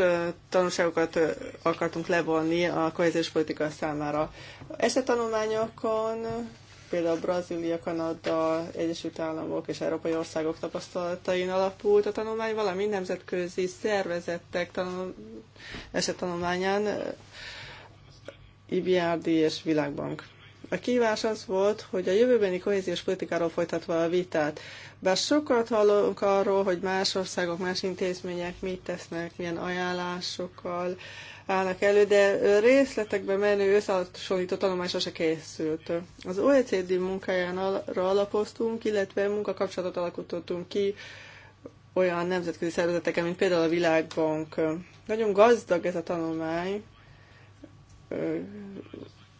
tanulságokat akartunk levonni a kohéziós politika számára. Esetanulmányokon például Brazília, Kanada, Egyesült Államok és Európai Országok tapasztalatain alapult a tanulmány, valami nemzetközi szervezettek tanul, esettanulmányán, eh, IBRD és Világbank. A kívás az volt, hogy a jövőbeni kohéziós politikáról folytatva a vitát, bár sokat hallunk arról, hogy más országok, más intézmények mit tesznek, milyen ajánlásokkal, állnak elő, de részletekben menő összehasonlító tanulmány se készült. Az OECD arra alapoztunk, illetve munkakapcsolatot alakítottunk ki olyan nemzetközi szervezeteken, mint például a Világbank. Nagyon gazdag ez a tanulmány,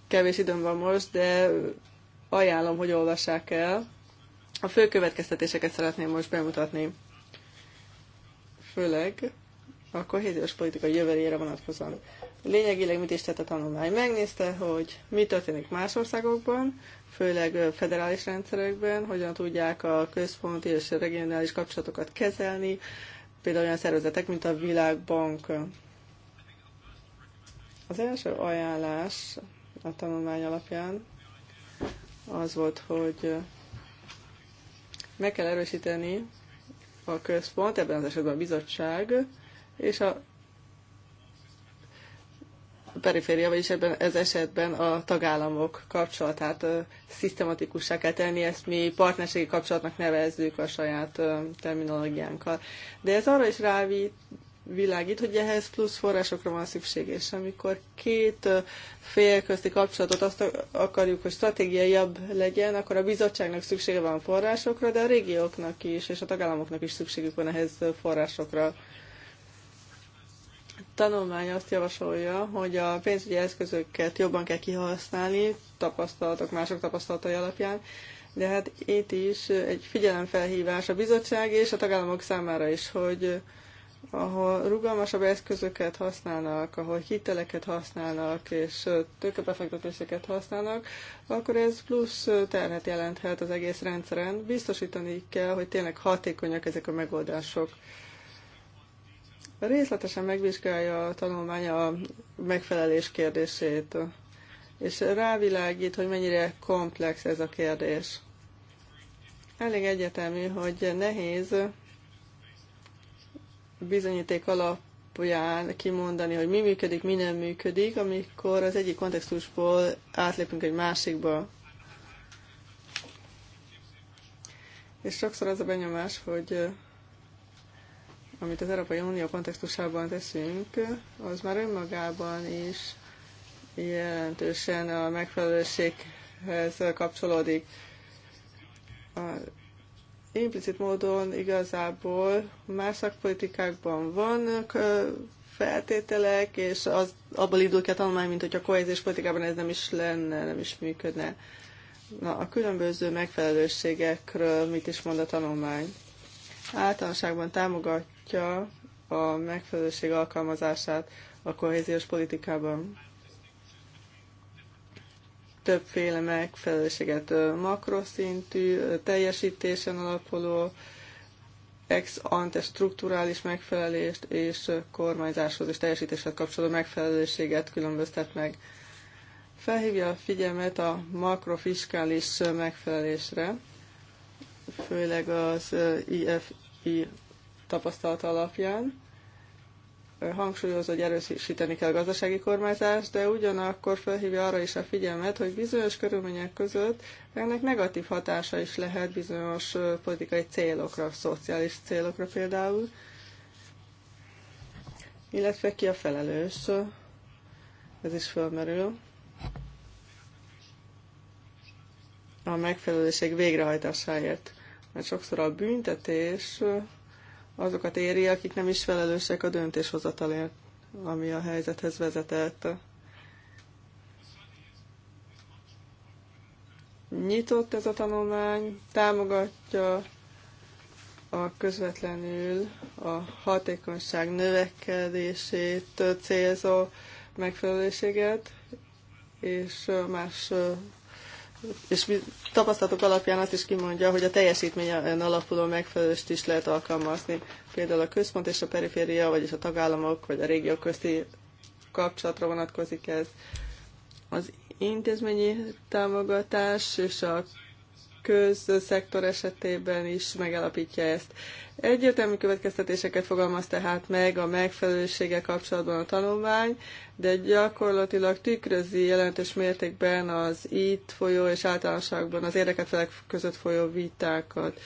kevés időm van most, de ajánlom, hogy olvassák el. A fő következtetéseket szeretném most bemutatni. Főleg a kohéziós politika jövőjére vonatkozóan. Lényegileg mit is tett a tanulmány? Megnézte, hogy mi történik más országokban, főleg federális rendszerekben, hogyan tudják a központi és regionális kapcsolatokat kezelni, például olyan szervezetek, mint a Világbank. Az első ajánlás a tanulmány alapján az volt, hogy meg kell erősíteni a központ, ebben az esetben a bizottság, és a periféria, vagyis ebben ez esetben a tagállamok kapcsolatát szisztematikussá kell tenni, ezt mi partnerségi kapcsolatnak nevezzük a saját terminológiánkkal. De ez arra is rávít, világít, hogy ehhez plusz forrásokra van szükség, és amikor két fél közti kapcsolatot azt akarjuk, hogy stratégiaiabb legyen, akkor a bizottságnak szüksége van forrásokra, de a régióknak is, és a tagállamoknak is szükségük van ehhez forrásokra tanulmány azt javasolja, hogy a pénzügyi eszközöket jobban kell kihasználni, tapasztalatok, mások tapasztalatai alapján, de hát itt is egy figyelemfelhívás a bizottság és a tagállamok számára is, hogy ahol rugalmasabb eszközöket használnak, ahol hiteleket használnak, és tőkebefektetéseket használnak, akkor ez plusz terhet jelenthet az egész rendszeren. Biztosítani kell, hogy tényleg hatékonyak ezek a megoldások részletesen megvizsgálja a tanulmánya a megfelelés kérdését, és rávilágít, hogy mennyire komplex ez a kérdés. Elég egyetemű, hogy nehéz bizonyíték alapján kimondani, hogy mi működik, mi nem működik, amikor az egyik kontextusból átlépünk egy másikba. És sokszor az a benyomás, hogy amit az Európai Unió kontextusában teszünk, az már önmagában is jelentősen a megfelelőséghez kapcsolódik. A implicit módon igazából más szakpolitikákban vannak feltételek, és az, abból indul ki a tanulmány, mint hogy a kohézés politikában ez nem is lenne, nem is működne. Na, a különböző megfelelőségekről mit is mond a tanulmány? Általánoságban támogat javítja a megfelelőség alkalmazását a kohéziós politikában. Többféle megfelelőséget makroszintű, teljesítésen alapuló, ex ante strukturális megfelelést és kormányzáshoz és teljesítéshez kapcsolódó megfelelőséget különböztet meg. Felhívja a figyelmet a makrofiskális megfelelésre, főleg az IFI tapasztalata alapján hangsúlyozza, hogy erősíteni kell a gazdasági kormányzást, de ugyanakkor felhívja arra is a figyelmet, hogy bizonyos körülmények között ennek negatív hatása is lehet bizonyos politikai célokra, szociális célokra például, illetve ki a felelős, ez is felmerül. A megfelelőség végrehajtásáért, mert sokszor a büntetés azokat éri, akik nem is felelősek a döntéshozatalért, ami a helyzethez vezetett. Nyitott ez a tanulmány, támogatja a közvetlenül a hatékonyság növekedését célzó megfelelőséget, és más és mi tapasztalatok alapján azt is kimondja, hogy a teljesítményen alapuló megfelelőst is lehet alkalmazni. Például a központ és a periféria, vagyis a tagállamok, vagy a régió közti kapcsolatra vonatkozik ez. Az intézményi támogatás és a közszektor esetében is megalapítja ezt. Egyértelmű következtetéseket fogalmaz tehát meg a megfelelősége kapcsolatban a tanulmány, de gyakorlatilag tükrözi jelentős mértékben az itt folyó és általánosságban az érdeket felek között folyó vitákat,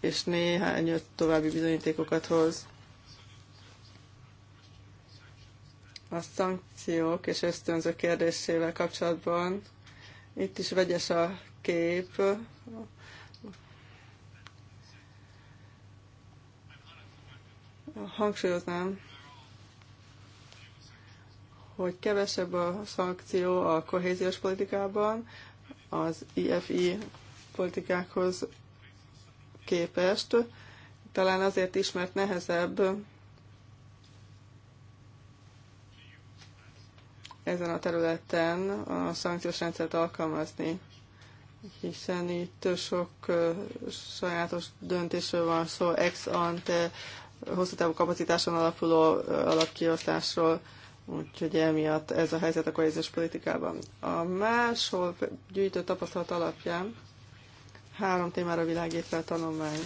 és néhány további bizonyítékokat hoz. A szankciók és ösztönzők kérdésével kapcsolatban itt is vegyes a kép. Hangsúlyoznám, hogy kevesebb a szankció a kohéziós politikában, az IFI politikákhoz képest, talán azért is, mert nehezebb ezen a területen a szankciós rendszert alkalmazni hiszen itt sok sajátos döntésről van szó, ex ante, hosszú távú kapacitáson alapuló alapkiosztásról, úgyhogy emiatt ez a helyzet a kohéziós politikában. A máshol gyűjtött tapasztalat alapján három témára világít fel tanulmány.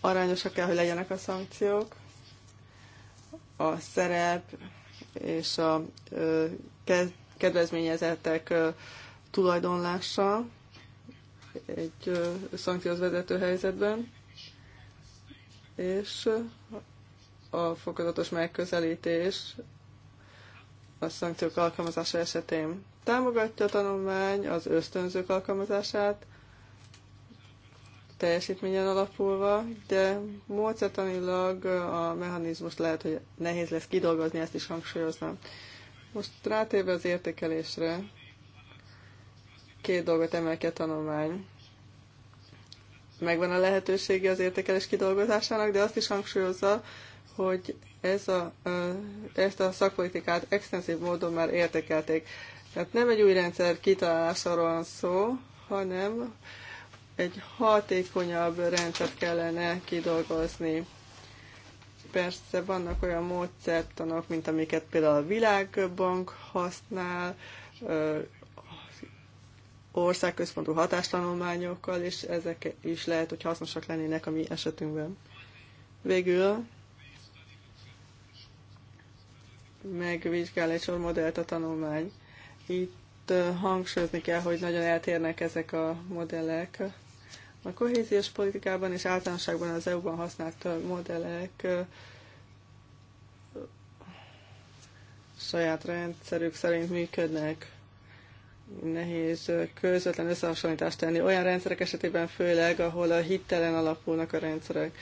Arányosak kell, hogy legyenek a szankciók, a szerep és a kedvezményezettek tulajdonlással egy szankcióhoz vezető helyzetben, és a fokozatos megközelítés a szankciók alkalmazása esetén támogatja a tanulmány az ösztönzők alkalmazását, teljesítményen alapulva, de módszertanilag a mechanizmus lehet, hogy nehéz lesz kidolgozni, ezt is hangsúlyoznám. Most rátérve az értékelésre, Két dolgot emel ki a tanulmány. Megvan a lehetősége az értékelés kidolgozásának, de azt is hangsúlyozza, hogy ez a, ezt a szakpolitikát extenzív módon már értékelték. Tehát nem egy új rendszer kitalálásáról van szó, hanem egy hatékonyabb rendszert kellene kidolgozni. Persze vannak olyan módszertanok, mint amiket például a Világbank használ, országközpontú hatástanulmányokkal, és ezek is lehet, hogy hasznosak lennének a mi esetünkben. Végül megvizsgál egy sor modellt a tanulmány. Itt hangsúlyozni kell, hogy nagyon eltérnek ezek a modellek. A kohéziós politikában és általánosságban az EU-ban használt modellek saját rendszerük szerint működnek nehéz közvetlen összehasonlítást tenni. Olyan rendszerek esetében főleg, ahol a hittelen alapulnak a rendszerek,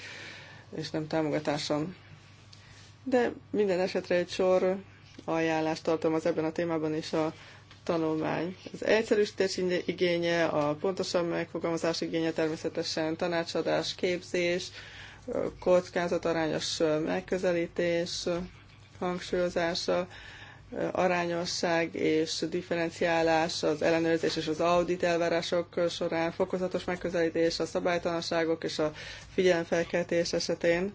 és nem támogatáson. De minden esetre egy sor ajánlást az ebben a témában is a tanulmány. Az egyszerűsítés igénye, a pontosabb megfogalmazás igénye természetesen tanácsadás, képzés, kockázatarányos megközelítés hangsúlyozása, arányosság és differenciálás, az ellenőrzés és az audit elvárások során, fokozatos megközelítés, a szabálytalanságok és a figyelemfelkeltés esetén.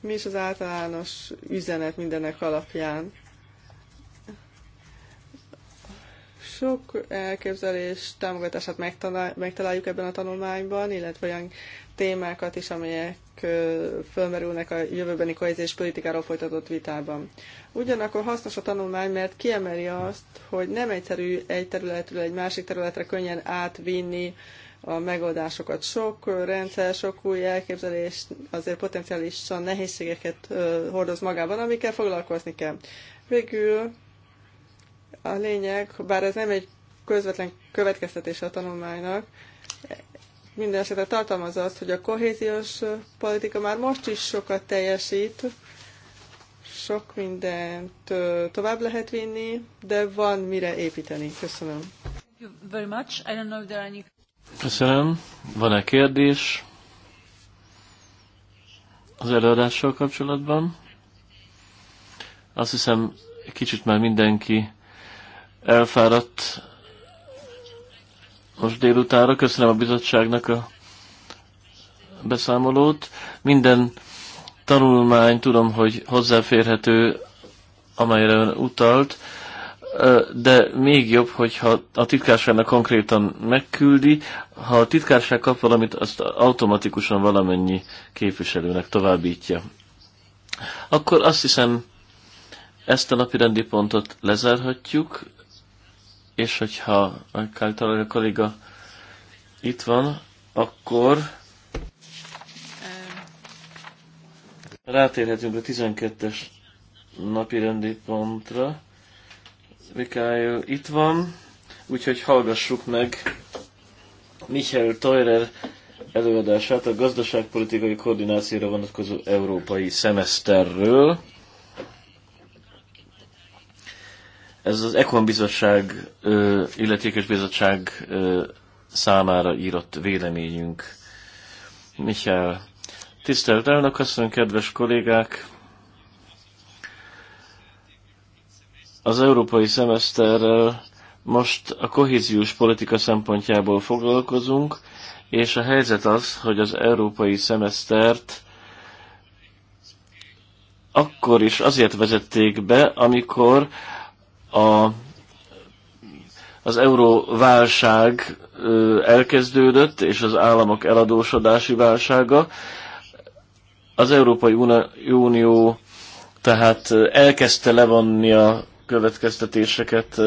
Mi is az általános üzenet mindenek alapján? Sok elképzelés támogatását megtaláljuk ebben a tanulmányban, illetve olyan témákat is, amelyek fölmerülnek a jövőbeni kohéziós politikáról folytatott vitában. Ugyanakkor hasznos a tanulmány, mert kiemeli azt, hogy nem egyszerű egy területről egy másik területre könnyen átvinni a megoldásokat. Sok rendszer, sok új elképzelés azért potenciálisan nehézségeket hordoz magában, amikkel foglalkozni kell. Végül a lényeg, bár ez nem egy közvetlen következtetése a tanulmánynak, minden esetre tartalmazza azt, hogy a kohéziós politika már most is sokat teljesít, sok mindent tovább lehet vinni, de van mire építeni. Köszönöm. Köszönöm. Van-e kérdés az előadással kapcsolatban? Azt hiszem, kicsit már mindenki elfáradt most délutánra. Köszönöm a bizottságnak a beszámolót. Minden tanulmány tudom, hogy hozzáférhető, amelyre ön utalt, de még jobb, hogyha a titkárságnak konkrétan megküldi, ha a titkárság kap valamit, azt automatikusan valamennyi képviselőnek továbbítja. Akkor azt hiszem, ezt a napi rendi pontot lezárhatjuk és hogyha a a kolléga itt van, akkor rátérhetünk a 12-es napi rendi pontra. Vikály itt van, úgyhogy hallgassuk meg Michael Teurer előadását a gazdaságpolitikai koordinációra vonatkozó európai szemeszterről. Ez az Ekon bizottság, illetékes bizottság számára írott véleményünk. Michel, tisztelt elnök köszönöm, kedves kollégák! Az európai szemeszterrel most a kohéziós politika szempontjából foglalkozunk, és a helyzet az, hogy az európai szemesztert akkor is azért vezették be, amikor a, az euróválság elkezdődött, és az államok eladósodási válsága. Az Európai Unió tehát elkezdte levonni a következtetéseket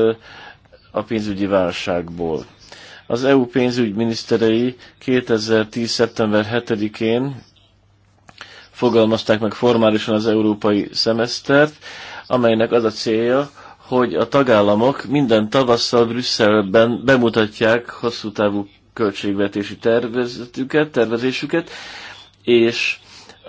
a pénzügyi válságból. Az EU pénzügyminiszterei 2010. szeptember 7-én fogalmazták meg formálisan az európai szemesztert, amelynek az a célja, hogy a tagállamok minden tavasszal Brüsszelben bemutatják hosszú távú költségvetési tervezetüket, tervezésüket, és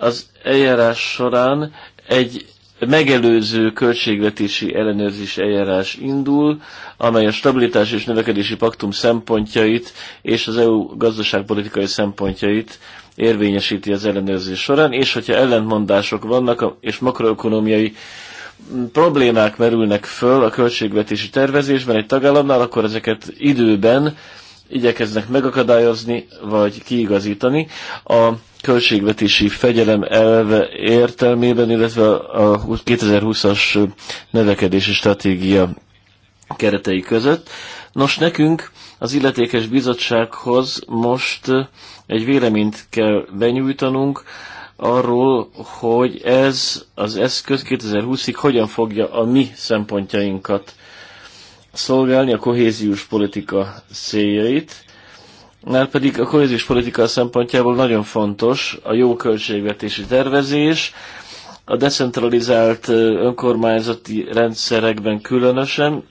az eljárás során egy megelőző költségvetési ellenőrzés eljárás indul, amely a stabilitás és növekedési paktum szempontjait és az EU gazdaságpolitikai szempontjait érvényesíti az ellenőrzés során, és hogyha ellentmondások vannak és makroökonomiai problémák merülnek föl a költségvetési tervezésben egy tagállamnál, akkor ezeket időben igyekeznek megakadályozni, vagy kiigazítani. A költségvetési fegyelem elve értelmében, illetve a 2020-as növekedési stratégia keretei között. Nos, nekünk az illetékes bizottsághoz most egy véleményt kell benyújtanunk arról, hogy ez az eszköz 2020-ig hogyan fogja a mi szempontjainkat szolgálni, a kohéziós politika céljait. Mert pedig a kohéziós politika szempontjából nagyon fontos a jó költségvetési tervezés, a decentralizált önkormányzati rendszerekben különösen,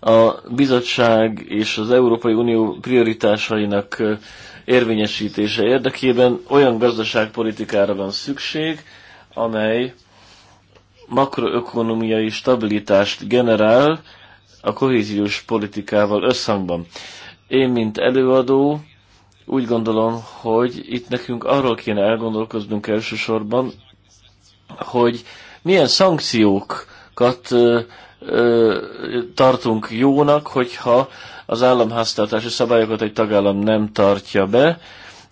a bizottság és az Európai Unió prioritásainak érvényesítése érdekében olyan gazdaságpolitikára van szükség, amely makroökonomiai stabilitást generál a kohéziós politikával összhangban. Én, mint előadó, úgy gondolom, hogy itt nekünk arról kéne elgondolkoznunk elsősorban, hogy milyen szankciókat ö, ö, tartunk jónak, hogyha az államháztartási szabályokat egy tagállam nem tartja be,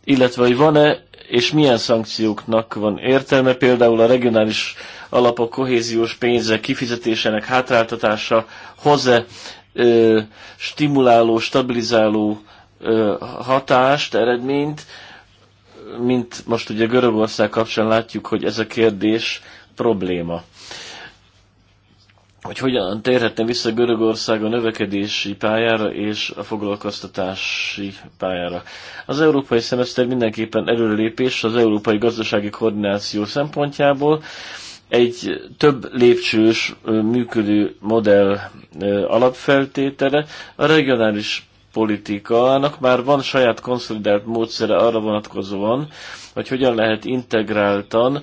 illetve hogy van-e és milyen szankcióknak van értelme, például a regionális alapok kohéziós pénzek kifizetésének hátráltatása hoz-e stimuláló, stabilizáló ö, hatást, eredményt, mint most ugye Görögország kapcsán látjuk, hogy ez a kérdés probléma hogy hogyan térhetne vissza Görögország a növekedési pályára és a foglalkoztatási pályára. Az európai szemeszter mindenképpen előrelépés az európai gazdasági koordináció szempontjából egy több lépcsős működő modell alapfeltétele. A regionális politikának már van saját konszolidált módszere arra vonatkozóan, hogy hogyan lehet integráltan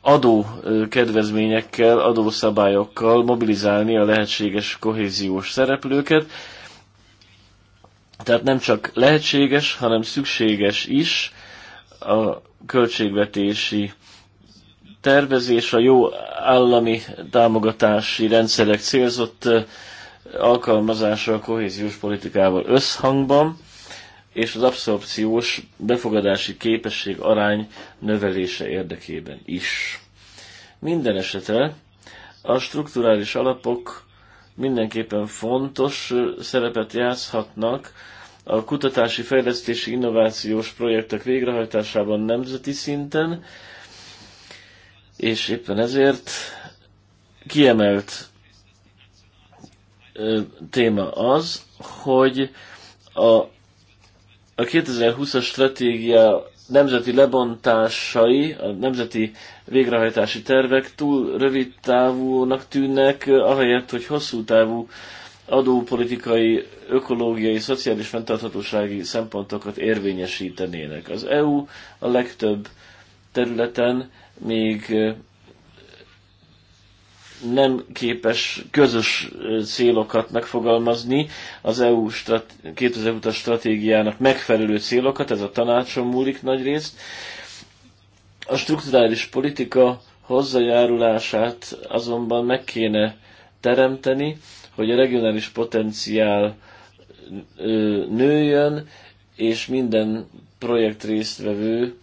adó kedvezményekkel, adószabályokkal mobilizálni a lehetséges kohéziós szereplőket. Tehát nem csak lehetséges, hanem szükséges is a költségvetési tervezés, a jó állami támogatási rendszerek célzott alkalmazása a kohéziós politikával összhangban és az abszorpciós befogadási képesség arány növelése érdekében is. Minden esetre a strukturális alapok mindenképpen fontos szerepet játszhatnak a kutatási, fejlesztési, innovációs projektek végrehajtásában nemzeti szinten, és éppen ezért kiemelt téma az, hogy a a 2020-as stratégia nemzeti lebontásai, a nemzeti végrehajtási tervek túl rövid távúnak tűnnek, ahelyett, hogy hosszú távú adópolitikai, ökológiai, szociális fenntarthatósági szempontokat érvényesítenének. Az EU a legtöbb területen még nem képes közös célokat megfogalmazni, az EU 2020-as e stratégiának megfelelő célokat, ez a tanácson múlik nagy részt. A strukturális politika hozzájárulását azonban meg kéne teremteni, hogy a regionális potenciál nőjön, és minden projekt résztvevő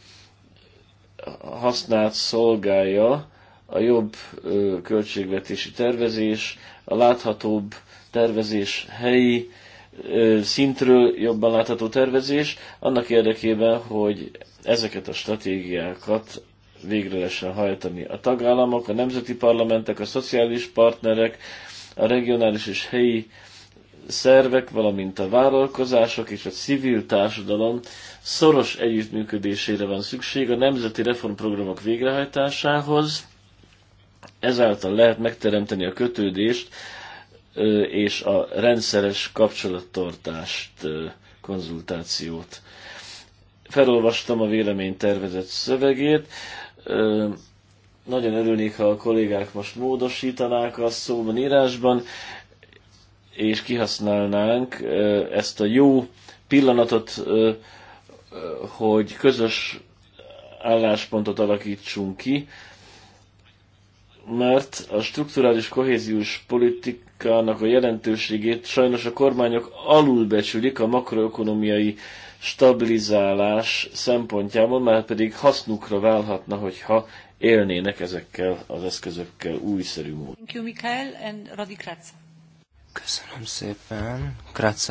használt szolgálja, a jobb költségvetési tervezés, a láthatóbb tervezés helyi szintről jobban látható tervezés, annak érdekében, hogy ezeket a stratégiákat végre lehessen hajtani. A tagállamok, a nemzeti parlamentek, a szociális partnerek, a regionális és helyi szervek, valamint a vállalkozások és a civil társadalom szoros együttműködésére van szükség a nemzeti reformprogramok végrehajtásához, ezáltal lehet megteremteni a kötődést és a rendszeres kapcsolattartást, konzultációt. Felolvastam a vélemény tervezett szövegét, nagyon örülnék, ha a kollégák most módosítanák a szóban, írásban, és kihasználnánk ezt a jó pillanatot, hogy közös álláspontot alakítsunk ki, mert a strukturális kohéziós politikának a jelentőségét sajnos a kormányok alulbecsülik a makroökonomiai stabilizálás szempontjából, már pedig hasznukra válhatna, hogyha élnének ezekkel az eszközökkel újszerű módon. Thank you, Mikael, and Köszönöm szépen, Kratz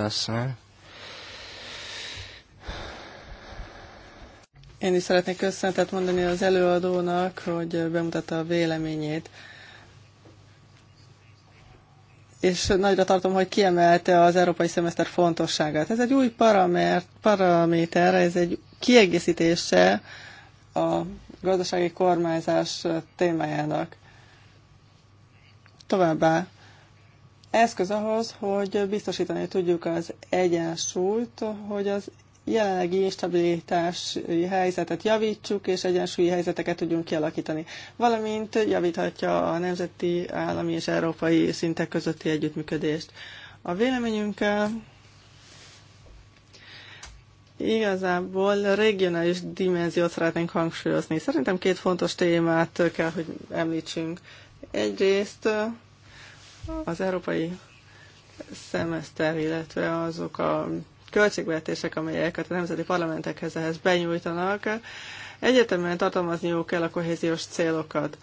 Én is szeretnék köszönetet mondani az előadónak, hogy bemutatta a véleményét. És nagyra tartom, hogy kiemelte az európai szemeszter fontosságát. Ez egy új paramér, paraméter, ez egy kiegészítése a gazdasági kormányzás témájának. Továbbá eszköz ahhoz, hogy biztosítani tudjuk az egyensúlyt, hogy az jelenlegi instabilitási helyzetet javítsuk, és egyensúlyi helyzeteket tudjunk kialakítani, valamint javíthatja a nemzeti, állami és európai szintek közötti együttműködést. A véleményünkkel Igazából regionális dimenziót szeretnénk hangsúlyozni. Szerintem két fontos témát kell, hogy említsünk. Egyrészt az európai szemeszter, illetve azok a költségvetések, amelyeket a nemzeti parlamentekhez ehhez benyújtanak, egyetemben tartalmazniuk kell a kohéziós célokat.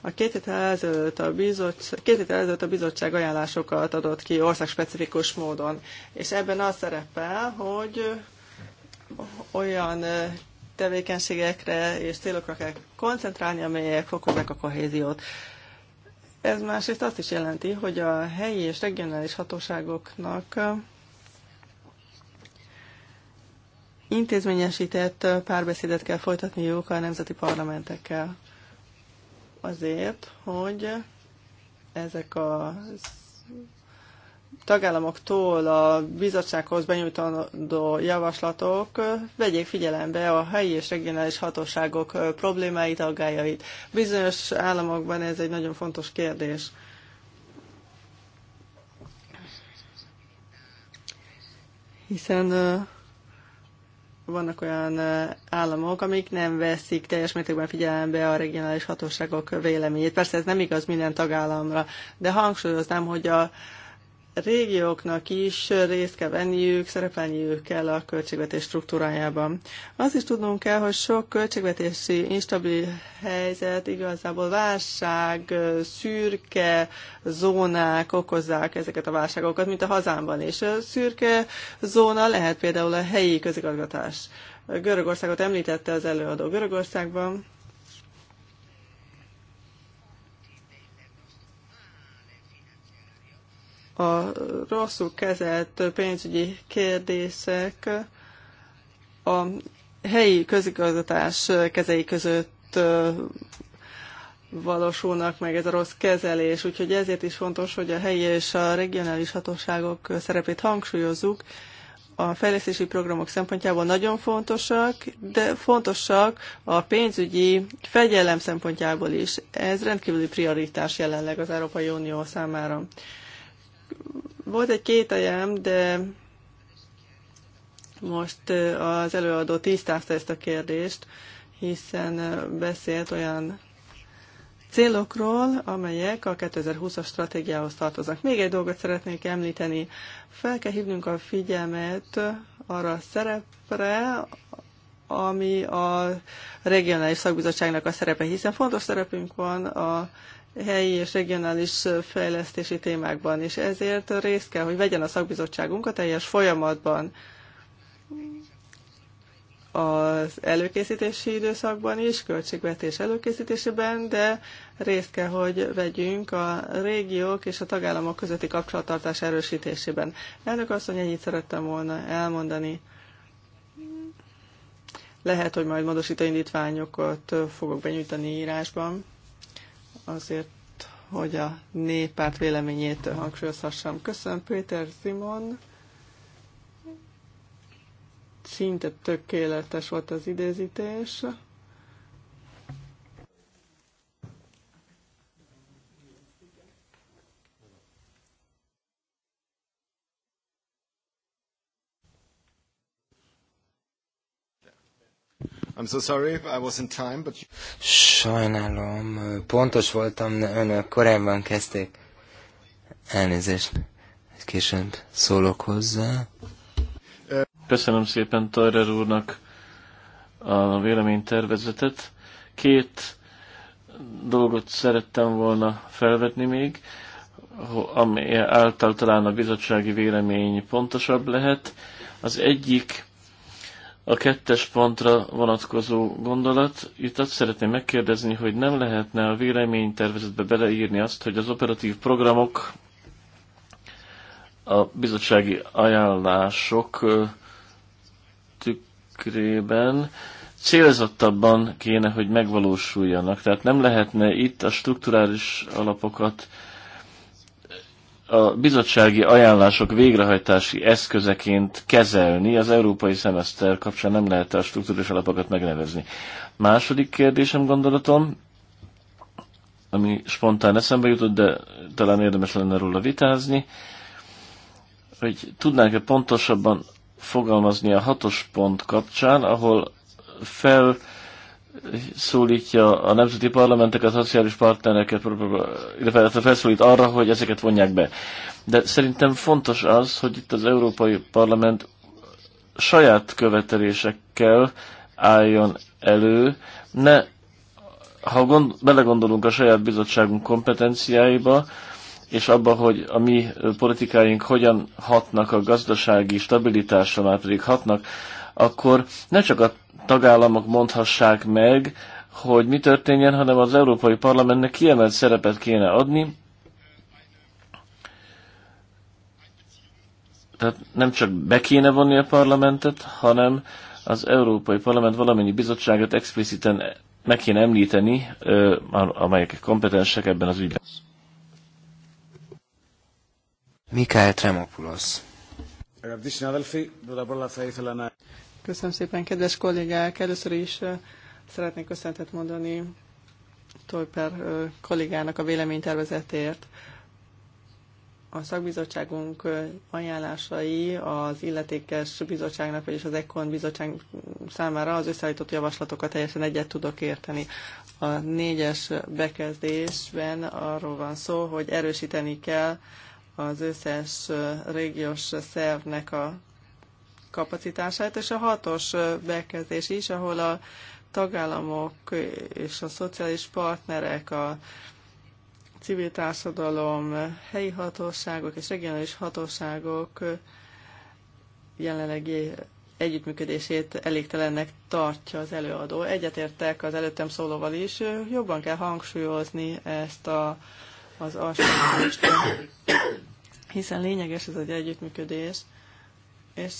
A két héttel ezelőtt a, bizottság, két héttel ezelőtt a bizottság ajánlásokat adott ki országspecifikus módon, és ebben az szerepel, hogy olyan tevékenységekre és célokra kell koncentrálni, amelyek fokozzák a kohéziót. Ez másrészt azt is jelenti, hogy a helyi és regionális hatóságoknak intézményesített párbeszédet kell folytatniuk a nemzeti parlamentekkel azért, hogy ezek a tagállamoktól a bizottsághoz benyújtandó javaslatok vegyék figyelembe a helyi és regionális hatóságok problémáit, aggájait. Bizonyos államokban ez egy nagyon fontos kérdés. Hiszen vannak olyan államok, amik nem veszik teljes mértékben figyelembe a regionális hatóságok véleményét. Persze ez nem igaz minden tagállamra, de hangsúlyoznám, hogy a régióknak is részt kell venniük, szerepelniük kell a költségvetés struktúrájában. Azt is tudnunk kell, hogy sok költségvetési instabil helyzet igazából válság, szürke zónák okozzák ezeket a válságokat, mint a hazámban is. A szürke zóna lehet például a helyi közigazgatás. Görögországot említette az előadó Görögországban A rosszul kezelt pénzügyi kérdések a helyi közigazgatás kezei között valósulnak meg ez a rossz kezelés, úgyhogy ezért is fontos, hogy a helyi és a regionális hatóságok szerepét hangsúlyozzuk. A fejlesztési programok szempontjából nagyon fontosak, de fontosak a pénzügyi fegyelem szempontjából is. Ez rendkívüli prioritás jelenleg az Európai Unió számára volt egy ajám, de most az előadó tisztázta ezt a kérdést, hiszen beszélt olyan célokról, amelyek a 2020-as stratégiához tartoznak. Még egy dolgot szeretnék említeni. Fel kell hívnunk a figyelmet arra a szerepre, ami a regionális szakbizottságnak a szerepe, hiszen fontos szerepünk van a helyi és regionális fejlesztési témákban, és ezért részt kell, hogy vegyen a szakbizottságunk a teljes folyamatban az előkészítési időszakban is, költségvetés előkészítésében, de részt kell, hogy vegyünk a régiók és a tagállamok közötti kapcsolattartás erősítésében. Elnök asszony, ennyit szerettem volna elmondani. Lehet, hogy majd módosító indítványokat fogok benyújtani írásban azért, hogy a néppárt véleményét hangsúlyozhassam. Köszönöm Péter Simon. Szinte tökéletes volt az idézítés. I'm so sorry, I was in time, but... Sajnálom, pontos voltam, de önök korábban kezdték. Elnézést, később szólok hozzá. Köszönöm szépen Tarrer úrnak a véleménytervezetet. Két dolgot szerettem volna felvetni még, ami által talán a bizottsági vélemény pontosabb lehet. Az egyik a kettes pontra vonatkozó gondolat. Itt azt szeretném megkérdezni, hogy nem lehetne a véleménytervezetbe beleírni azt, hogy az operatív programok a bizottsági ajánlások tükrében célzottabban kéne, hogy megvalósuljanak. Tehát nem lehetne itt a strukturális alapokat a bizottsági ajánlások végrehajtási eszközeként kezelni, az európai szemeszter kapcsán nem lehet a struktúrás alapokat megnevezni. Második kérdésem, gondolatom, ami spontán eszembe jutott, de talán érdemes lenne róla vitázni, hogy tudnánk-e pontosabban fogalmazni a hatos pont kapcsán, ahol fel szólítja a nemzeti parlamenteket, a szociális partnereket, illetve felszólít arra, hogy ezeket vonják be. De szerintem fontos az, hogy itt az Európai Parlament saját követelésekkel álljon elő, ne, ha gond, belegondolunk a saját bizottságunk kompetenciáiba, és abba, hogy a mi politikáink hogyan hatnak a gazdasági stabilitásra, már pedig hatnak, akkor ne csak a tagállamok mondhassák meg, hogy mi történjen, hanem az Európai Parlamentnek kiemelt szerepet kéne adni. Tehát nem csak be kéne vonni a parlamentet, hanem az Európai Parlament valamennyi bizottságot expliciten meg kéne említeni, amelyek kompetensek ebben az ügyben. Mikael Tremopoulos. Köszönöm szépen, kedves kollégák! Először is szeretnék köszöntet mondani Tolper kollégának a véleménytervezetért. A szakbizottságunk ajánlásai az illetékes bizottságnak, vagyis az ECON bizottság számára az összeállított javaslatokat teljesen egyet tudok érteni. A négyes bekezdésben arról van szó, hogy erősíteni kell az összes régiós szervnek a kapacitását, és a hatos bekezdés is, ahol a tagállamok és a szociális partnerek, a civil társadalom, helyi hatóságok és regionális hatóságok jelenlegi együttműködését elégtelennek tartja az előadó. Egyetértek az előttem szólóval is, jobban kell hangsúlyozni ezt a, az aspektust, hiszen lényeges ez az együttműködés, és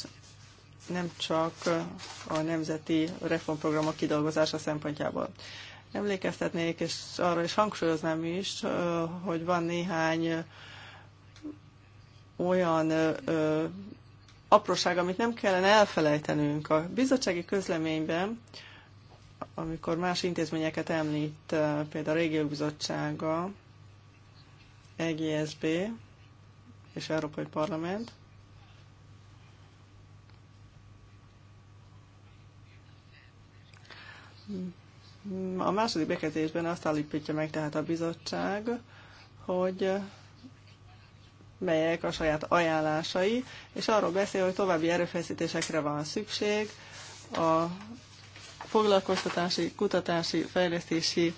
nem csak a nemzeti reformprogramok kidolgozása szempontjából. Emlékeztetnék, és arra is hangsúlyoznám is, hogy van néhány olyan apróság, amit nem kellene elfelejtenünk. A bizottsági közleményben, amikor más intézményeket említ, például a Régió Bizottsága, EGSB és Európai Parlament, a második bekezdésben azt állítja meg tehát a bizottság, hogy melyek a saját ajánlásai, és arról beszél, hogy további erőfeszítésekre van szükség a foglalkoztatási, kutatási, fejlesztési,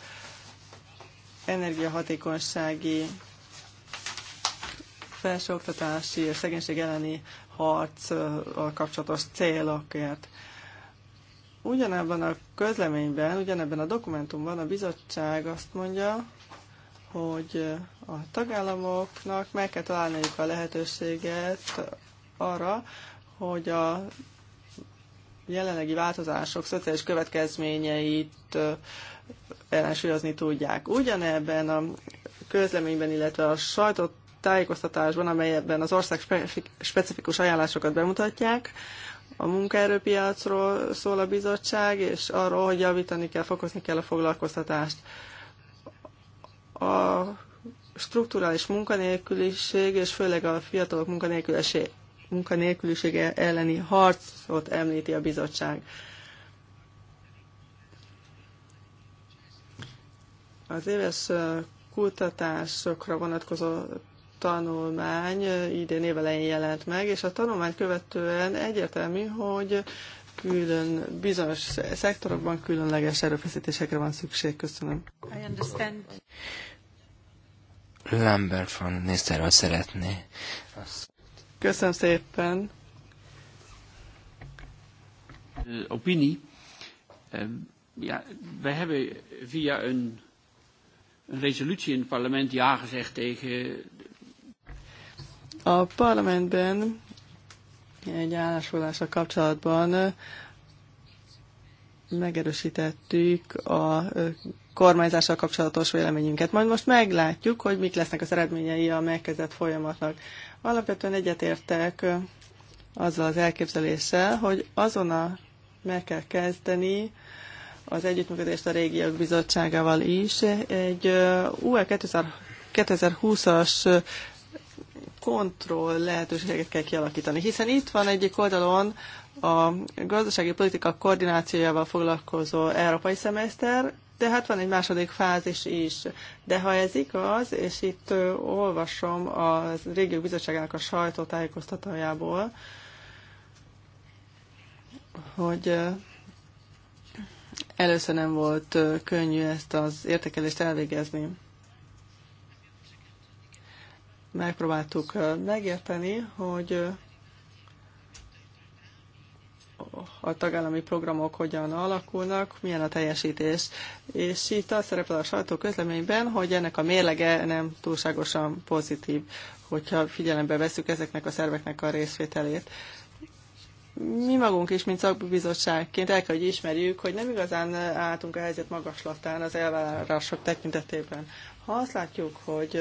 energiahatékonysági, felsőoktatási és szegénység elleni harc kapcsolatos célokért. Ugyanebben a közleményben, ugyanebben a dokumentumban a bizottság azt mondja, hogy a tagállamoknak meg kell találniuk a lehetőséget arra, hogy a jelenlegi változások szociális következményeit ellensúlyozni tudják. Ugyanebben a közleményben, illetve a sajtótájékoztatásban amelyben az ország specifikus ajánlásokat bemutatják, a munkaerőpiacról szól a bizottság, és arról, hogy javítani kell, fokozni kell a foglalkoztatást. A strukturális munkanélküliség, és főleg a fiatalok munkanélkülisége elleni harcot említi a bizottság. Az éves kutatásokra vonatkozó tanulmány idén évelején jelent meg, és a tanulmány követően egyértelmű, hogy külön, bizonyos szektorokban különleges erőfeszítésekre van szükség. Köszönöm. I understand. Lambert von Nisztáról szeretné. Köszönöm szépen. Opini, Ja, we hebben via een, een resolutie in het parlement ja gezegd tegen a parlamentben egy állásfoglalással kapcsolatban megerősítettük a kormányzással kapcsolatos véleményünket. Majd most meglátjuk, hogy mik lesznek az eredményei a megkezdett folyamatnak. Alapvetően egyetértek azzal az elképzeléssel, hogy azon a meg kell kezdeni az együttműködést a régiók bizottságával is. Egy UE 2020-as kontroll lehetőségeket kell kialakítani, hiszen itt van egyik oldalon a gazdasági politika koordinációjával foglalkozó európai szemeszter, de hát van egy második fázis is. De ha ez igaz, és itt olvasom a régiók bizottságának a sajtótájékoztatójából, hogy először nem volt könnyű ezt az értékelést elvégezni megpróbáltuk megérteni, hogy a tagállami programok hogyan alakulnak, milyen a teljesítés. És itt az szerepel a közleményben, hogy ennek a mérlege nem túlságosan pozitív, hogyha figyelembe veszük ezeknek a szerveknek a részvételét. Mi magunk is, mint szakbizottságként el kell, hogy ismerjük, hogy nem igazán álltunk a helyzet magaslatán az elvárások tekintetében. Ha azt látjuk, hogy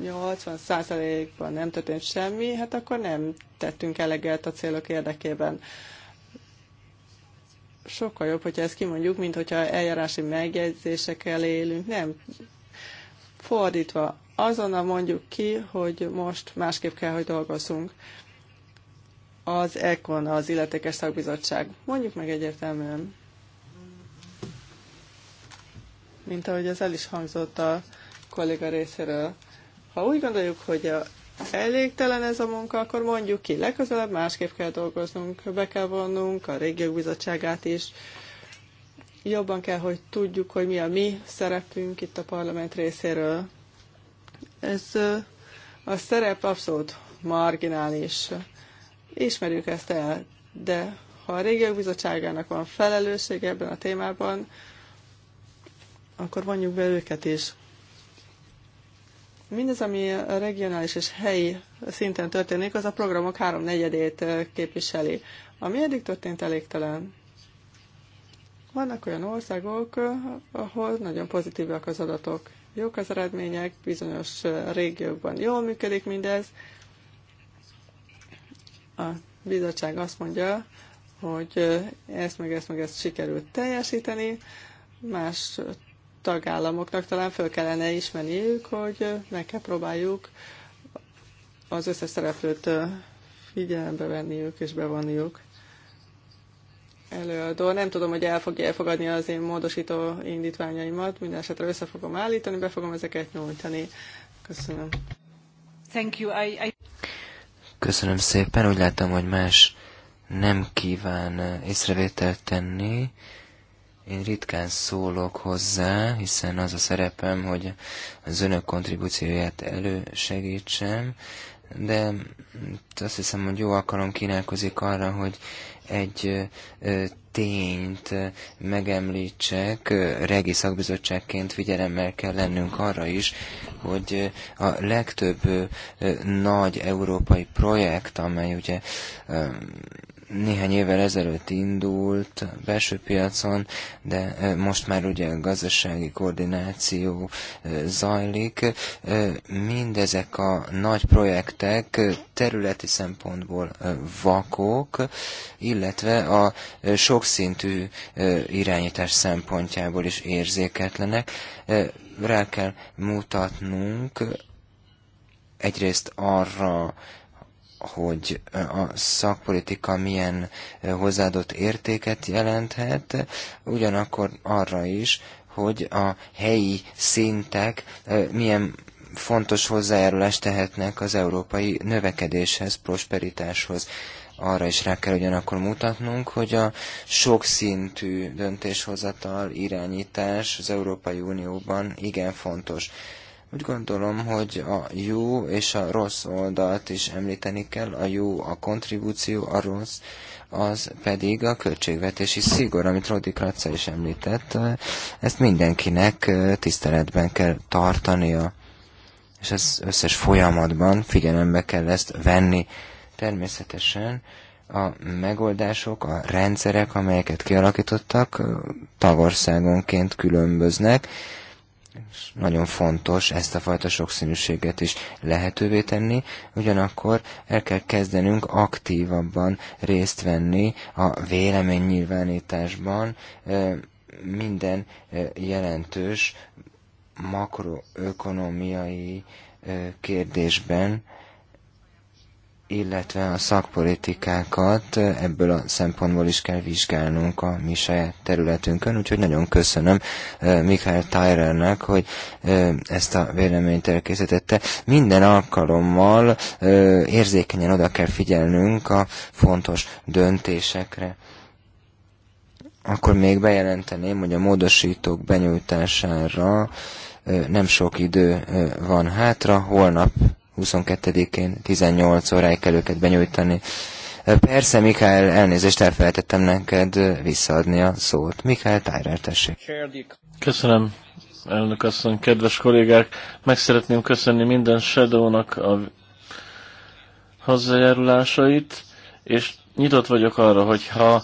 80%-ban nem történt semmi, hát akkor nem tettünk eleget a célok érdekében. Sokkal jobb, hogyha ezt kimondjuk, mint hogyha eljárási megjegyzésekkel élünk. Nem. Fordítva, azonnal mondjuk ki, hogy most másképp kell, hogy dolgozzunk. Az ECON, az illetékes szakbizottság. Mondjuk meg egyértelműen. Mint ahogy ez el is hangzott a kolléga részéről. Ha úgy gondoljuk, hogy a elégtelen ez a munka, akkor mondjuk ki, legközelebb másképp kell dolgoznunk, be kell vonnunk a régiók bizottságát is, jobban kell, hogy tudjuk, hogy mi a mi szerepünk itt a parlament részéről. Ez a szerep abszolút marginális. Ismerjük ezt el, de ha a régiók bizottságának van felelőssége ebben a témában, akkor mondjuk be őket is. Mindez, ami a regionális és helyi szinten történik, az a programok háromnegyedét képviseli. Ami eddig történt elégtelen. Vannak olyan országok, ahol nagyon pozitívak az adatok. Jók az eredmények, bizonyos régiókban jól működik mindez. A bizottság azt mondja, hogy ezt meg ezt meg ezt sikerült teljesíteni, más tagállamoknak talán föl kellene ismerniük, hogy meg kell próbáljuk az összes szereplőt figyelembe venniük és bevonniuk. Előadó. Nem tudom, hogy el fogja elfogadni az én módosító indítványaimat. Minden esetre össze fogom állítani, be fogom ezeket nyújtani. Köszönöm. Thank you. I, I... Köszönöm szépen. Úgy látom, hogy más nem kíván észrevételt tenni. Én ritkán szólok hozzá, hiszen az a szerepem, hogy az önök kontribúcióját elősegítsem, de azt hiszem, hogy jó alkalom kínálkozik arra, hogy egy tényt megemlítsek, regi szakbizottságként figyelemmel kell lennünk arra is, hogy a legtöbb nagy európai projekt, amely ugye néhány évvel ezelőtt indult belső piacon, de most már ugye a gazdasági koordináció zajlik. Mindezek a nagy projektek területi szempontból vakok, illetve a sokszintű irányítás szempontjából is érzéketlenek. Rá kell mutatnunk egyrészt arra, hogy a szakpolitika milyen hozzáadott értéket jelenthet, ugyanakkor arra is, hogy a helyi szintek milyen fontos hozzájárulást tehetnek az európai növekedéshez, prosperitáshoz. Arra is rá kell ugyanakkor mutatnunk, hogy a sokszintű döntéshozatal, irányítás az Európai Unióban igen fontos. Úgy gondolom, hogy a jó és a rossz oldalt is említeni kell. A jó a kontribúció, a rossz az pedig a költségvetési szigor, amit Rodi Kratza is említett. Ezt mindenkinek tiszteletben kell tartania, és az összes folyamatban figyelembe kell ezt venni. Természetesen a megoldások, a rendszerek, amelyeket kialakítottak, tagországonként különböznek, és nagyon fontos ezt a fajta sokszínűséget is lehetővé tenni, ugyanakkor el kell kezdenünk aktívabban részt venni a véleménynyilvánításban minden jelentős makroökonomiai kérdésben, illetve a szakpolitikákat ebből a szempontból is kell vizsgálnunk a mi saját területünkön, úgyhogy nagyon köszönöm Mikhail Tyrernek, hogy ezt a véleményt elkészítette. Minden alkalommal érzékenyen oda kell figyelnünk a fontos döntésekre akkor még bejelenteném, hogy a módosítók benyújtására nem sok idő van hátra, holnap 22-én 18 óráig kell őket benyújtani. Persze, Mikael, elnézést elfelejtettem neked visszaadni a szót. Mikael Tyler, tessék. Köszönöm, elnök asszony, kedves kollégák. Meg szeretném köszönni minden Shadow-nak a hozzájárulásait, és nyitott vagyok arra, hogy ha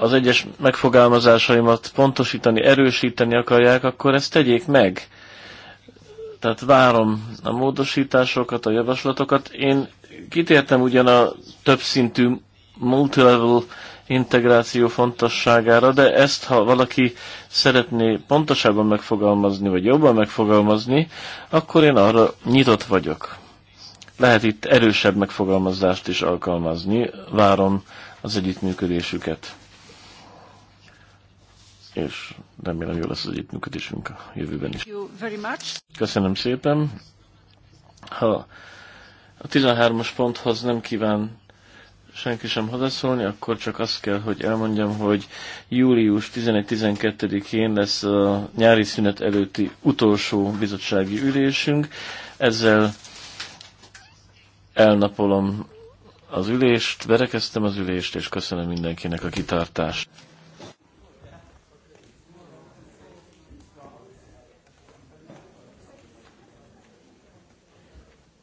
az egyes megfogalmazásaimat pontosítani, erősíteni akarják, akkor ezt tegyék meg tehát várom a módosításokat, a javaslatokat. Én kitértem ugyan a többszintű multilevel integráció fontosságára, de ezt, ha valaki szeretné pontosabban megfogalmazni, vagy jobban megfogalmazni, akkor én arra nyitott vagyok. Lehet itt erősebb megfogalmazást is alkalmazni, várom az együttműködésüket. És remélem jó lesz az együttműködésünk a jövőben is. Köszönöm szépen. Ha a 13-as ponthoz nem kíván senki sem hozzászólni, akkor csak azt kell, hogy elmondjam, hogy július 11-12-én lesz a nyári szünet előtti utolsó bizottsági ülésünk. Ezzel elnapolom az ülést, verekeztem az ülést, és köszönöm mindenkinek a kitartást.